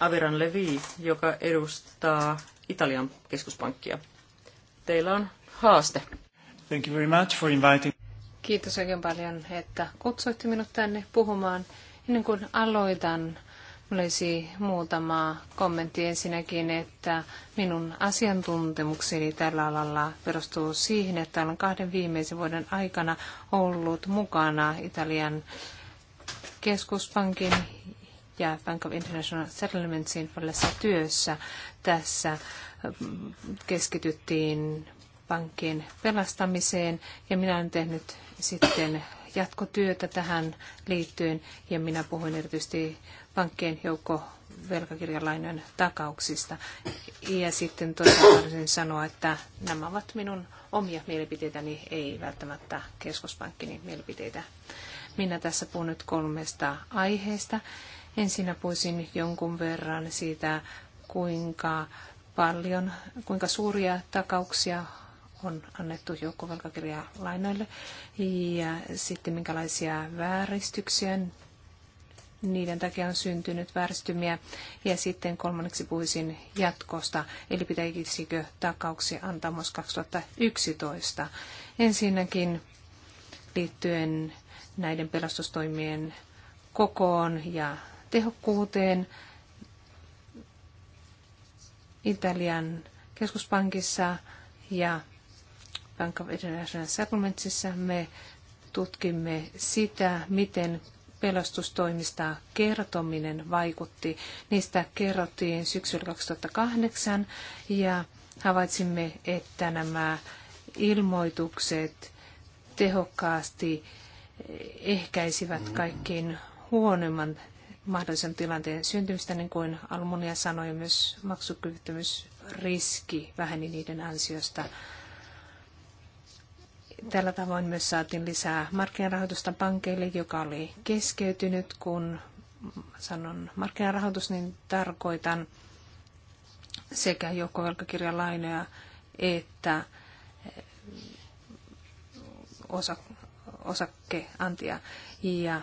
Aviran Levi, joka edustaa Italian keskuspankkia. Teillä on haaste. Thank you very much for inviting. Kiitos oikein paljon, että kutsuitte minut tänne puhumaan. Ennen kuin aloitan, olisi muutama kommentti ensinnäkin, että minun asiantuntemukseni tällä alalla perustuu siihen, että olen kahden viimeisen vuoden aikana ollut mukana Italian keskuspankin ja Bank of International Settlementsin työssä. Tässä keskityttiin pankkien pelastamiseen ja minä olen tehnyt sitten jatkotyötä tähän liittyen ja minä puhuin erityisesti pankkien joukko velkakirjalainojen takauksista. Ja sitten tosiaan sanoa, että nämä ovat minun omia mielipiteitäni, ei välttämättä keskuspankkini mielipiteitä. Minä tässä puhun nyt kolmesta aiheesta. Ensinnä puhuisin jonkun verran siitä, kuinka paljon, kuinka suuria takauksia on annettu joukkovelkakirjaa lainoille ja sitten minkälaisia vääristyksiä niiden takia on syntynyt vääristymiä. Ja sitten kolmanneksi puhuisin jatkosta, eli pitäisikö takauksia antaa myös 2011. Ensinnäkin liittyen näiden pelastustoimien kokoon ja tehokkuuteen. Italian keskuspankissa ja Bank of International Settlementsissa me tutkimme sitä, miten pelastustoimista kertominen vaikutti. Niistä kerrottiin syksyllä 2008 ja havaitsimme, että nämä ilmoitukset tehokkaasti ehkäisivät mm. kaikkiin huonoimman mahdollisen tilanteen syntymistä, niin kuin Almunia sanoi, myös maksukyvyttömyysriski väheni niiden ansiosta. Tällä tavoin myös saatiin lisää markkinarahoitusta pankeille, joka oli keskeytynyt. Kun sanon markkinarahoitus, niin tarkoitan sekä joukkovelkakirjalainoja että eh, osa, osakkeantia. Ja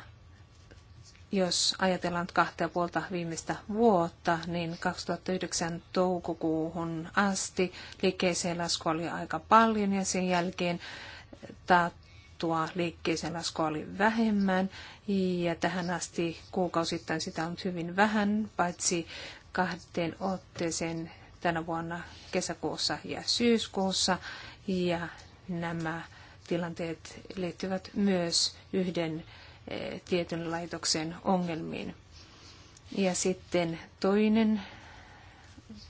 jos ajatellaan kahta puolta viimeistä vuotta, niin 2009 toukokuuhun asti liikkeeseen lasku oli aika paljon ja sen jälkeen taattua liikkeeseen laskua oli vähemmän ja tähän asti kuukausittain sitä on hyvin vähän, paitsi kahteen otteeseen tänä vuonna kesäkuussa ja syyskuussa ja nämä tilanteet liittyvät myös yhden eh, tietyn laitoksen ongelmiin. Ja sitten toinen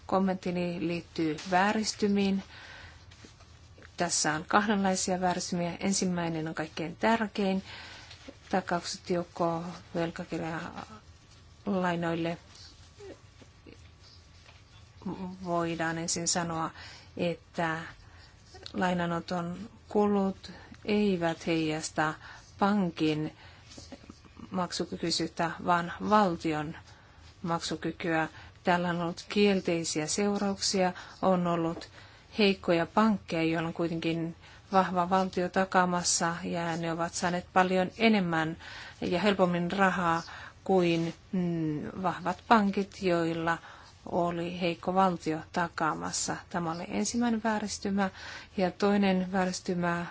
kommenttini liittyy vääristymiin tässä on kahdenlaisia värsymiä. Ensimmäinen on kaikkein tärkein. Takaukset joko velkakirjalainoille voidaan ensin sanoa, että lainanoton kulut eivät heijasta pankin maksukykyisyyttä, vaan valtion maksukykyä. Tällä on ollut kielteisiä seurauksia, on ollut heikkoja pankkeja, joilla on kuitenkin vahva valtio takamassa, ja ne ovat saaneet paljon enemmän ja helpommin rahaa kuin mm, vahvat pankit, joilla oli heikko valtio takaamassa. Tämä oli ensimmäinen vääristymä ja toinen vääristymä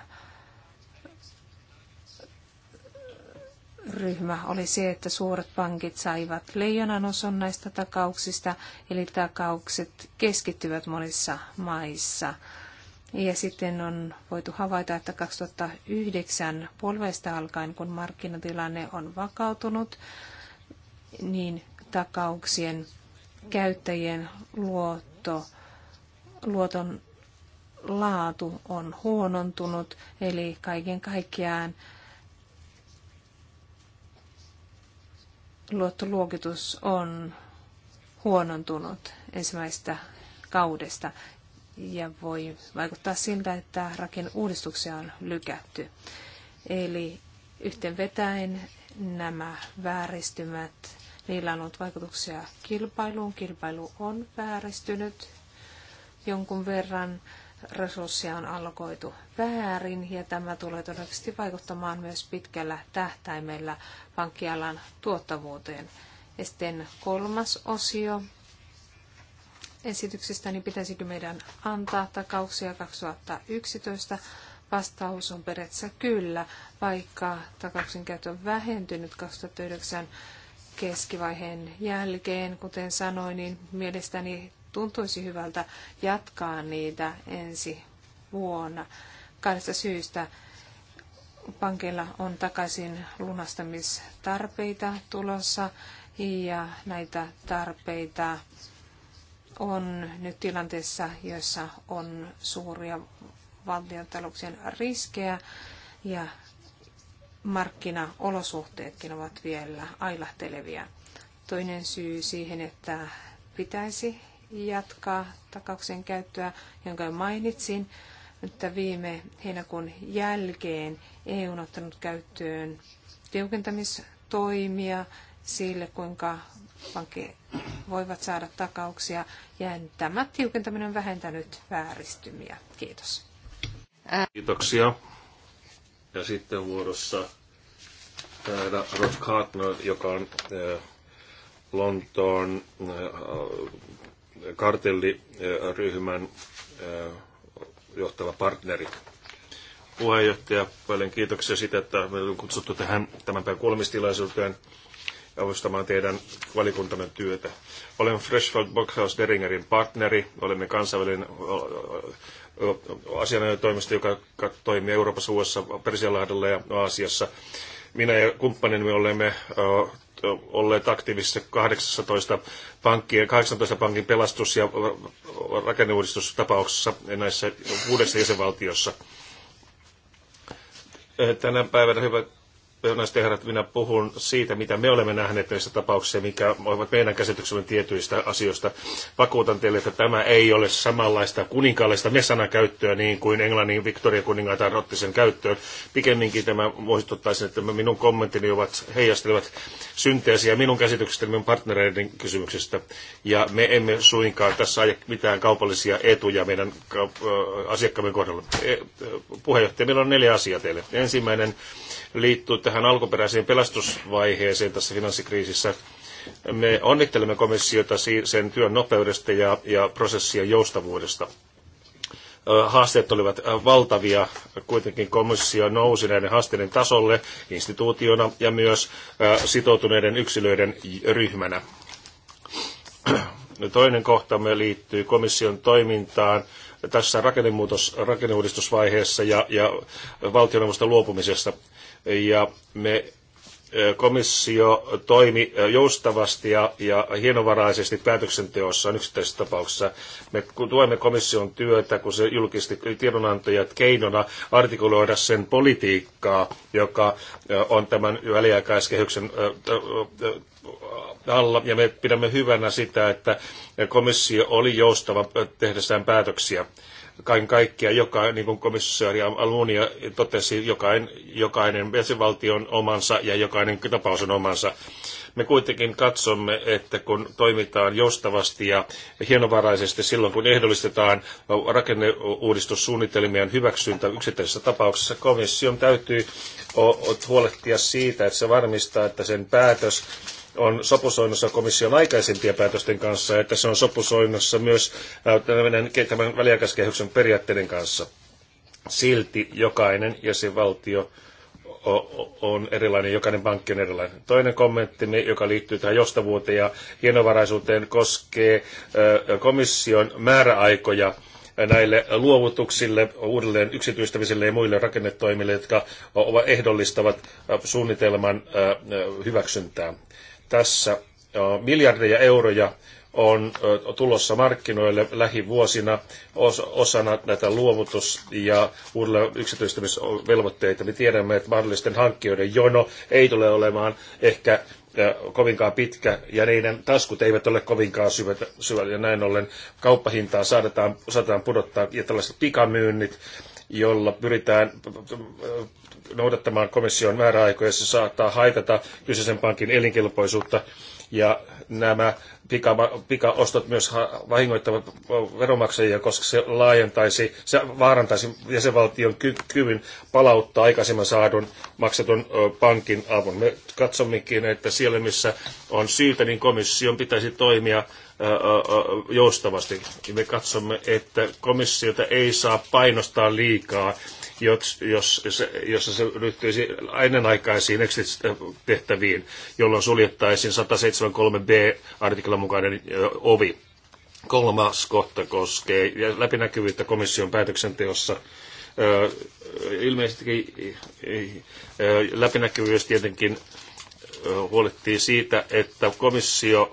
ryhmä oli se, että suuret pankit saivat leijonan osan näistä takauksista, eli takaukset keskittyvät monissa maissa. Ja sitten on voitu havaita, että 2009 polveista alkaen, kun markkinatilanne on vakautunut, niin takauksien käyttäjien luotto, luoton laatu on huonontunut, eli kaiken kaikkiaan luottoluokitus on huonontunut ensimmäistä kaudesta ja voi vaikuttaa siltä, että rakin uudistuksia on lykätty. Eli yhteenvetäen nämä vääristymät, niillä on ollut vaikutuksia kilpailuun. Kilpailu on vääristynyt jonkun verran resursseja on allokoitu väärin ja tämä tulee todennäköisesti vaikuttamaan myös pitkällä tähtäimellä pankkialan tuottavuuteen. Ja sitten kolmas osio esityksestä, niin pitäisikö meidän antaa takauksia 2011? Vastaus on periaatteessa kyllä, vaikka takauksen käyttö on vähentynyt 2009 keskivaiheen jälkeen. Kuten sanoin, niin mielestäni tuntuisi hyvältä jatkaa niitä ensi vuonna. Kahdesta syystä pankilla on takaisin lunastamistarpeita tulossa ja näitä tarpeita on nyt tilanteessa, jossa on suuria valtiontalouksien riskejä ja markkinaolosuhteetkin ovat vielä ailahtelevia. Toinen syy siihen, että pitäisi jatkaa takauksen käyttöä, jonka mainitsin, että viime heinäkuun jälkeen EU on ottanut käyttöön tiukentamistoimia sille, kuinka pankki voivat saada takauksia. Ja tämä tiukentaminen on vähentänyt vääristymiä. Kiitos. Kiitoksia. Ja sitten vuorossa täällä Rod Cartner, joka on äh, Lontoon äh, kartelliryhmän johtava partneri. Puheenjohtaja, paljon kiitoksia siitä, että meillä on kutsuttu tähän tämän päivän kuulemistilaisuuteen avustamaan teidän valikuntamme työtä. Olen Freshfield Boxhaus Deringerin partneri. Olemme kansainvälinen asianajotoimisto, joka toimii Euroopassa, USA, Persianlahdella ja Aasiassa. Minä ja kumppanini olemme olleet aktiivisissa 18 pankkien, 18 pankin pelastus- ja rakenneuudistustapauksessa näissä uudessa jäsenvaltiossa. Tänä päivänä hyvä naiset ja herrat, minä puhun siitä, mitä me olemme nähneet näissä tapauksissa, mikä ovat meidän käsityksemme tietyistä asioista. Vakuutan teille, että tämä ei ole samanlaista kuninkaallista mesanakäyttöä niin kuin Englannin Victoria kuningatar otti sen käyttöön. Pikemminkin tämä muistuttaisin, että minun kommenttini ovat, heijastelevat synteesiä minun käsityksestäni minun partnereiden kysymyksestä. Ja me emme suinkaan tässä aja mitään kaupallisia etuja meidän asiakkaamme kohdalla. E, puheenjohtaja, meillä on neljä asiaa teille. Ensimmäinen liittyy tähän tähän alkuperäiseen pelastusvaiheeseen tässä finanssikriisissä. Me onnittelemme komissiota sen työn nopeudesta ja, ja prosessien joustavuudesta. Haasteet olivat valtavia, kuitenkin komissio nousi näiden haasteiden tasolle instituutiona ja myös sitoutuneiden yksilöiden ryhmänä. Toinen kohtamme liittyy komission toimintaan tässä rakennemuutos, rakenneuudistusvaiheessa ja, ja valtioneuvoston luopumisesta ja me komissio toimi joustavasti ja, ja hienovaraisesti päätöksenteossa yksittäisissä tapauksissa. Me tuemme komission työtä, kun se julkisti tiedonantajat keinona artikuloida sen politiikkaa, joka on tämän väliaikaiskehyksen alla. Ja me pidämme hyvänä sitä, että komissio oli joustava tehdessään päätöksiä kaiken kaikkiaan, joka, niin kuin komissaari Almunia totesi, jokainen, jokainen jäsenvaltio on omansa ja jokainen tapaus on omansa. Me kuitenkin katsomme, että kun toimitaan joustavasti ja hienovaraisesti silloin, kun ehdollistetaan rakenneuudistussuunnitelmien hyväksyntä yksittäisessä tapauksessa, komission täytyy huolehtia siitä, että se varmistaa, että sen päätös on sopusoinnussa komission aikaisempien päätösten kanssa, että se on sopusoinnussa myös äh, tämän väliaikaiskehyksen periaatteiden kanssa. Silti jokainen jäsenvaltio on erilainen, jokainen pankki on erilainen. Toinen kommentti, joka liittyy tähän jostavuuteen ja hienovaraisuuteen, koskee äh, komission määräaikoja näille luovutuksille, uudelleen yksityistämiselle ja muille rakennetoimille, jotka ehdollistavat äh, suunnitelman hyväksyntää tässä miljardeja euroja on tulossa markkinoille lähivuosina osana näitä luovutus- ja uudelleen yksityistämisvelvoitteita. Me tiedämme, että mahdollisten hankkijoiden jono ei tule olemaan ehkä kovinkaan pitkä ja niiden taskut eivät ole kovinkaan syvät, syvät ja näin ollen kauppahintaa saadaan, saadaan pudottaa ja tällaiset pikamyynnit jolla pyritään noudattamaan komission määräaikoja, se saattaa haitata kyseisen pankin elinkelpoisuutta ja nämä pika, pikaostot myös vahingoittavat veronmaksajia, koska se laajentaisi, se vaarantaisi jäsenvaltion ky- kyvyn palauttaa aikaisemman saadun maksetun pankin avun. Me katsommekin, että siellä missä on syytä, niin komission pitäisi toimia joustavasti. Me katsomme, että komissiota ei saa painostaa liikaa, jos, jos, jos se ryhtyisi ainaikaisiin exit-tehtäviin, jolloin suljettaisiin 173b-artiklan mukainen ovi. Kolmas kohta koskee läpinäkyvyyttä komission päätöksenteossa ilmeisesti läpinäkyvyys tietenkin huolehtii siitä, että komissio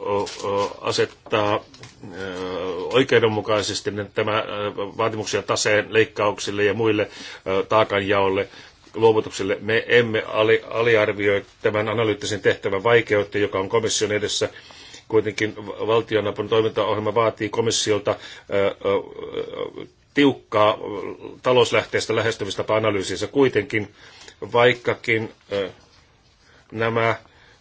asettaa oikeudenmukaisesti tämä vaatimuksia taseen leikkauksille ja muille taakanjaolle luovutukselle. Me emme ali, aliarvioi tämän analyyttisen tehtävän vaikeutta, joka on komission edessä. Kuitenkin valtionapun toimintaohjelma vaatii komissiolta tiukkaa talouslähteistä lähestymistapa analyysiinsa kuitenkin, vaikkakin nämä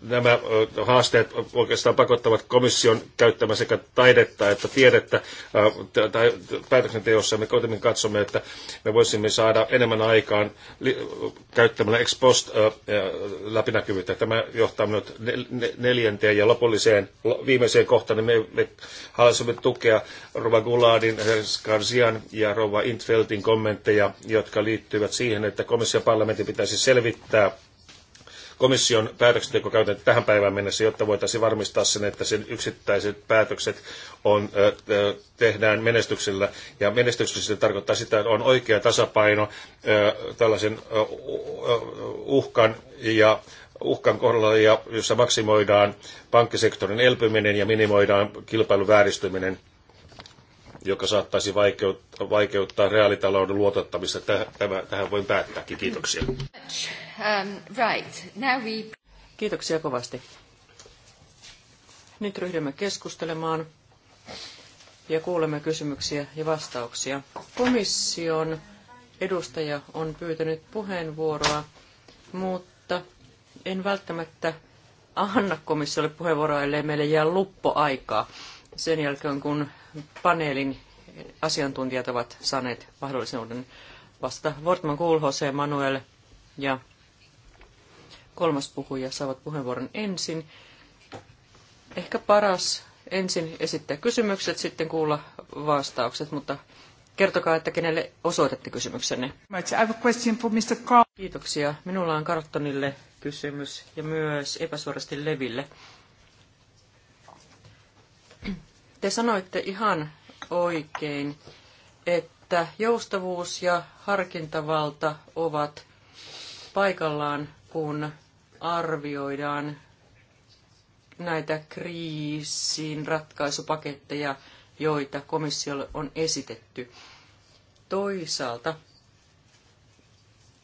nämä haasteet oikeastaan pakottavat komission käyttämään sekä taidetta että tiedettä tai päätöksenteossa. Me kuitenkin katsomme, että me voisimme saada enemmän aikaan käyttämällä ex post läpinäkyvyyttä. Tämä johtaa minut neljänteen ja lopulliseen viimeiseen kohtaan. me, me haluaisimme tukea Rova Guladin, Skarsian ja Rova Intfeltin kommentteja, jotka liittyvät siihen, että komission parlamentin pitäisi selvittää komission päätöksentekokäytäntö tähän päivään mennessä, jotta voitaisiin varmistaa sen, että sen yksittäiset päätökset on, tehdään menestyksellä. Ja menestyksellä tarkoittaa sitä, että on oikea tasapaino tällaisen uhkan ja uhkan kohdalla, ja jossa maksimoidaan pankkisektorin elpyminen ja minimoidaan kilpailun vääristyminen joka saattaisi vaikeuttaa, vaikeuttaa reaalitalouden luotottamista. Tämä, tähän voin päättääkin. Kiitoksia. Um, Kiitoksia kovasti. Nyt ryhdymme keskustelemaan ja kuulemme kysymyksiä ja vastauksia. Komission edustaja on pyytänyt puheenvuoroa, mutta en välttämättä anna komissiolle puheenvuoroa, ellei meille jää luppoaikaa sen jälkeen, kun paneelin asiantuntijat ovat saaneet mahdollisuuden vastata. Wortman ja Manuel ja kolmas puhuja saavat puheenvuoron ensin. Ehkä paras ensin esittää kysymykset, sitten kuulla vastaukset, mutta kertokaa, että kenelle osoitatte kysymyksenne. Kiitoksia. Minulla on Karttonille kysymys ja myös epäsuorasti Leville. Te sanoitte ihan oikein, että joustavuus ja harkintavalta ovat paikallaan, kun arvioidaan näitä kriisin ratkaisupaketteja, joita komissiolle on esitetty. Toisaalta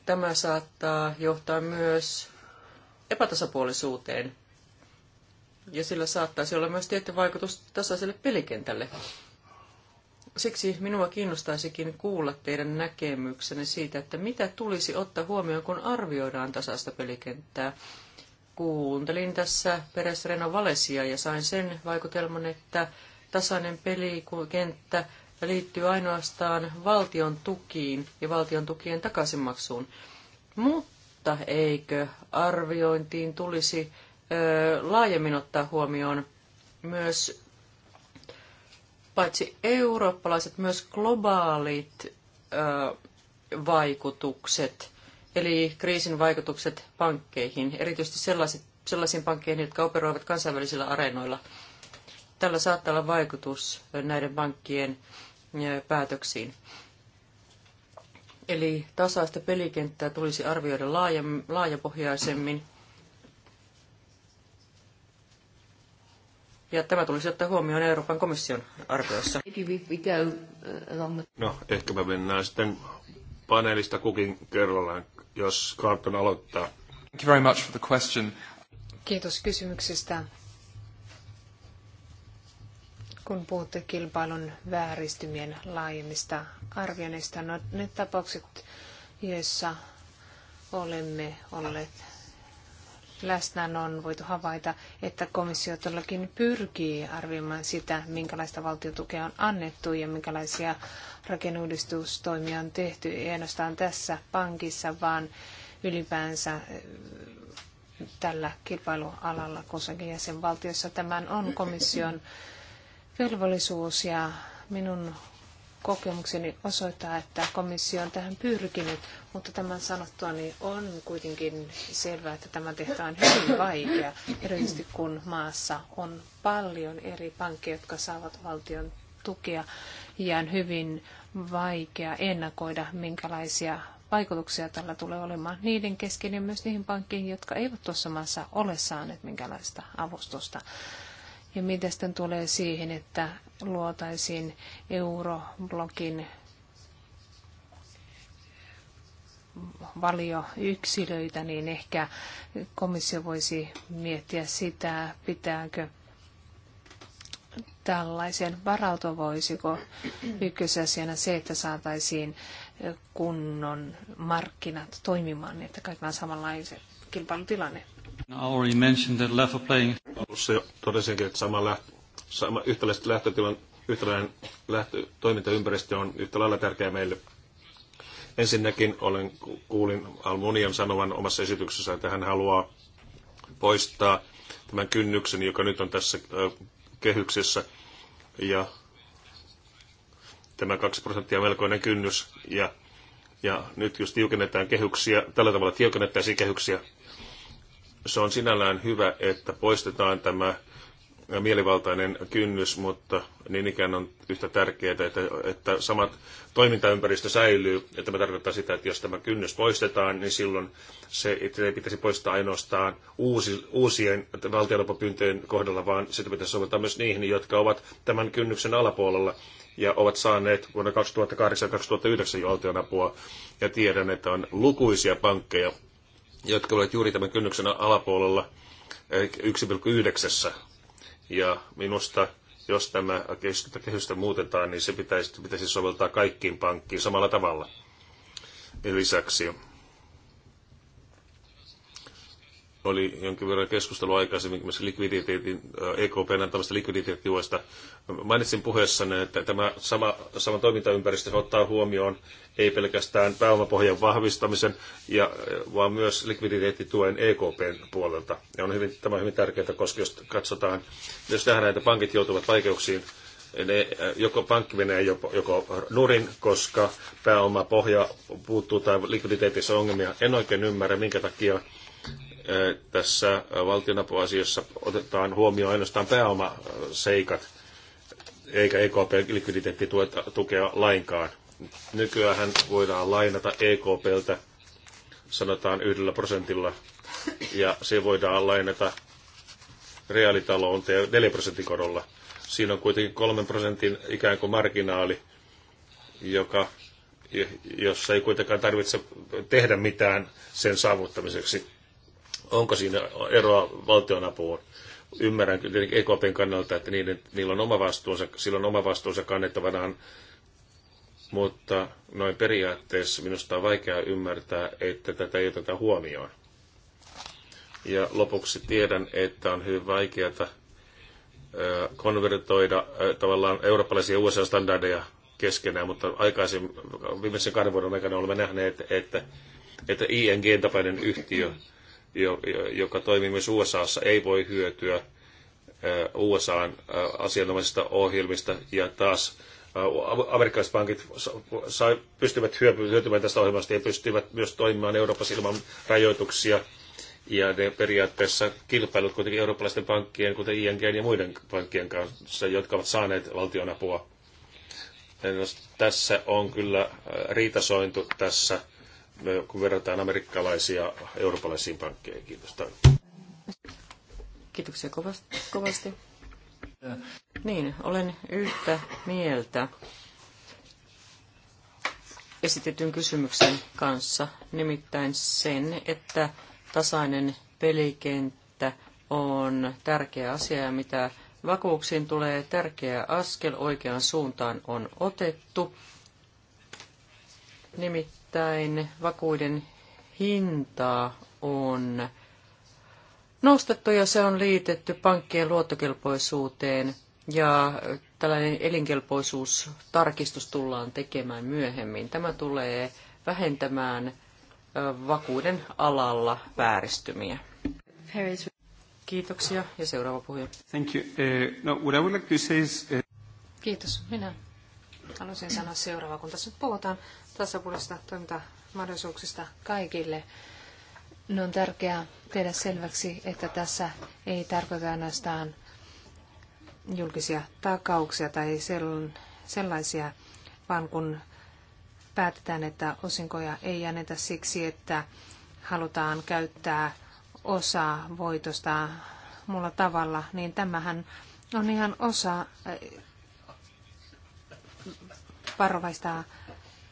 tämä saattaa johtaa myös epätasapuolisuuteen ja sillä saattaisi olla myös tietty vaikutus tasaiselle pelikentälle. Siksi minua kiinnostaisikin kuulla teidän näkemyksenne siitä, että mitä tulisi ottaa huomioon, kun arvioidaan tasaista pelikenttää. Kuuntelin tässä Peres Reno Valesia ja sain sen vaikutelman, että tasainen pelikenttä liittyy ainoastaan valtion tukiin ja valtion tukien takaisinmaksuun. Mutta eikö arviointiin tulisi laajemmin ottaa huomioon myös paitsi eurooppalaiset, myös globaalit vaikutukset, eli kriisin vaikutukset pankkeihin, erityisesti sellaiset, sellaisiin pankkeihin, jotka operoivat kansainvälisillä areenoilla. Tällä saattaa olla vaikutus näiden pankkien päätöksiin. Eli tasaista pelikenttää tulisi arvioida laajapohjaisemmin Ja tämä tulisi ottaa huomioon Euroopan komission arvioissa. Uh, no, ehkä me mennään sitten paneelista kukin kerrallaan, jos Carlton aloittaa. Thank you very much for the question. Kiitos kysymyksestä. Kun puhutte kilpailun vääristymien laajemmista arvioinnista, no ne tapaukset, joissa olemme olleet läsnäolon on voitu havaita, että komissio todellakin pyrkii arvioimaan sitä, minkälaista valtiotukea on annettu ja minkälaisia rakennuudistustoimia on tehty, ei ainoastaan tässä pankissa, vaan ylipäänsä eh, tällä kilpailualalla kussakin jäsenvaltiossa. Tämän on komission velvollisuus ja minun kokemukseni osoittaa, että komissio on tähän pyrkinyt, mutta tämän sanottua niin on kuitenkin selvää, että tämä tehtävä on hyvin vaikea, erityisesti kun maassa on paljon eri pankkeja, jotka saavat valtion tukea ja on hyvin vaikea ennakoida, minkälaisia vaikutuksia tällä tulee olemaan niiden kesken ja myös niihin pankkiin, jotka eivät tuossa maassa ole saaneet minkälaista avustusta. Ja mitä sitten tulee siihen, että luotaisiin euroblogin valioyksilöitä, niin ehkä komissio voisi miettiä sitä, pitääkö tällaisen varautua, voisiko ykkösasiana se, että saataisiin kunnon markkinat toimimaan, niin että kaikilla on samanlainen kilpailutilanne. Alussa jo totesinkin, että sama, lähtö, sama yhtäläiset lähtötilan, yhtäläinen lähtö, toimintaympäristö on yhtä lailla tärkeä meille. Ensinnäkin olen, kuulin Almunian sanovan omassa esityksessä, että hän haluaa poistaa tämän kynnyksen, joka nyt on tässä kehyksessä. Ja tämä 2 prosenttia melkoinen kynnys. Ja, ja nyt jos tiukennetaan kehyksiä, tällä tavalla tiukennettaisiin kehyksiä, se on sinällään hyvä, että poistetaan tämä mielivaltainen kynnys, mutta niin ikään on yhtä tärkeää, että, että samat toimintaympäristö säilyy. Ja tämä tarkoittaa sitä, että jos tämä kynnys poistetaan, niin silloin se ei pitäisi poistaa ainoastaan uusi, uusien valtionapapyyntöjen kohdalla, vaan sitä pitäisi soveltaa myös niihin, jotka ovat tämän kynnyksen alapuolella ja ovat saaneet vuonna 2008-2009 jo valtionapua. Ja tiedän, että on lukuisia pankkeja, jotka ovat juuri tämän kynnyksen alapuolella 1,9. Eh, ja minusta, jos tämä kehystä muutetaan, niin se pitäisi, pitäisi soveltaa kaikkiin pankkiin samalla tavalla. Lisäksi oli jonkin verran keskustelua aikaisemmin myös likviditeetin, EKPn antamasta likviditeettiuesta. Mainitsin puheessani että tämä sama, sama toimintaympäristö ottaa huomioon ei pelkästään pääomapohjan vahvistamisen, ja, vaan myös likviditeettituen EKPn puolelta. Ja on hyvin, tämä on hyvin tärkeää, koska jos katsotaan, jos nähdään, että pankit joutuvat vaikeuksiin, ne, joko pankki menee joko, joko nurin, koska pääomapohja puuttuu tai likviditeetissä on ongelmia. En oikein ymmärrä, minkä takia tässä valtionapuasiassa otetaan huomioon ainoastaan pääomaseikat, eikä ekp tukea lainkaan. Nykyään voidaan lainata EKPltä, sanotaan yhdellä prosentilla, ja se voidaan lainata reaalitaloon 4 prosentin korolla. Siinä on kuitenkin 3 prosentin ikään kuin marginaali, joka, jossa ei kuitenkaan tarvitse tehdä mitään sen saavuttamiseksi. Onko siinä eroa valtionapuun? Ymmärrän kyllä EKPn e kannalta, että niiden, niillä on oma vastuunsa, sillä on oma vastuunsa kannettavanaan, mutta noin periaatteessa minusta on vaikea ymmärtää, että tätä ei oteta huomioon. Ja lopuksi tiedän, että on hyvin vaikeaa konvertoida tavallaan eurooppalaisia ja USA-standardeja keskenään, mutta aikaisemmin viimeisen kahden vuoden aikana olemme nähneet, että, että ING-tapainen yhtiö joka toimii myös USAssa, ei voi hyötyä USAn asianomaisista ohjelmista ja taas amerikkalaiset pankit sai, pystyvät hyötymään tästä ohjelmasta ja pystyvät myös toimimaan Euroopassa ilman rajoituksia. Ja ne periaatteessa kilpailut kuitenkin eurooppalaisten pankkien, kuten ING ja muiden pankkien kanssa, jotka ovat saaneet valtionapua. tässä on kyllä riitasointu tässä kun verrataan amerikkalaisia eurooppalaisiin pankkeihin. Kiitos. Kiitoksia kovasti. Niin, olen yhtä mieltä esitetyn kysymyksen kanssa, nimittäin sen, että tasainen pelikenttä on tärkeä asia ja mitä vakuuksiin tulee tärkeä askel oikeaan suuntaan on otettu. Nimittäin Nimittäin vakuuden hintaa on nostettu ja se on liitetty pankkien luottokelpoisuuteen ja tällainen elinkelpoisuustarkistus tullaan tekemään myöhemmin. Tämä tulee vähentämään vakuuden alalla vääristymiä. Kiitoksia ja seuraava puhuja. Thank you. Uh, no, what I would like to say is, uh, Kiitos. Minä haluaisin sanoa seuraava, kun tässä puhutaan tasapuolista toimintamahdollisuuksista kaikille. No on tärkeää tehdä selväksi, että tässä ei tarkoita ainoastaan julkisia takauksia tai sellaisia, vaan kun päätetään, että osinkoja ei jännetä siksi, että halutaan käyttää osa voitosta muulla tavalla, niin tämähän on ihan osa varovaista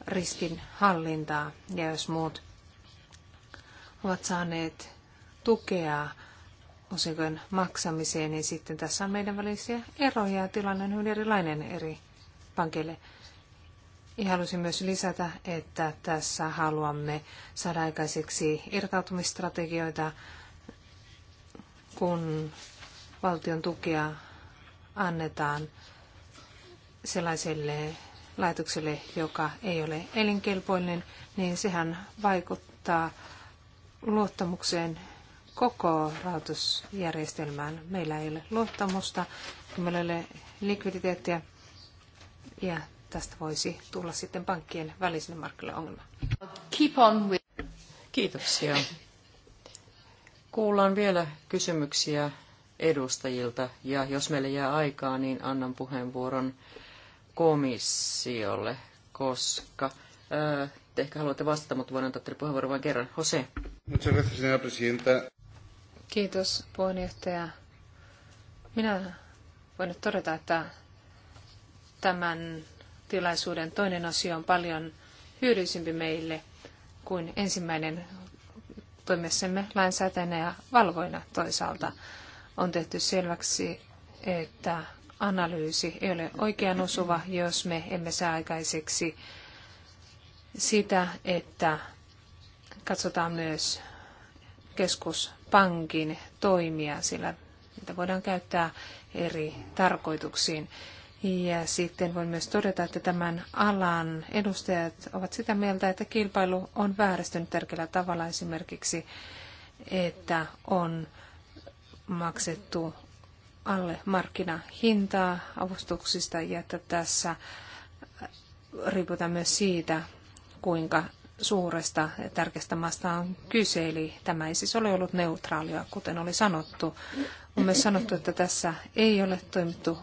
riskin hallintaa ja jos muut ovat saaneet tukea osinkojen maksamiseen, niin sitten tässä on meidän välisiä eroja ja tilanne on hyvin erilainen eri pankille. Ja halusin myös lisätä, että tässä haluamme saada aikaiseksi irtautumistrategioita, kun valtion tukea annetaan sellaiselle laitokselle, joka ei ole elinkelpoinen, niin sehän vaikuttaa luottamukseen koko rahoitusjärjestelmään. Meillä ei ole luottamusta, meillä ei ole likviditeettiä ja tästä voisi tulla sitten pankkien välisille markkinoille ongelma. Keep on with... Kiitoksia. Kuullaan vielä kysymyksiä edustajilta ja jos meille jää aikaa, niin annan puheenvuoron komissiolle, koska te ehkä haluatte vastata, mutta voin antaa teille puheenvuoron vain kerran. Jose. Kiitos puheenjohtaja. Minä voin nyt todeta, että tämän tilaisuuden toinen osio on paljon hyödyllisempi meille kuin ensimmäinen toimessamme lainsäätäjänä ja valvoina toisaalta. On tehty selväksi, että analyysi ei ole oikean osuva, jos me emme saa aikaiseksi sitä, että katsotaan myös keskuspankin toimia, sillä niitä voidaan käyttää eri tarkoituksiin. Ja sitten voin myös todeta, että tämän alan edustajat ovat sitä mieltä, että kilpailu on vääristynyt tärkeällä tavalla esimerkiksi, että on maksettu alle markkinahintaa avustuksista ja että tässä riippuu myös siitä, kuinka suuresta ja tärkeästä maasta on kyse, eli tämä ei siis ole ollut neutraalia, kuten oli sanottu. On myös sanottu, että tässä ei ole toimittu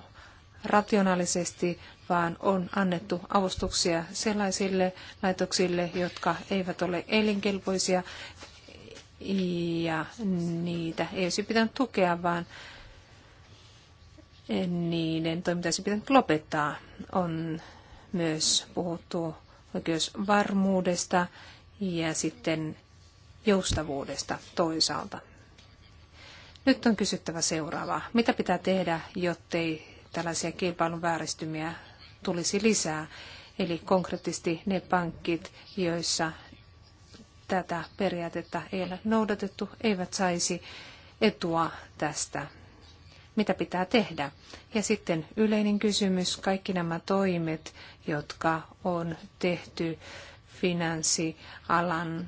rationaalisesti, vaan on annettu avustuksia sellaisille laitoksille, jotka eivät ole elinkelpoisia, ja niitä ei olisi pitänyt tukea, vaan niiden toimintaisi pitänyt lopettaa. On myös puhuttu oikeusvarmuudesta ja sitten joustavuudesta toisaalta. Nyt on kysyttävä seuraavaa. Mitä pitää tehdä, jottei tällaisia kilpailun vääristymiä tulisi lisää? Eli konkreettisesti ne pankit, joissa tätä periaatetta ei ole noudatettu, eivät saisi etua tästä mitä pitää tehdä. Ja sitten yleinen kysymys, kaikki nämä toimet, jotka on tehty finanssialan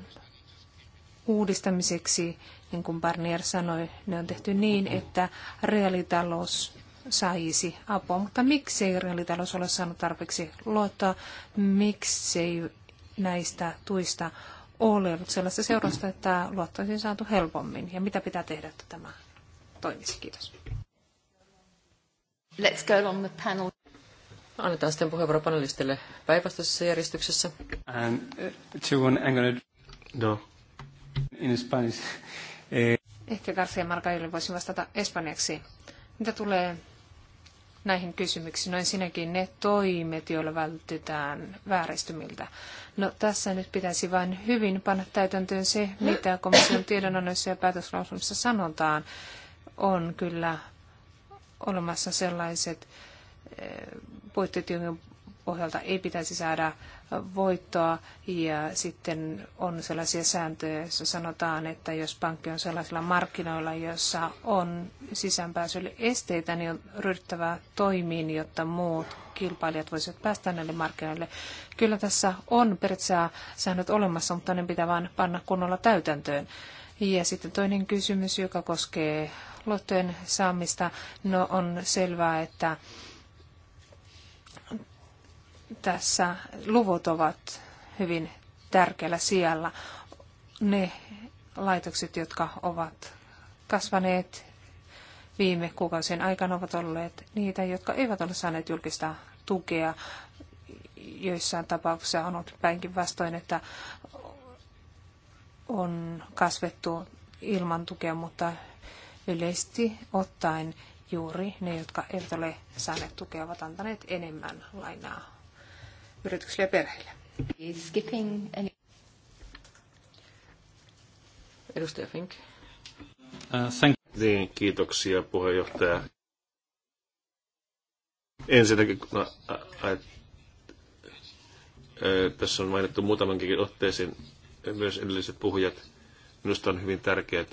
uudistamiseksi, niin kuin Barnier sanoi, ne on tehty niin, että reaalitalous saisi apua. Mutta miksei reaalitalous ole saanut tarpeeksi luottaa? Miksei näistä tuista ole ollut sellaista seurasta, että luotto olisi saatu helpommin? Ja mitä pitää tehdä, että tämä toimisi? Kiitos. Let's go along the panel. Annetaan sitten puheenvuoro panelistille päinvastaisessa järjestyksessä. And, uh, I'm gonna... No. In Spanish. Eh. Eh. Ehkä Garcia Margaille voisin vastata espanjaksi. Mitä tulee näihin kysymyksiin, noin sinäkin ne toimet, joilla vältytään vääristymiltä. No tässä nyt pitäisi vain hyvin panna täytäntöön se, mitä komission tiedonannoissa ja päätöslausunnossa sanotaan. On kyllä olemassa sellaiset eh, puitteet, joiden pohjalta ei pitäisi saada voittoa. Ja sitten on sellaisia sääntöjä, joissa sanotaan, että jos pankki on sellaisilla markkinoilla, joissa on sisäänpääsylle esteitä, niin on ryhdyttävä toimiin, jotta muut kilpailijat voisivat päästä näille markkinoille. Kyllä tässä on periaatteessa säännöt olemassa, mutta ne pitää vain panna kunnolla täytäntöön. Ja sitten toinen kysymys, joka koskee lottojen saamista. No on selvää, että tässä luvut ovat hyvin tärkeällä siellä Ne laitokset, jotka ovat kasvaneet viime kuukausien aikana, ovat olleet niitä, jotka eivät ole saaneet julkista tukea. Joissain tapauksissa on ollut päinkin vastoin, että on kasvettu ilman tukea, mutta yleisesti ottaen juuri ne, jotka eivät ole saaneet tukea, ovat antaneet enemmän lainaa yrityksille ja perheille. Skipping any... Edustaja Fink. Uh, thank niin, kiitoksia puheenjohtaja. Ensinnäkin, kun äh, äh, äh, tässä on mainittu muutamankin otteeseen myös edelliset puhujat, minusta on hyvin tärkeää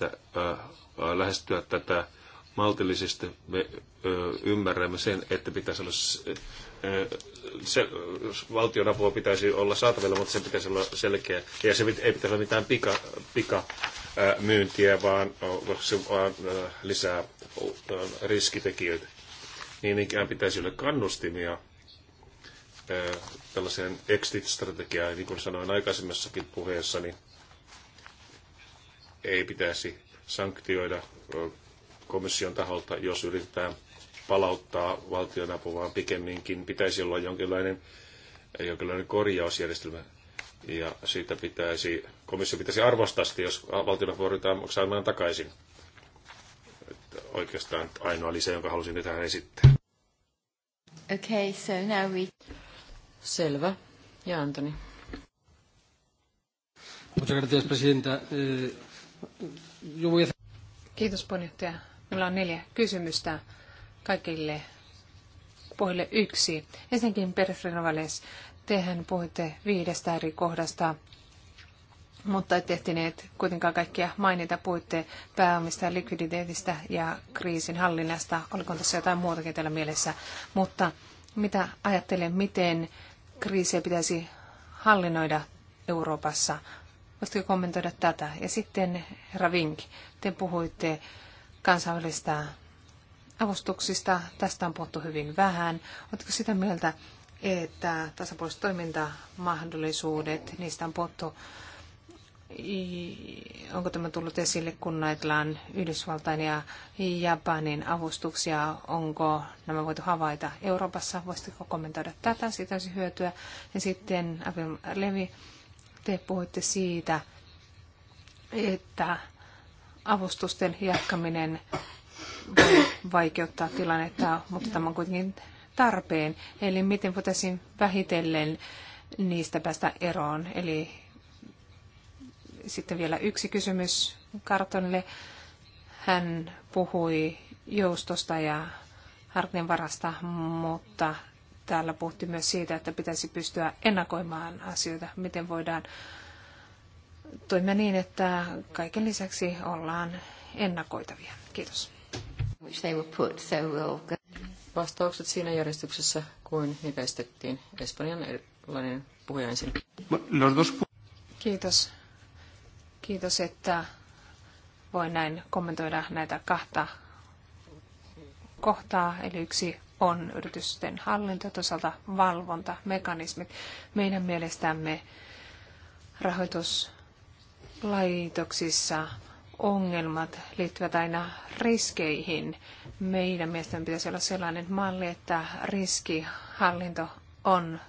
lähestyä tätä maltillisesti. Me ymmärrämme sen, että pitäisi olla se, valtion apua pitäisi olla saatavilla, mutta se pitäisi olla selkeä. Ja se ei pitäisi olla mitään pika, pika myyntiä, vaan, se vaan lisää riskitekijöitä. Niin ikään pitäisi olla kannustimia tällaiseen exit-strategiaan, niin kuin sanoin aikaisemmassakin niin ei pitäisi sanktioida komission taholta, jos yritetään palauttaa valtionapu, vaan pikemminkin pitäisi olla jonkinlainen, jonkinlainen korjausjärjestelmä. Ja siitä pitäisi, komissio pitäisi arvostaa sitä, jos valtionapu ryhdytään maksamaan takaisin. Että oikeastaan ainoa lisä, jonka halusin tähän esittää. Okay, so now we... Selvä. Ja Antoni. Eh, Kiitos puheenjohtaja. Meillä on neljä kysymystä kaikille puhille yksi. Ensinnäkin Perfrinovales, tehän puhuitte viidestä eri kohdasta, mutta ette ehtineet kuitenkaan kaikkia mainita. Puhuitte pääomista, likviditeetistä ja kriisin hallinnasta. Oliko tässä jotain muutakin teillä mielessä? Mutta mitä ajattelen, miten kriisiä pitäisi hallinnoida Euroopassa. Voisitko kommentoida tätä? Ja sitten, herra Vink, te puhuitte kansainvälistä avustuksista. Tästä on puhuttu hyvin vähän. Oletko sitä mieltä, että tasapuoliset toimintamahdollisuudet, niistä on puhuttu onko tämä tullut esille, kun ajatellaan Yhdysvaltain ja Japanin avustuksia, onko nämä voitu havaita Euroopassa, voisitko kommentoida tätä, siitä olisi hyötyä. Ja sitten Avil Levi, te puhuitte siitä, että avustusten jatkaminen voi vaikeuttaa tilannetta, mutta tämä on kuitenkin tarpeen. Eli miten voitaisiin vähitellen niistä päästä eroon, eli sitten vielä yksi kysymys Kartonille. Hän puhui joustosta ja harkinnanvarasta varasta, mutta täällä puhuttiin myös siitä, että pitäisi pystyä ennakoimaan asioita, miten voidaan toimia niin, että kaiken lisäksi ollaan ennakoitavia. Kiitos. Vastaukset siinä järjestyksessä, kuin niitä esitettiin. Espanjan erilainen puhuja ensin. Kiitos. Kiitos, että voin näin kommentoida näitä kahta kohtaa. Eli yksi on yritysten hallinto, toisaalta valvontamekanismit. Meidän mielestämme rahoituslaitoksissa ongelmat liittyvät aina riskeihin. Meidän mielestämme pitäisi olla sellainen malli, että riskihallinto on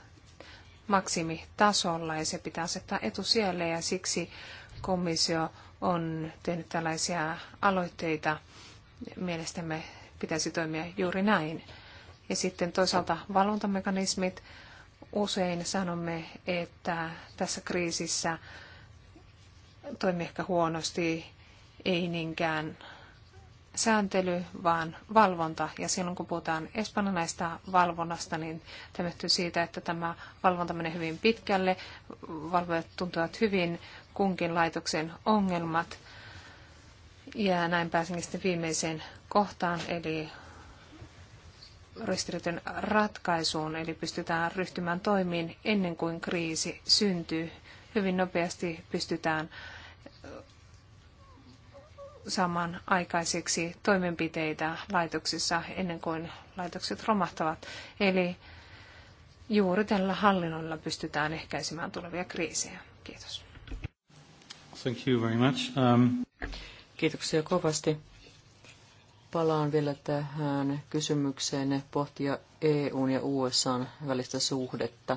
maksimitasolla ja se pitää asettaa etusijalle ja siksi komissio on tehnyt tällaisia aloitteita. Mielestämme pitäisi toimia juuri näin. Ja sitten toisaalta valvontamekanismit. Usein sanomme, että tässä kriisissä toimi ehkä huonosti, ei niinkään sääntely, vaan valvonta. Ja silloin kun puhutaan espanjalaista valvonnasta, niin tämmöhtyy siitä, että tämä valvonta menee hyvin pitkälle, valvojat tuntuvat hyvin kunkin laitoksen ongelmat. Ja näin pääsinkin sitten viimeiseen kohtaan, eli ristiriitojen ratkaisuun, eli pystytään ryhtymään toimiin ennen kuin kriisi syntyy. Hyvin nopeasti pystytään saamaan aikaiseksi toimenpiteitä laitoksissa ennen kuin laitokset romahtavat. Eli juuri tällä hallinnolla pystytään ehkäisemään tulevia kriisejä. Kiitos. Thank you very much. Um... Kiitoksia kovasti. Palaan vielä tähän kysymykseen pohtia EUn ja USAn välistä suhdetta.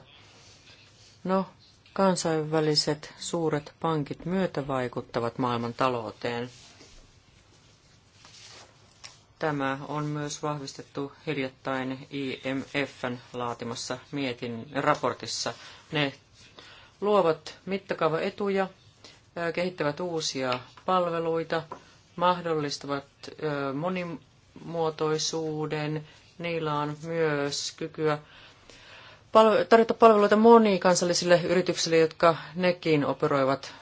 No, kansainväliset suuret pankit myötävaikuttavat maailman talouteen. Tämä on myös vahvistettu hiljattain IMFn laatimassa mietin raportissa. Ne luovat mittakaavaetuja kehittävät uusia palveluita, mahdollistavat monimuotoisuuden, niillä on myös kykyä tarjota palveluita monikansallisille yrityksille, jotka nekin operoivat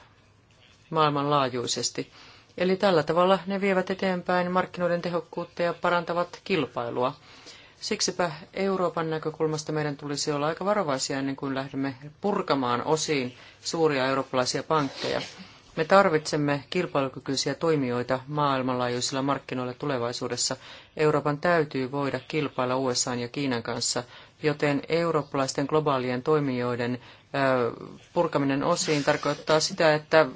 maailmanlaajuisesti. Eli tällä tavalla ne vievät eteenpäin markkinoiden tehokkuutta ja parantavat kilpailua. Siksipä Euroopan näkökulmasta meidän tulisi olla aika varovaisia ennen kuin lähdemme purkamaan osiin suuria eurooppalaisia pankkeja. Me tarvitsemme kilpailukykyisiä toimijoita maailmanlaajuisilla markkinoilla tulevaisuudessa. Euroopan täytyy voida kilpailla USA ja Kiinan kanssa, joten eurooppalaisten globaalien toimijoiden purkaminen osiin tarkoittaa sitä, että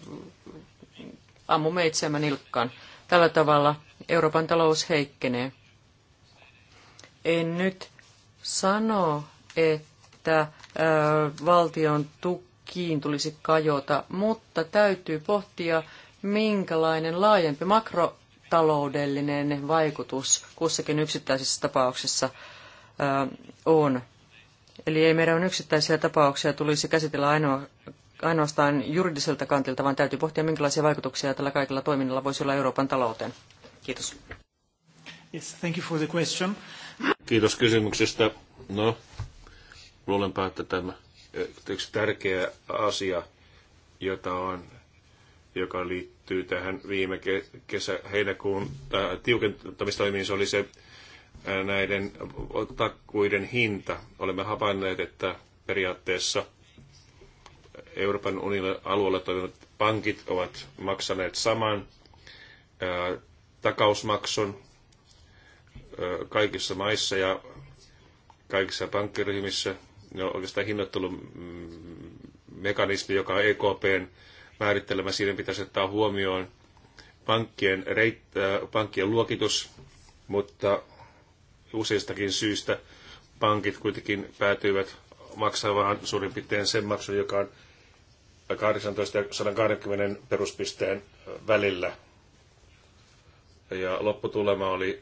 ammumme itseämme nilkkaan. Tällä tavalla Euroopan talous heikkenee. En nyt sano, että valtion tukiin tulisi kajota, mutta täytyy pohtia, minkälainen laajempi makrotaloudellinen vaikutus kussakin yksittäisessä tapauksessa on. Eli ei meidän yksittäisiä tapauksia tulisi käsitellä ainoa, ainoastaan juridiselta kantilta, vaan täytyy pohtia, minkälaisia vaikutuksia tällä kaikilla toiminnalla voisi olla Euroopan talouteen. Kiitos. Yes, thank you for the question. Kiitos kysymyksestä. No, luulenpa, että tämä yksi tärkeä asia, jota on, joka liittyy tähän viime kesä, heinäkuun äh, tiukentamistoimiin, se oli se äh, näiden takkuiden hinta. Olemme havainneet, että periaatteessa Euroopan unionin alueella toimivat pankit ovat maksaneet saman äh, takausmaksun kaikissa maissa ja kaikissa pankkiryhmissä. Ne on oikeastaan hinnoittelumekanismi, mm, joka on EKPn määrittelemä. Siinä pitäisi ottaa huomioon pankkien, reit, pankkien luokitus, mutta useistakin syistä pankit kuitenkin päätyivät maksamaan suurin piirtein sen maksun, joka on 18 ja 120 peruspisteen välillä. Ja lopputulema oli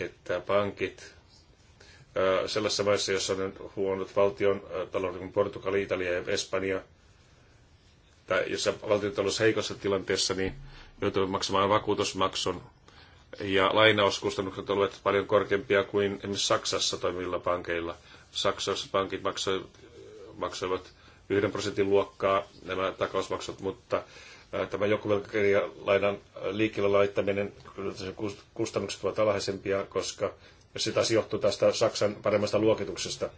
että pankit sellaisissa maissa, joissa on huonot valtion talouden kuin Portugali, Italia ja Espanja, tai jossa valtiontalous heikossa tilanteessa, niin joutuvat maksamaan vakuutusmaksun. Ja lainauskustannukset olivat paljon korkeampia kuin esimerkiksi Saksassa toimivilla pankeilla. Saksassa pankit maksoivat, maksoivat yhden prosentin luokkaa nämä takausmaksut, mutta tämä joku liikkeelle laittaminen, kustannukset ovat alhaisempia, koska se taas johtuu tästä Saksan paremmasta luokituksesta.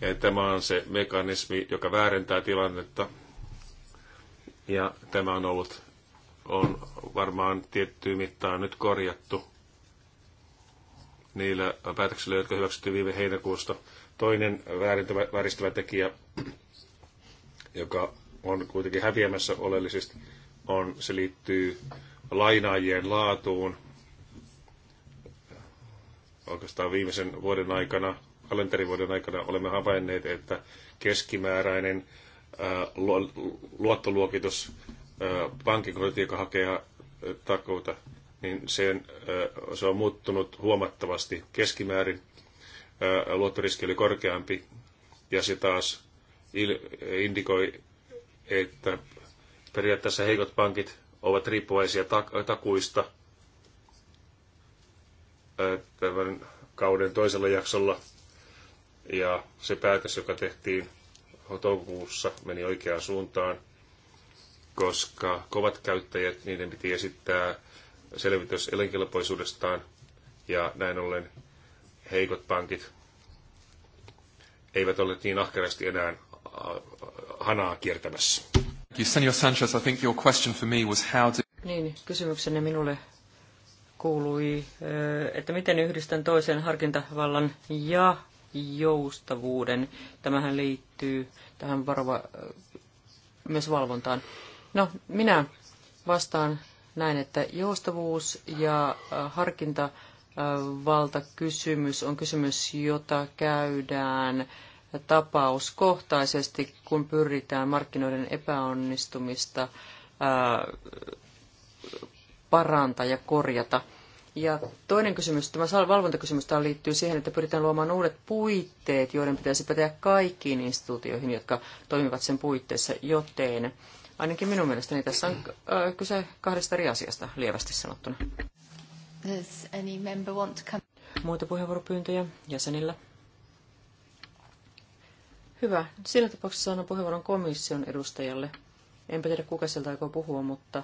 Ja tämä on se mekanismi, joka väärentää tilannetta. Ja tämä on ollut, on varmaan tiettyyn mittaan nyt korjattu niillä päätöksillä, jotka hyväksyttiin viime heinäkuusta. Toinen vääristävä tekijä, joka on kuitenkin häviämässä oleellisesti, on, se liittyy lainaajien laatuun. Oikeastaan viimeisen vuoden aikana, kalenterivuoden aikana olemme havainneet, että keskimääräinen luottoluokitus pankinkortti, joka hakee takuuta, niin sen, se on muuttunut huomattavasti. Keskimäärin luottoriski oli korkeampi ja se taas indikoi että periaatteessa heikot pankit ovat riippuvaisia takuista tämän kauden toisella jaksolla. Ja se päätös, joka tehtiin toukokuussa, meni oikeaan suuntaan, koska kovat käyttäjät, niiden piti esittää selvitys elinkelpoisuudestaan ja näin ollen heikot pankit eivät ole niin ahkerasti enää hanaa kiertämässä. Sanchez, I think your question for me was how to... Niin, kysymyksenne minulle kuului, äh, että miten yhdistän toisen harkintavallan ja joustavuuden. Tämähän liittyy tähän varova, äh, myös valvontaan. No, minä vastaan näin, että joustavuus ja äh, harkintavaltakysymys on kysymys, jota käydään tapauskohtaisesti, kun pyritään markkinoiden epäonnistumista parantaa ja korjata. Ja toinen kysymys, tämä valvontakysymys, tämä liittyy siihen, että pyritään luomaan uudet puitteet, joiden pitäisi päteä kaikkiin instituutioihin, jotka toimivat sen puitteissa, joten ainakin minun mielestäni tässä on kyse kahdesta eri asiasta, lievästi sanottuna. Muita puheenvuoropyyntöjä jäsenillä? Hyvä. Siinä tapauksessa annan puheenvuoron komission edustajalle. Enpä tiedä, kuka sieltä aikoo puhua, mutta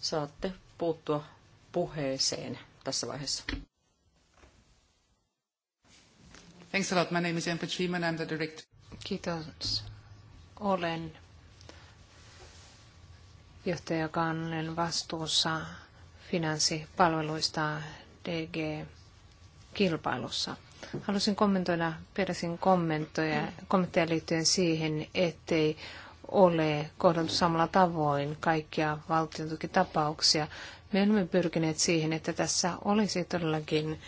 saatte puuttua puheeseen tässä vaiheessa. Thanks a lot. My name is Emma Treeman. I'm the director. Kiitos. Olen johtajakannen vastuussa finanssipalveluista DG-kilpailussa. Halusin kommentoida peräsin kommentteja, kommentteja liittyen siihen, ettei ole kohdeltu samalla tavoin kaikkia valtiontukitapauksia. Me olemme pyrkineet siihen, että tässä olisi todellakin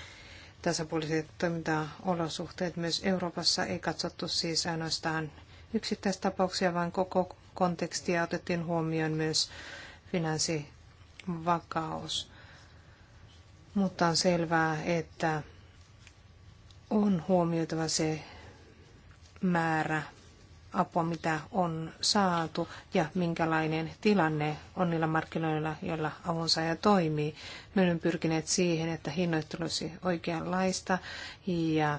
tasapuoliset toimintaolosuhteet myös Euroopassa. Ei katsottu siis ainoastaan yksittäistapauksia, vaan koko kontekstia otettiin huomioon myös finanssivakaus. Mutta on selvää, että on huomioitava se määrä apua, mitä on saatu ja minkälainen tilanne on niillä markkinoilla, joilla avunsaaja toimii. Me olemme pyrkineet siihen, että hinnoittelu olisi oikeanlaista ja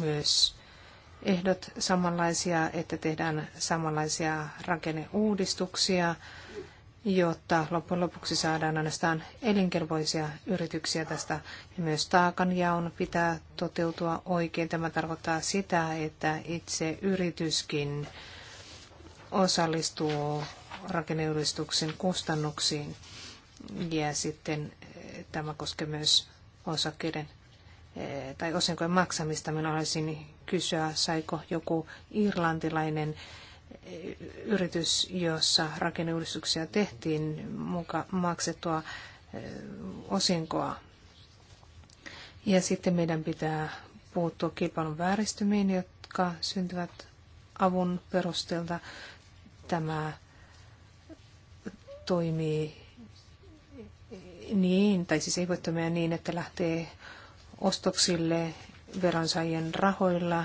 myös ehdot samanlaisia, että tehdään samanlaisia rakenneuudistuksia jotta loppujen lopuksi saadaan ainoastaan elinkelpoisia yrityksiä tästä. Ja myös taakanjaon pitää toteutua oikein. Tämä tarkoittaa sitä, että itse yrityskin osallistuu rakenneuudistuksen kustannuksiin. Ja sitten eh, tämä koskee myös osakkeiden eh, tai osinkojen maksamista. Minä olisin kysyä, saiko joku irlantilainen yritys, jossa rakenneuudistuksia tehtiin muka maksettua eh, osinkoa. Ja sitten meidän pitää puuttua kilpailun vääristymiin, jotka syntyvät avun perusteelta. Tämä toimii niin, tai siis ei voi toimia niin, että lähtee ostoksille veronsaajien rahoilla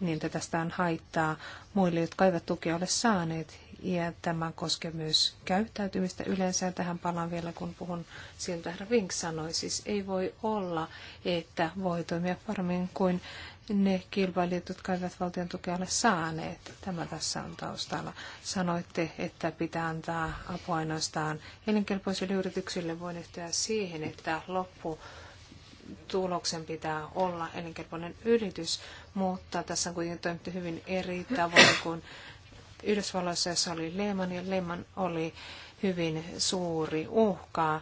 niiltä tästä on haittaa muille, jotka eivät tukea ole saaneet. Ja tämä koskee myös käyttäytymistä yleensä. Ja tähän palaan vielä, kun puhun siltä herra Vink sanoi. Siis ei voi olla, että voi toimia paremmin kuin ne kilpailijat, jotka eivät valtion tukea ole saaneet. Tämä tässä on taustalla. Sanoitte, että pitää antaa apua ainoastaan elinkelpoisille yrityksille. Voin yhtyä siihen, että loppu tuloksen pitää olla elinkelpoinen yritys, mutta tässä on kuitenkin toimittu hyvin eri tavoin kuin Yhdysvalloissa, jossa oli Lehman, ja Lehman oli hyvin suuri uhka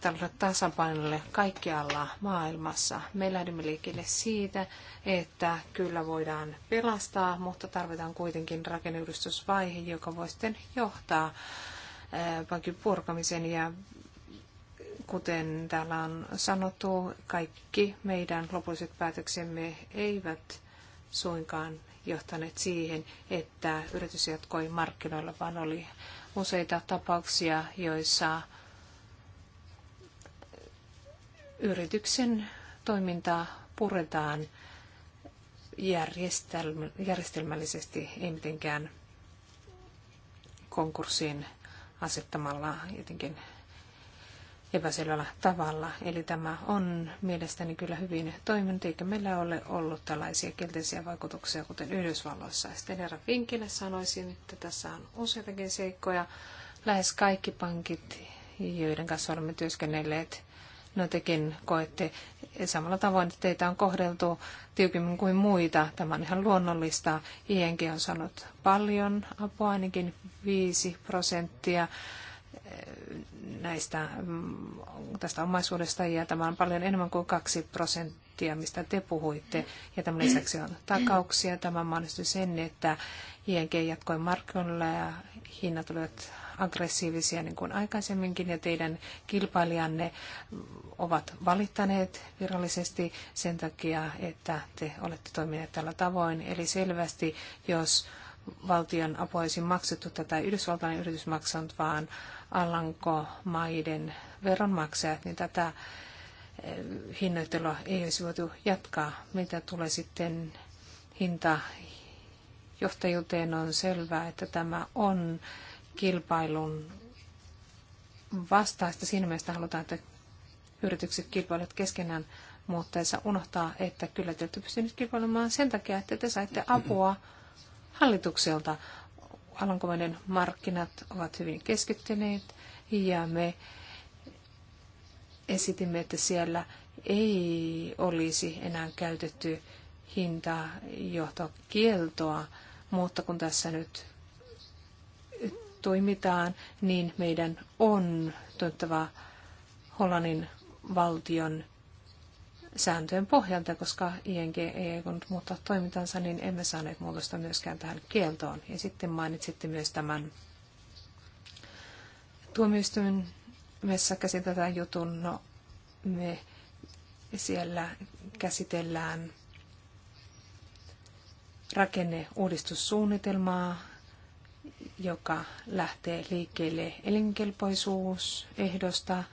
tällaiselle tasapainolle kaikkialla maailmassa. Me lähdimme liikkeelle siitä, että kyllä voidaan pelastaa, mutta tarvitaan kuitenkin rakenneuudistusvaihe, joka voi sitten johtaa eh, pankin purkamisen ja Kuten täällä on sanottu, kaikki meidän lopulliset päätöksemme eivät suinkaan johtaneet siihen, että yritys jatkoi markkinoilla, vaan oli useita tapauksia, joissa yrityksen toimintaa puretaan järjestelmällisesti, ei mitenkään konkurssiin asettamalla jotenkin epäselvällä tavalla. Eli tämä on mielestäni kyllä hyvin toiminut, eikä meillä ole ollut tällaisia kielteisiä vaikutuksia, kuten Yhdysvalloissa. Sitten herra Finkille sanoisin, että tässä on useitakin seikkoja. Lähes kaikki pankit, joiden kanssa olemme työskennelleet, no tekin koette samalla tavoin, että teitä on kohdeltu tiukemmin kuin muita. Tämä on ihan luonnollista. ING on saanut paljon apua, ainakin 5 prosenttia näistä, mm, tästä omaisuudesta ja tämä on paljon enemmän kuin 2 prosenttia, mistä te puhuitte. Ja tämän lisäksi on takauksia. Tämä mahdollisti sen, että ING jatkoi markkinoilla ja hinnat olivat aggressiivisia niin kuin aikaisemminkin ja teidän kilpailijanne ovat valittaneet virallisesti sen takia, että te olette toimineet tällä tavoin. Eli selvästi, jos valtion apua olisi maksettu tätä Yhdysvaltain yritys maksanut, vaan Alankomaiden veronmaksajat, niin tätä eh, hinnoittelua ei olisi voitu jatkaa. Mitä tulee sitten hinta johtajuuteen on selvää, että tämä on kilpailun vastaista. Siinä mielessä halutaan, että yritykset kilpailevat keskenään, muuttaessa unohtaa, että kyllä te olette pystyneet kilpailemaan sen takia, että te saitte apua hallitukselta. Alankomaiden markkinat ovat hyvin keskittyneet ja me esitimme, että siellä ei olisi enää käytetty hintajohtokieltoa, mutta kun tässä nyt toimitaan, niin meidän on tuottava Hollannin valtion sääntöjen pohjalta, koska ING e ei voinut muuttaa toimintansa, niin emme saaneet muutosta myöskään tähän kieltoon. Ja sitten mainitsitte myös tämän tuomioistuimessa käsiteltään jutun, no me siellä käsitellään rakenneuudistussuunnitelmaa, joka lähtee liikkeelle elinkelpoisuusehdosta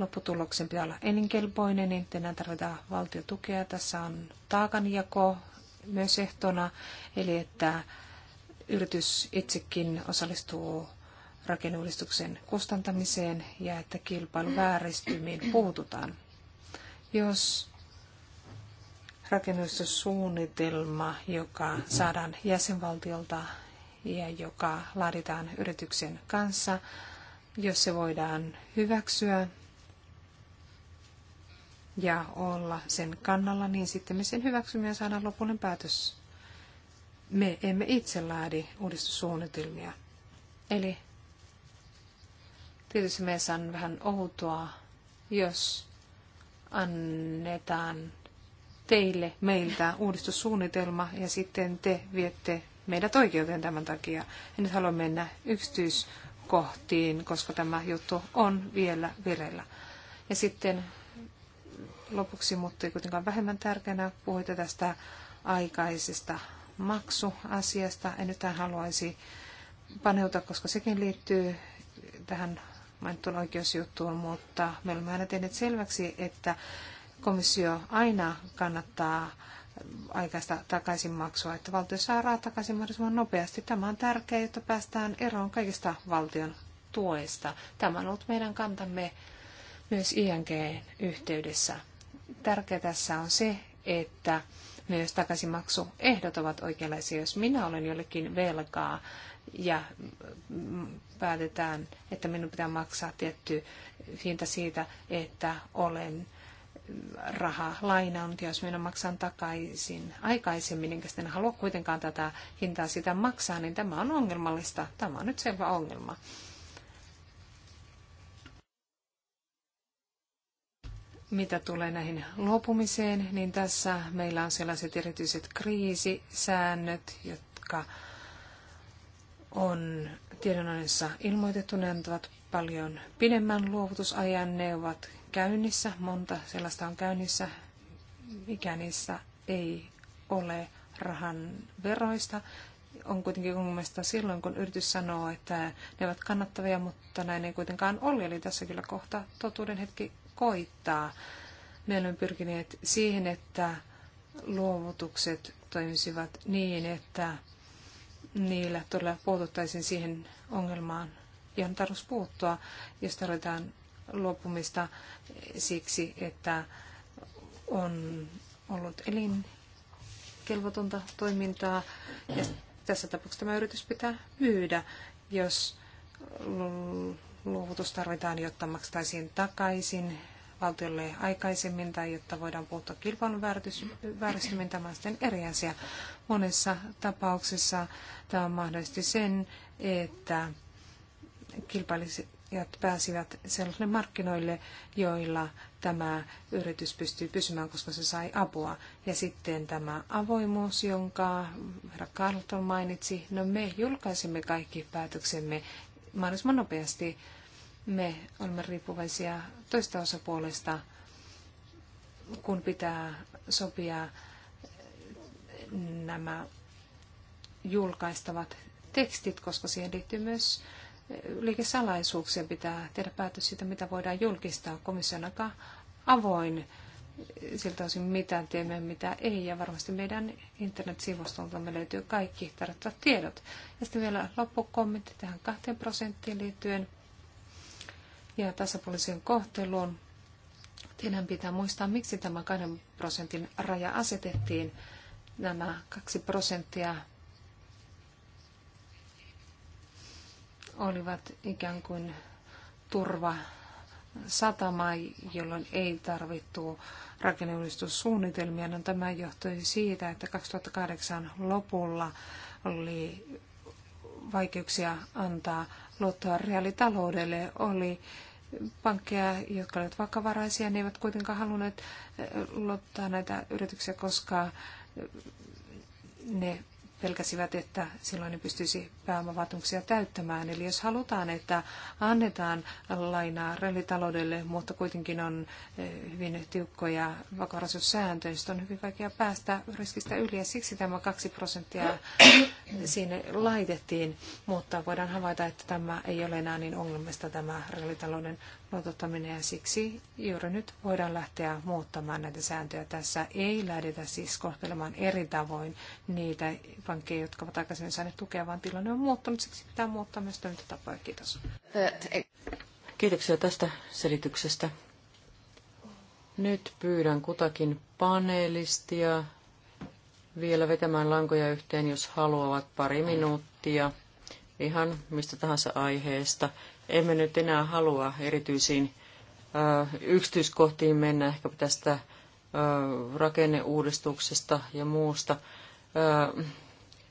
Lopputuloksen pitää olla elinkelpoinen, niin enää tarvitaan valtiotukea. Tässä on taakanjako myös ehtona, eli että yritys itsekin osallistuu rakennuudistuksen kustantamiseen ja että vääristymiin puututaan. Jos rakennussuunnitelma, joka saadaan jäsenvaltiolta ja joka laaditaan yrityksen kanssa, jos se voidaan hyväksyä ja olla sen kannalla, niin sitten me sen hyväksymme ja saadaan lopullinen päätös. Me emme itse laadi uudistussuunnitelmia. Eli tietysti meissä on vähän outoa, jos annetaan teille meiltä uudistussuunnitelma ja sitten te viette meidät oikeuteen tämän takia. En nyt halua mennä yksityiskohtiin, koska tämä juttu on vielä vireillä. Ja sitten lopuksi, mutta ei kuitenkaan vähemmän tärkeänä, puhuitte tästä aikaisesta maksuasiasta. En nyt tähän haluaisi paneuta, koska sekin liittyy tähän mainittuun oikeusjuttuun, mutta me olemme aina tehneet selväksi, että komissio aina kannattaa aikaista takaisinmaksua, että valtio saa rahaa takaisin mahdollisimman nopeasti. Tämä on tärkeää, jotta päästään eroon kaikista valtion tuesta. Tämä on ollut meidän kantamme myös ING-yhteydessä tärkeää tässä on se, että myös takaisinmaksuehdot ovat oikeanlaisia. Jos minä olen jollekin velkaa ja päätetään, että minun pitää maksaa tietty hinta siitä, että olen raha lainannut, jos minä maksan takaisin aikaisemmin, enkä sitten halua kuitenkaan tätä hintaa sitä maksaa, niin tämä on ongelmallista. Tämä on nyt selvä ongelma. mitä tulee näihin lopumiseen, niin tässä meillä on sellaiset erityiset kriisisäännöt, jotka on tiedonannossa ilmoitettu. Ne antavat paljon pidemmän luovutusajan. Ne ovat käynnissä. Monta sellaista on käynnissä, mikä niissä ei ole rahan veroista. On kuitenkin mun mielestä silloin, kun yritys sanoo, että ne ovat kannattavia, mutta näin ei kuitenkaan ole. Eli tässä kyllä kohta totuuden hetki koittaa. Me olemme pyrkineet siihen, että luovutukset toimisivat niin, että niillä todella puututtaisiin siihen ongelmaan, johon tarvitsisi puuttua, jos tarvitaan luopumista siksi, että on ollut elinkelvotonta toimintaa ja tässä tapauksessa tämä yritys pitää myydä, jos luovutus tarvitaan, jotta maksaisiin takaisin valtiolle aikaisemmin tai jotta voidaan puuttua kilpailun vääristymiin, tämä on sitten eri asia. Monessa tapauksessa tämä on mahdollisesti sen, että kilpailijat pääsivät sellaisille markkinoille, joilla tämä yritys pystyy pysymään, koska se sai apua. Ja sitten tämä avoimuus, jonka herra Carlton mainitsi, no me julkaisimme kaikki päätöksemme mahdollisimman nopeasti me olemme riippuvaisia toista osapuolesta, kun pitää sopia nämä julkaistavat tekstit, koska siihen liittyy myös liikesalaisuuksia. Pitää tehdä päätös siitä, mitä voidaan julkistaa. Komission aika avoin siltä osin, mitä teemme, mitä ei. Ja varmasti meidän me löytyy kaikki tarvittavat tiedot. Ja sitten vielä loppukommentti tähän kahteen prosenttiin liittyen – ja tasapuoliseen kohteluun. Teidän pitää muistaa, miksi tämä 2 prosentin raja asetettiin. Nämä 2 prosenttia olivat ikään kuin turva satama, jolloin ei tarvittu rakenneuudistussuunnitelmia. No, tämä johtui siitä, että 2008 lopulla oli vaikeuksia antaa luottoa reaalitaloudelle. Oli pankkeja, jotka olivat vakavaraisia, ne eivät kuitenkaan halunneet eh, luottaa näitä yrityksiä, koska eh, ne pelkäsivät, että silloin ne pystyisi pääomavaatimuksia täyttämään. Eli jos halutaan, että annetaan lainaa rallitaloudelle, mutta kuitenkin on eh, hyvin tiukkoja vakavaraisuussääntöjä, niin on hyvin vaikea päästä riskistä yli. Ja siksi tämä 2 prosenttia sinne laitettiin, mutta voidaan havaita, että tämä ei ole enää niin ongelmista tämä rallitalouden noudattaminen ja siksi juuri nyt voidaan lähteä muuttamaan näitä sääntöjä. Tässä ei lähdetä siis kohtelemaan eri tavoin niitä pankkeja, jotka ovat aikaisemmin saaneet tukea, vaan tilanne on muuttunut, siksi pitää muuttaa myös toimintatapoja. Kiitos. Kiitoksia tästä selityksestä. Nyt pyydän kutakin paneelistia vielä vetämään lankoja yhteen, jos haluavat pari minuuttia ihan mistä tahansa aiheesta. Emme nyt enää halua erityisiin yksityiskohtiin mennä ehkä tästä rakenneuudistuksesta ja muusta.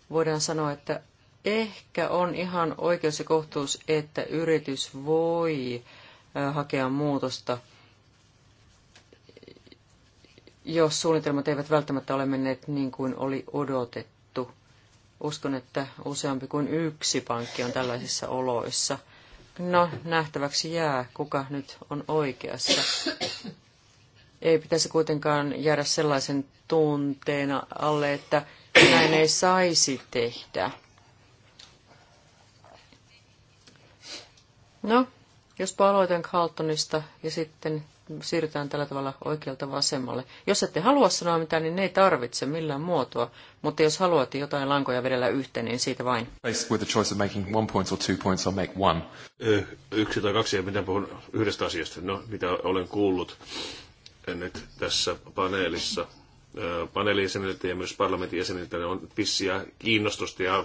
Voidaan sanoa, että ehkä on ihan oikeus ja kohtuus, että yritys voi hakea muutosta, jos suunnitelmat eivät välttämättä ole menneet niin kuin oli odotettu. Uskon, että useampi kuin yksi pankki on tällaisissa oloissa – No, nähtäväksi jää, kuka nyt on oikeassa. Ei pitäisi kuitenkaan jäädä sellaisen tunteena alle, että näin ei saisi tehdä. No, jos aloitan Carltonista ja sitten siirrytään tällä tavalla oikealta vasemmalle. Jos ette halua sanoa mitään, niin ne ei tarvitse millään muotoa, mutta jos haluatte jotain lankoja vedellä yhteen, niin siitä vain. Yksi tai kaksi, ja minä puhun yhdestä asiasta, no, mitä olen kuullut nyt tässä paneelissa. Eh, paneelin ja myös parlamentin jäseniltä on pissiä kiinnostusta ja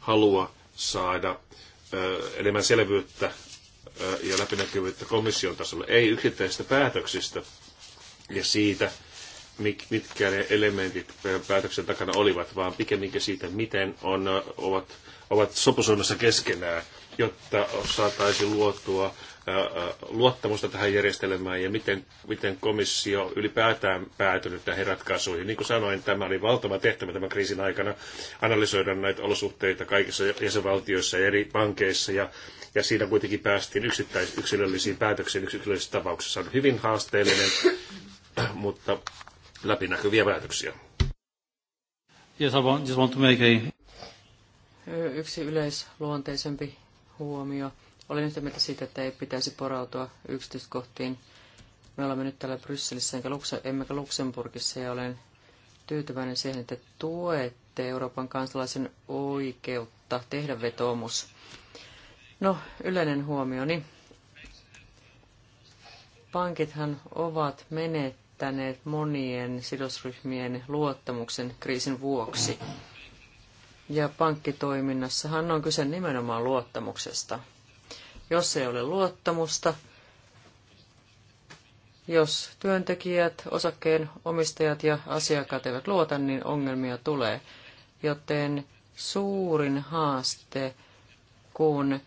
halua saada eh, enemmän selvyyttä ja läpinäkyvyyttä komission tasolla, ei yksittäisistä päätöksistä ja siitä, mitkä ne elementit päätöksen takana olivat, vaan pikemminkin siitä, miten on, ovat, ovat sopusuunnassa keskenään, jotta saataisiin luotua luottamusta tähän järjestelmään ja miten, miten komissio ylipäätään päätynyt tähän ratkaisuihin. Niin kuin sanoin, tämä oli valtava tehtävä tämän kriisin aikana analysoida näitä olosuhteita kaikissa jäsenvaltioissa ja eri pankeissa ja ja siinä kuitenkin päästiin yksittäis- yksilöllisiin päätöksiin yksilöllisissä tapauksissa. On hyvin haasteellinen, mutta läpinäkyviä päätöksiä. Yes, I want, just want to make a... Yksi yleisluonteisempi huomio. Olen yhtä mieltä siitä, että ei pitäisi porautua yksityiskohtiin. Me olemme nyt täällä Brysselissä enkä Lukse, emmekä Luxemburgissa ja olen tyytyväinen siihen, että tuette Euroopan kansalaisen oikeutta tehdä vetoomus No, yleinen huomioni. Pankithan ovat menettäneet monien sidosryhmien luottamuksen kriisin vuoksi. Ja pankkitoiminnassahan on kyse nimenomaan luottamuksesta. Jos ei ole luottamusta, jos työntekijät, osakkeen omistajat ja asiakkaat eivät luota, niin ongelmia tulee. Joten suurin haaste, kun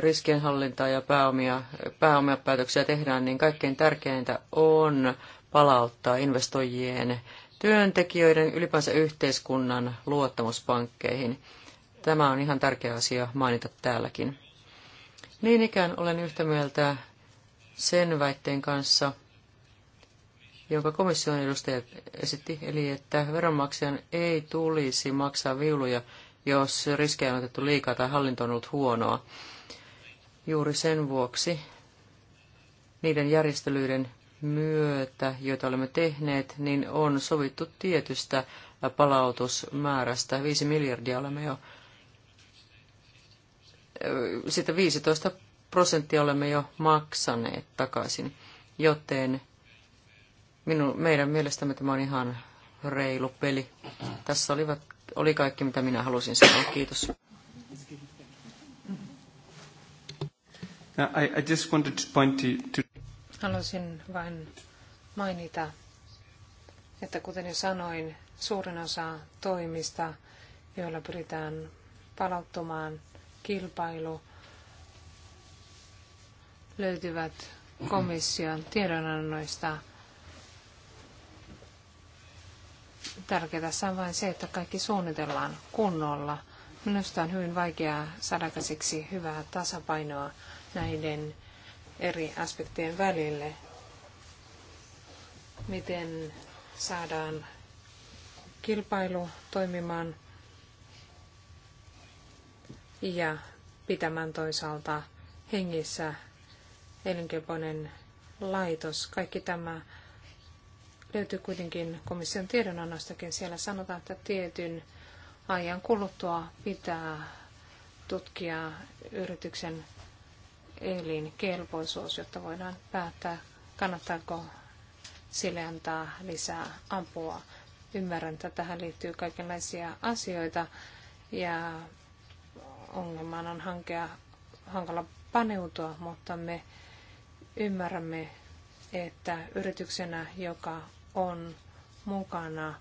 riskienhallintaa ja pääomia, pääomapäätöksiä tehdään, niin kaikkein tärkeintä on palauttaa investoijien, työntekijöiden, ylipäänsä yhteiskunnan luottamuspankkeihin. Tämä on ihan tärkeä asia mainita täälläkin. Niin ikään olen yhtä mieltä sen väitteen kanssa, jonka komission edustaja esitti, eli että veronmaksajan ei tulisi maksaa viuluja, jos riskejä on otettu liikaa tai hallinto on ollut huonoa juuri sen vuoksi niiden järjestelyiden myötä, joita olemme tehneet, niin on sovittu tietystä palautusmäärästä. 5 miljardia olemme jo, sitä 15 prosenttia olemme jo maksaneet takaisin, joten minun, meidän mielestämme tämä on ihan reilu peli. Tässä olivat, oli kaikki, mitä minä halusin sanoa. Kiitos. I, I just wanted to point to, to... Haluaisin vain mainita, että kuten jo sanoin, suurin osa toimista, joilla pyritään palauttamaan kilpailu, löytyvät komission tiedonannoista. Tärkeää on vain se, että kaikki suunnitellaan kunnolla. Minusta on hyvin vaikeaa saada käsiksi hyvää tasapainoa näiden eri aspektien välille. Miten saadaan kilpailu toimimaan ja pitämään toisaalta hengissä elinkelpoinen laitos. Kaikki tämä löytyy kuitenkin komission tiedonannostakin. Siellä sanotaan, että tietyn ajan kuluttua pitää tutkia yrityksen elinkelpoisuus, jotta voidaan päättää, kannattaako sille antaa lisää apua. Ymmärrän, että tähän liittyy kaikenlaisia asioita ja ongelmaan on hankea, hankala paneutua, mutta me ymmärrämme, että yrityksenä, joka on mukana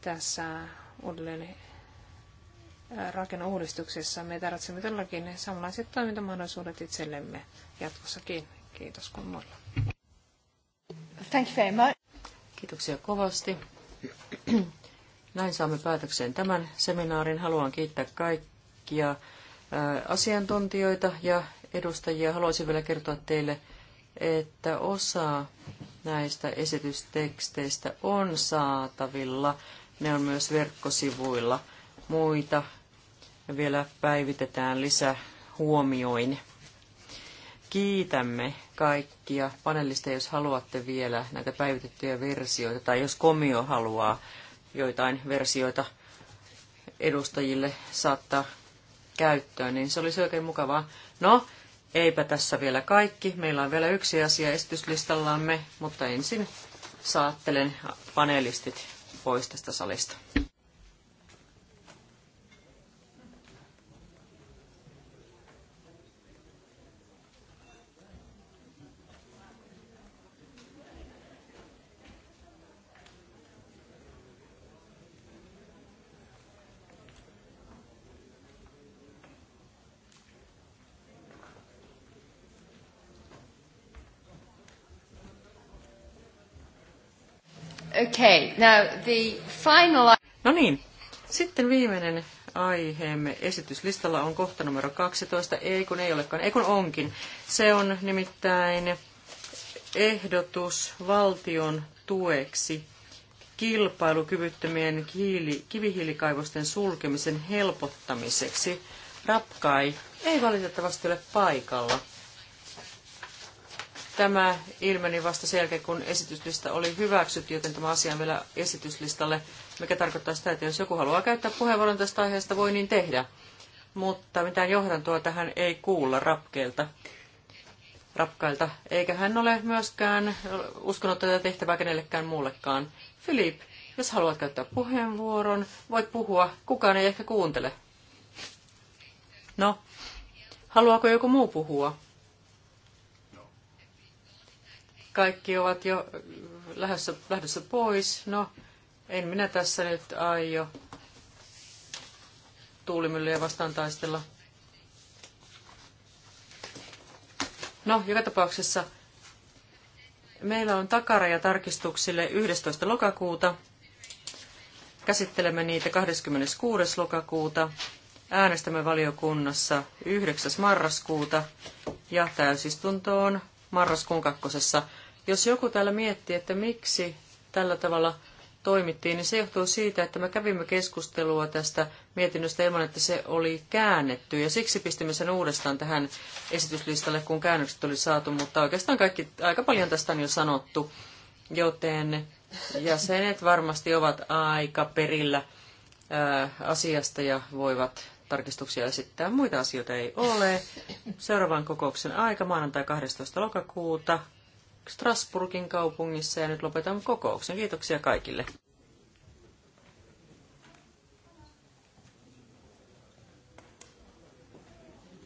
tässä uudelleen rakenneuudistuksessa me tarvitsemme todellakin samanlaiset toimintamahdollisuudet itsellemme jatkossakin. Kiitos kun Thank you very much. Kiitoksia kovasti. Näin saamme päätökseen tämän seminaarin. Haluan kiittää kaikkia asiantuntijoita ja edustajia. Haluaisin vielä kertoa teille, että osa näistä esitysteksteistä on saatavilla. Ne on myös verkkosivuilla. Muita vielä päivitetään lisähuomioin. Kiitämme kaikkia panelisteja, jos haluatte vielä näitä päivitettyjä versioita, tai jos komio haluaa joitain versioita edustajille saattaa käyttöön, niin se olisi oikein mukavaa. No, eipä tässä vielä kaikki. Meillä on vielä yksi asia esityslistallamme, mutta ensin saattelen panelistit pois tästä salista. Okay, now the final... No niin, sitten viimeinen aiheemme esityslistalla on kohta numero 12, ei kun ei olekaan, ei kun onkin. Se on nimittäin ehdotus valtion tueksi kilpailukyvyttömien kiili, kivihiilikaivosten sulkemisen helpottamiseksi. Rapkai ei valitettavasti ole paikalla. Tämä ilmeni vasta sen jälkeen, kun esityslista oli hyväksytty, joten tämä asia on vielä esityslistalle, mikä tarkoittaa sitä, että jos joku haluaa käyttää puheenvuoron tästä aiheesta, voi niin tehdä. Mutta mitään johdantoa tähän ei kuulla rapkeilta. Rapkailta. Eikä hän ole myöskään uskonut tätä tehtävää kenellekään muullekaan. Filip, jos haluat käyttää puheenvuoron, voit puhua. Kukaan ei ehkä kuuntele. No, haluaako joku muu puhua? kaikki ovat jo lähdössä, lähdössä pois. No, en minä tässä nyt aio tuulimyllyjä vastaan taistella. No, joka tapauksessa meillä on takaraja tarkistuksille 11. lokakuuta. Käsittelemme niitä 26. lokakuuta. Äänestämme valiokunnassa 9. marraskuuta ja täysistuntoon marraskuun kakkosessa. Jos joku täällä miettii, että miksi tällä tavalla toimittiin, niin se johtuu siitä, että me kävimme keskustelua tästä mietinnöstä ilman, että se oli käännetty. Ja siksi pistimme sen uudestaan tähän esityslistalle, kun käännökset oli saatu, mutta oikeastaan kaikki, aika paljon tästä on jo sanottu. Joten jäsenet varmasti ovat aika perillä ää, äh, asiasta ja voivat tarkistuksia esittää. Muita asioita ei ole. Seuraavan kokouksen aika maanantai 12. lokakuuta Strasburgin kaupungissa ja nyt lopetan kokouksen. Kiitoksia kaikille.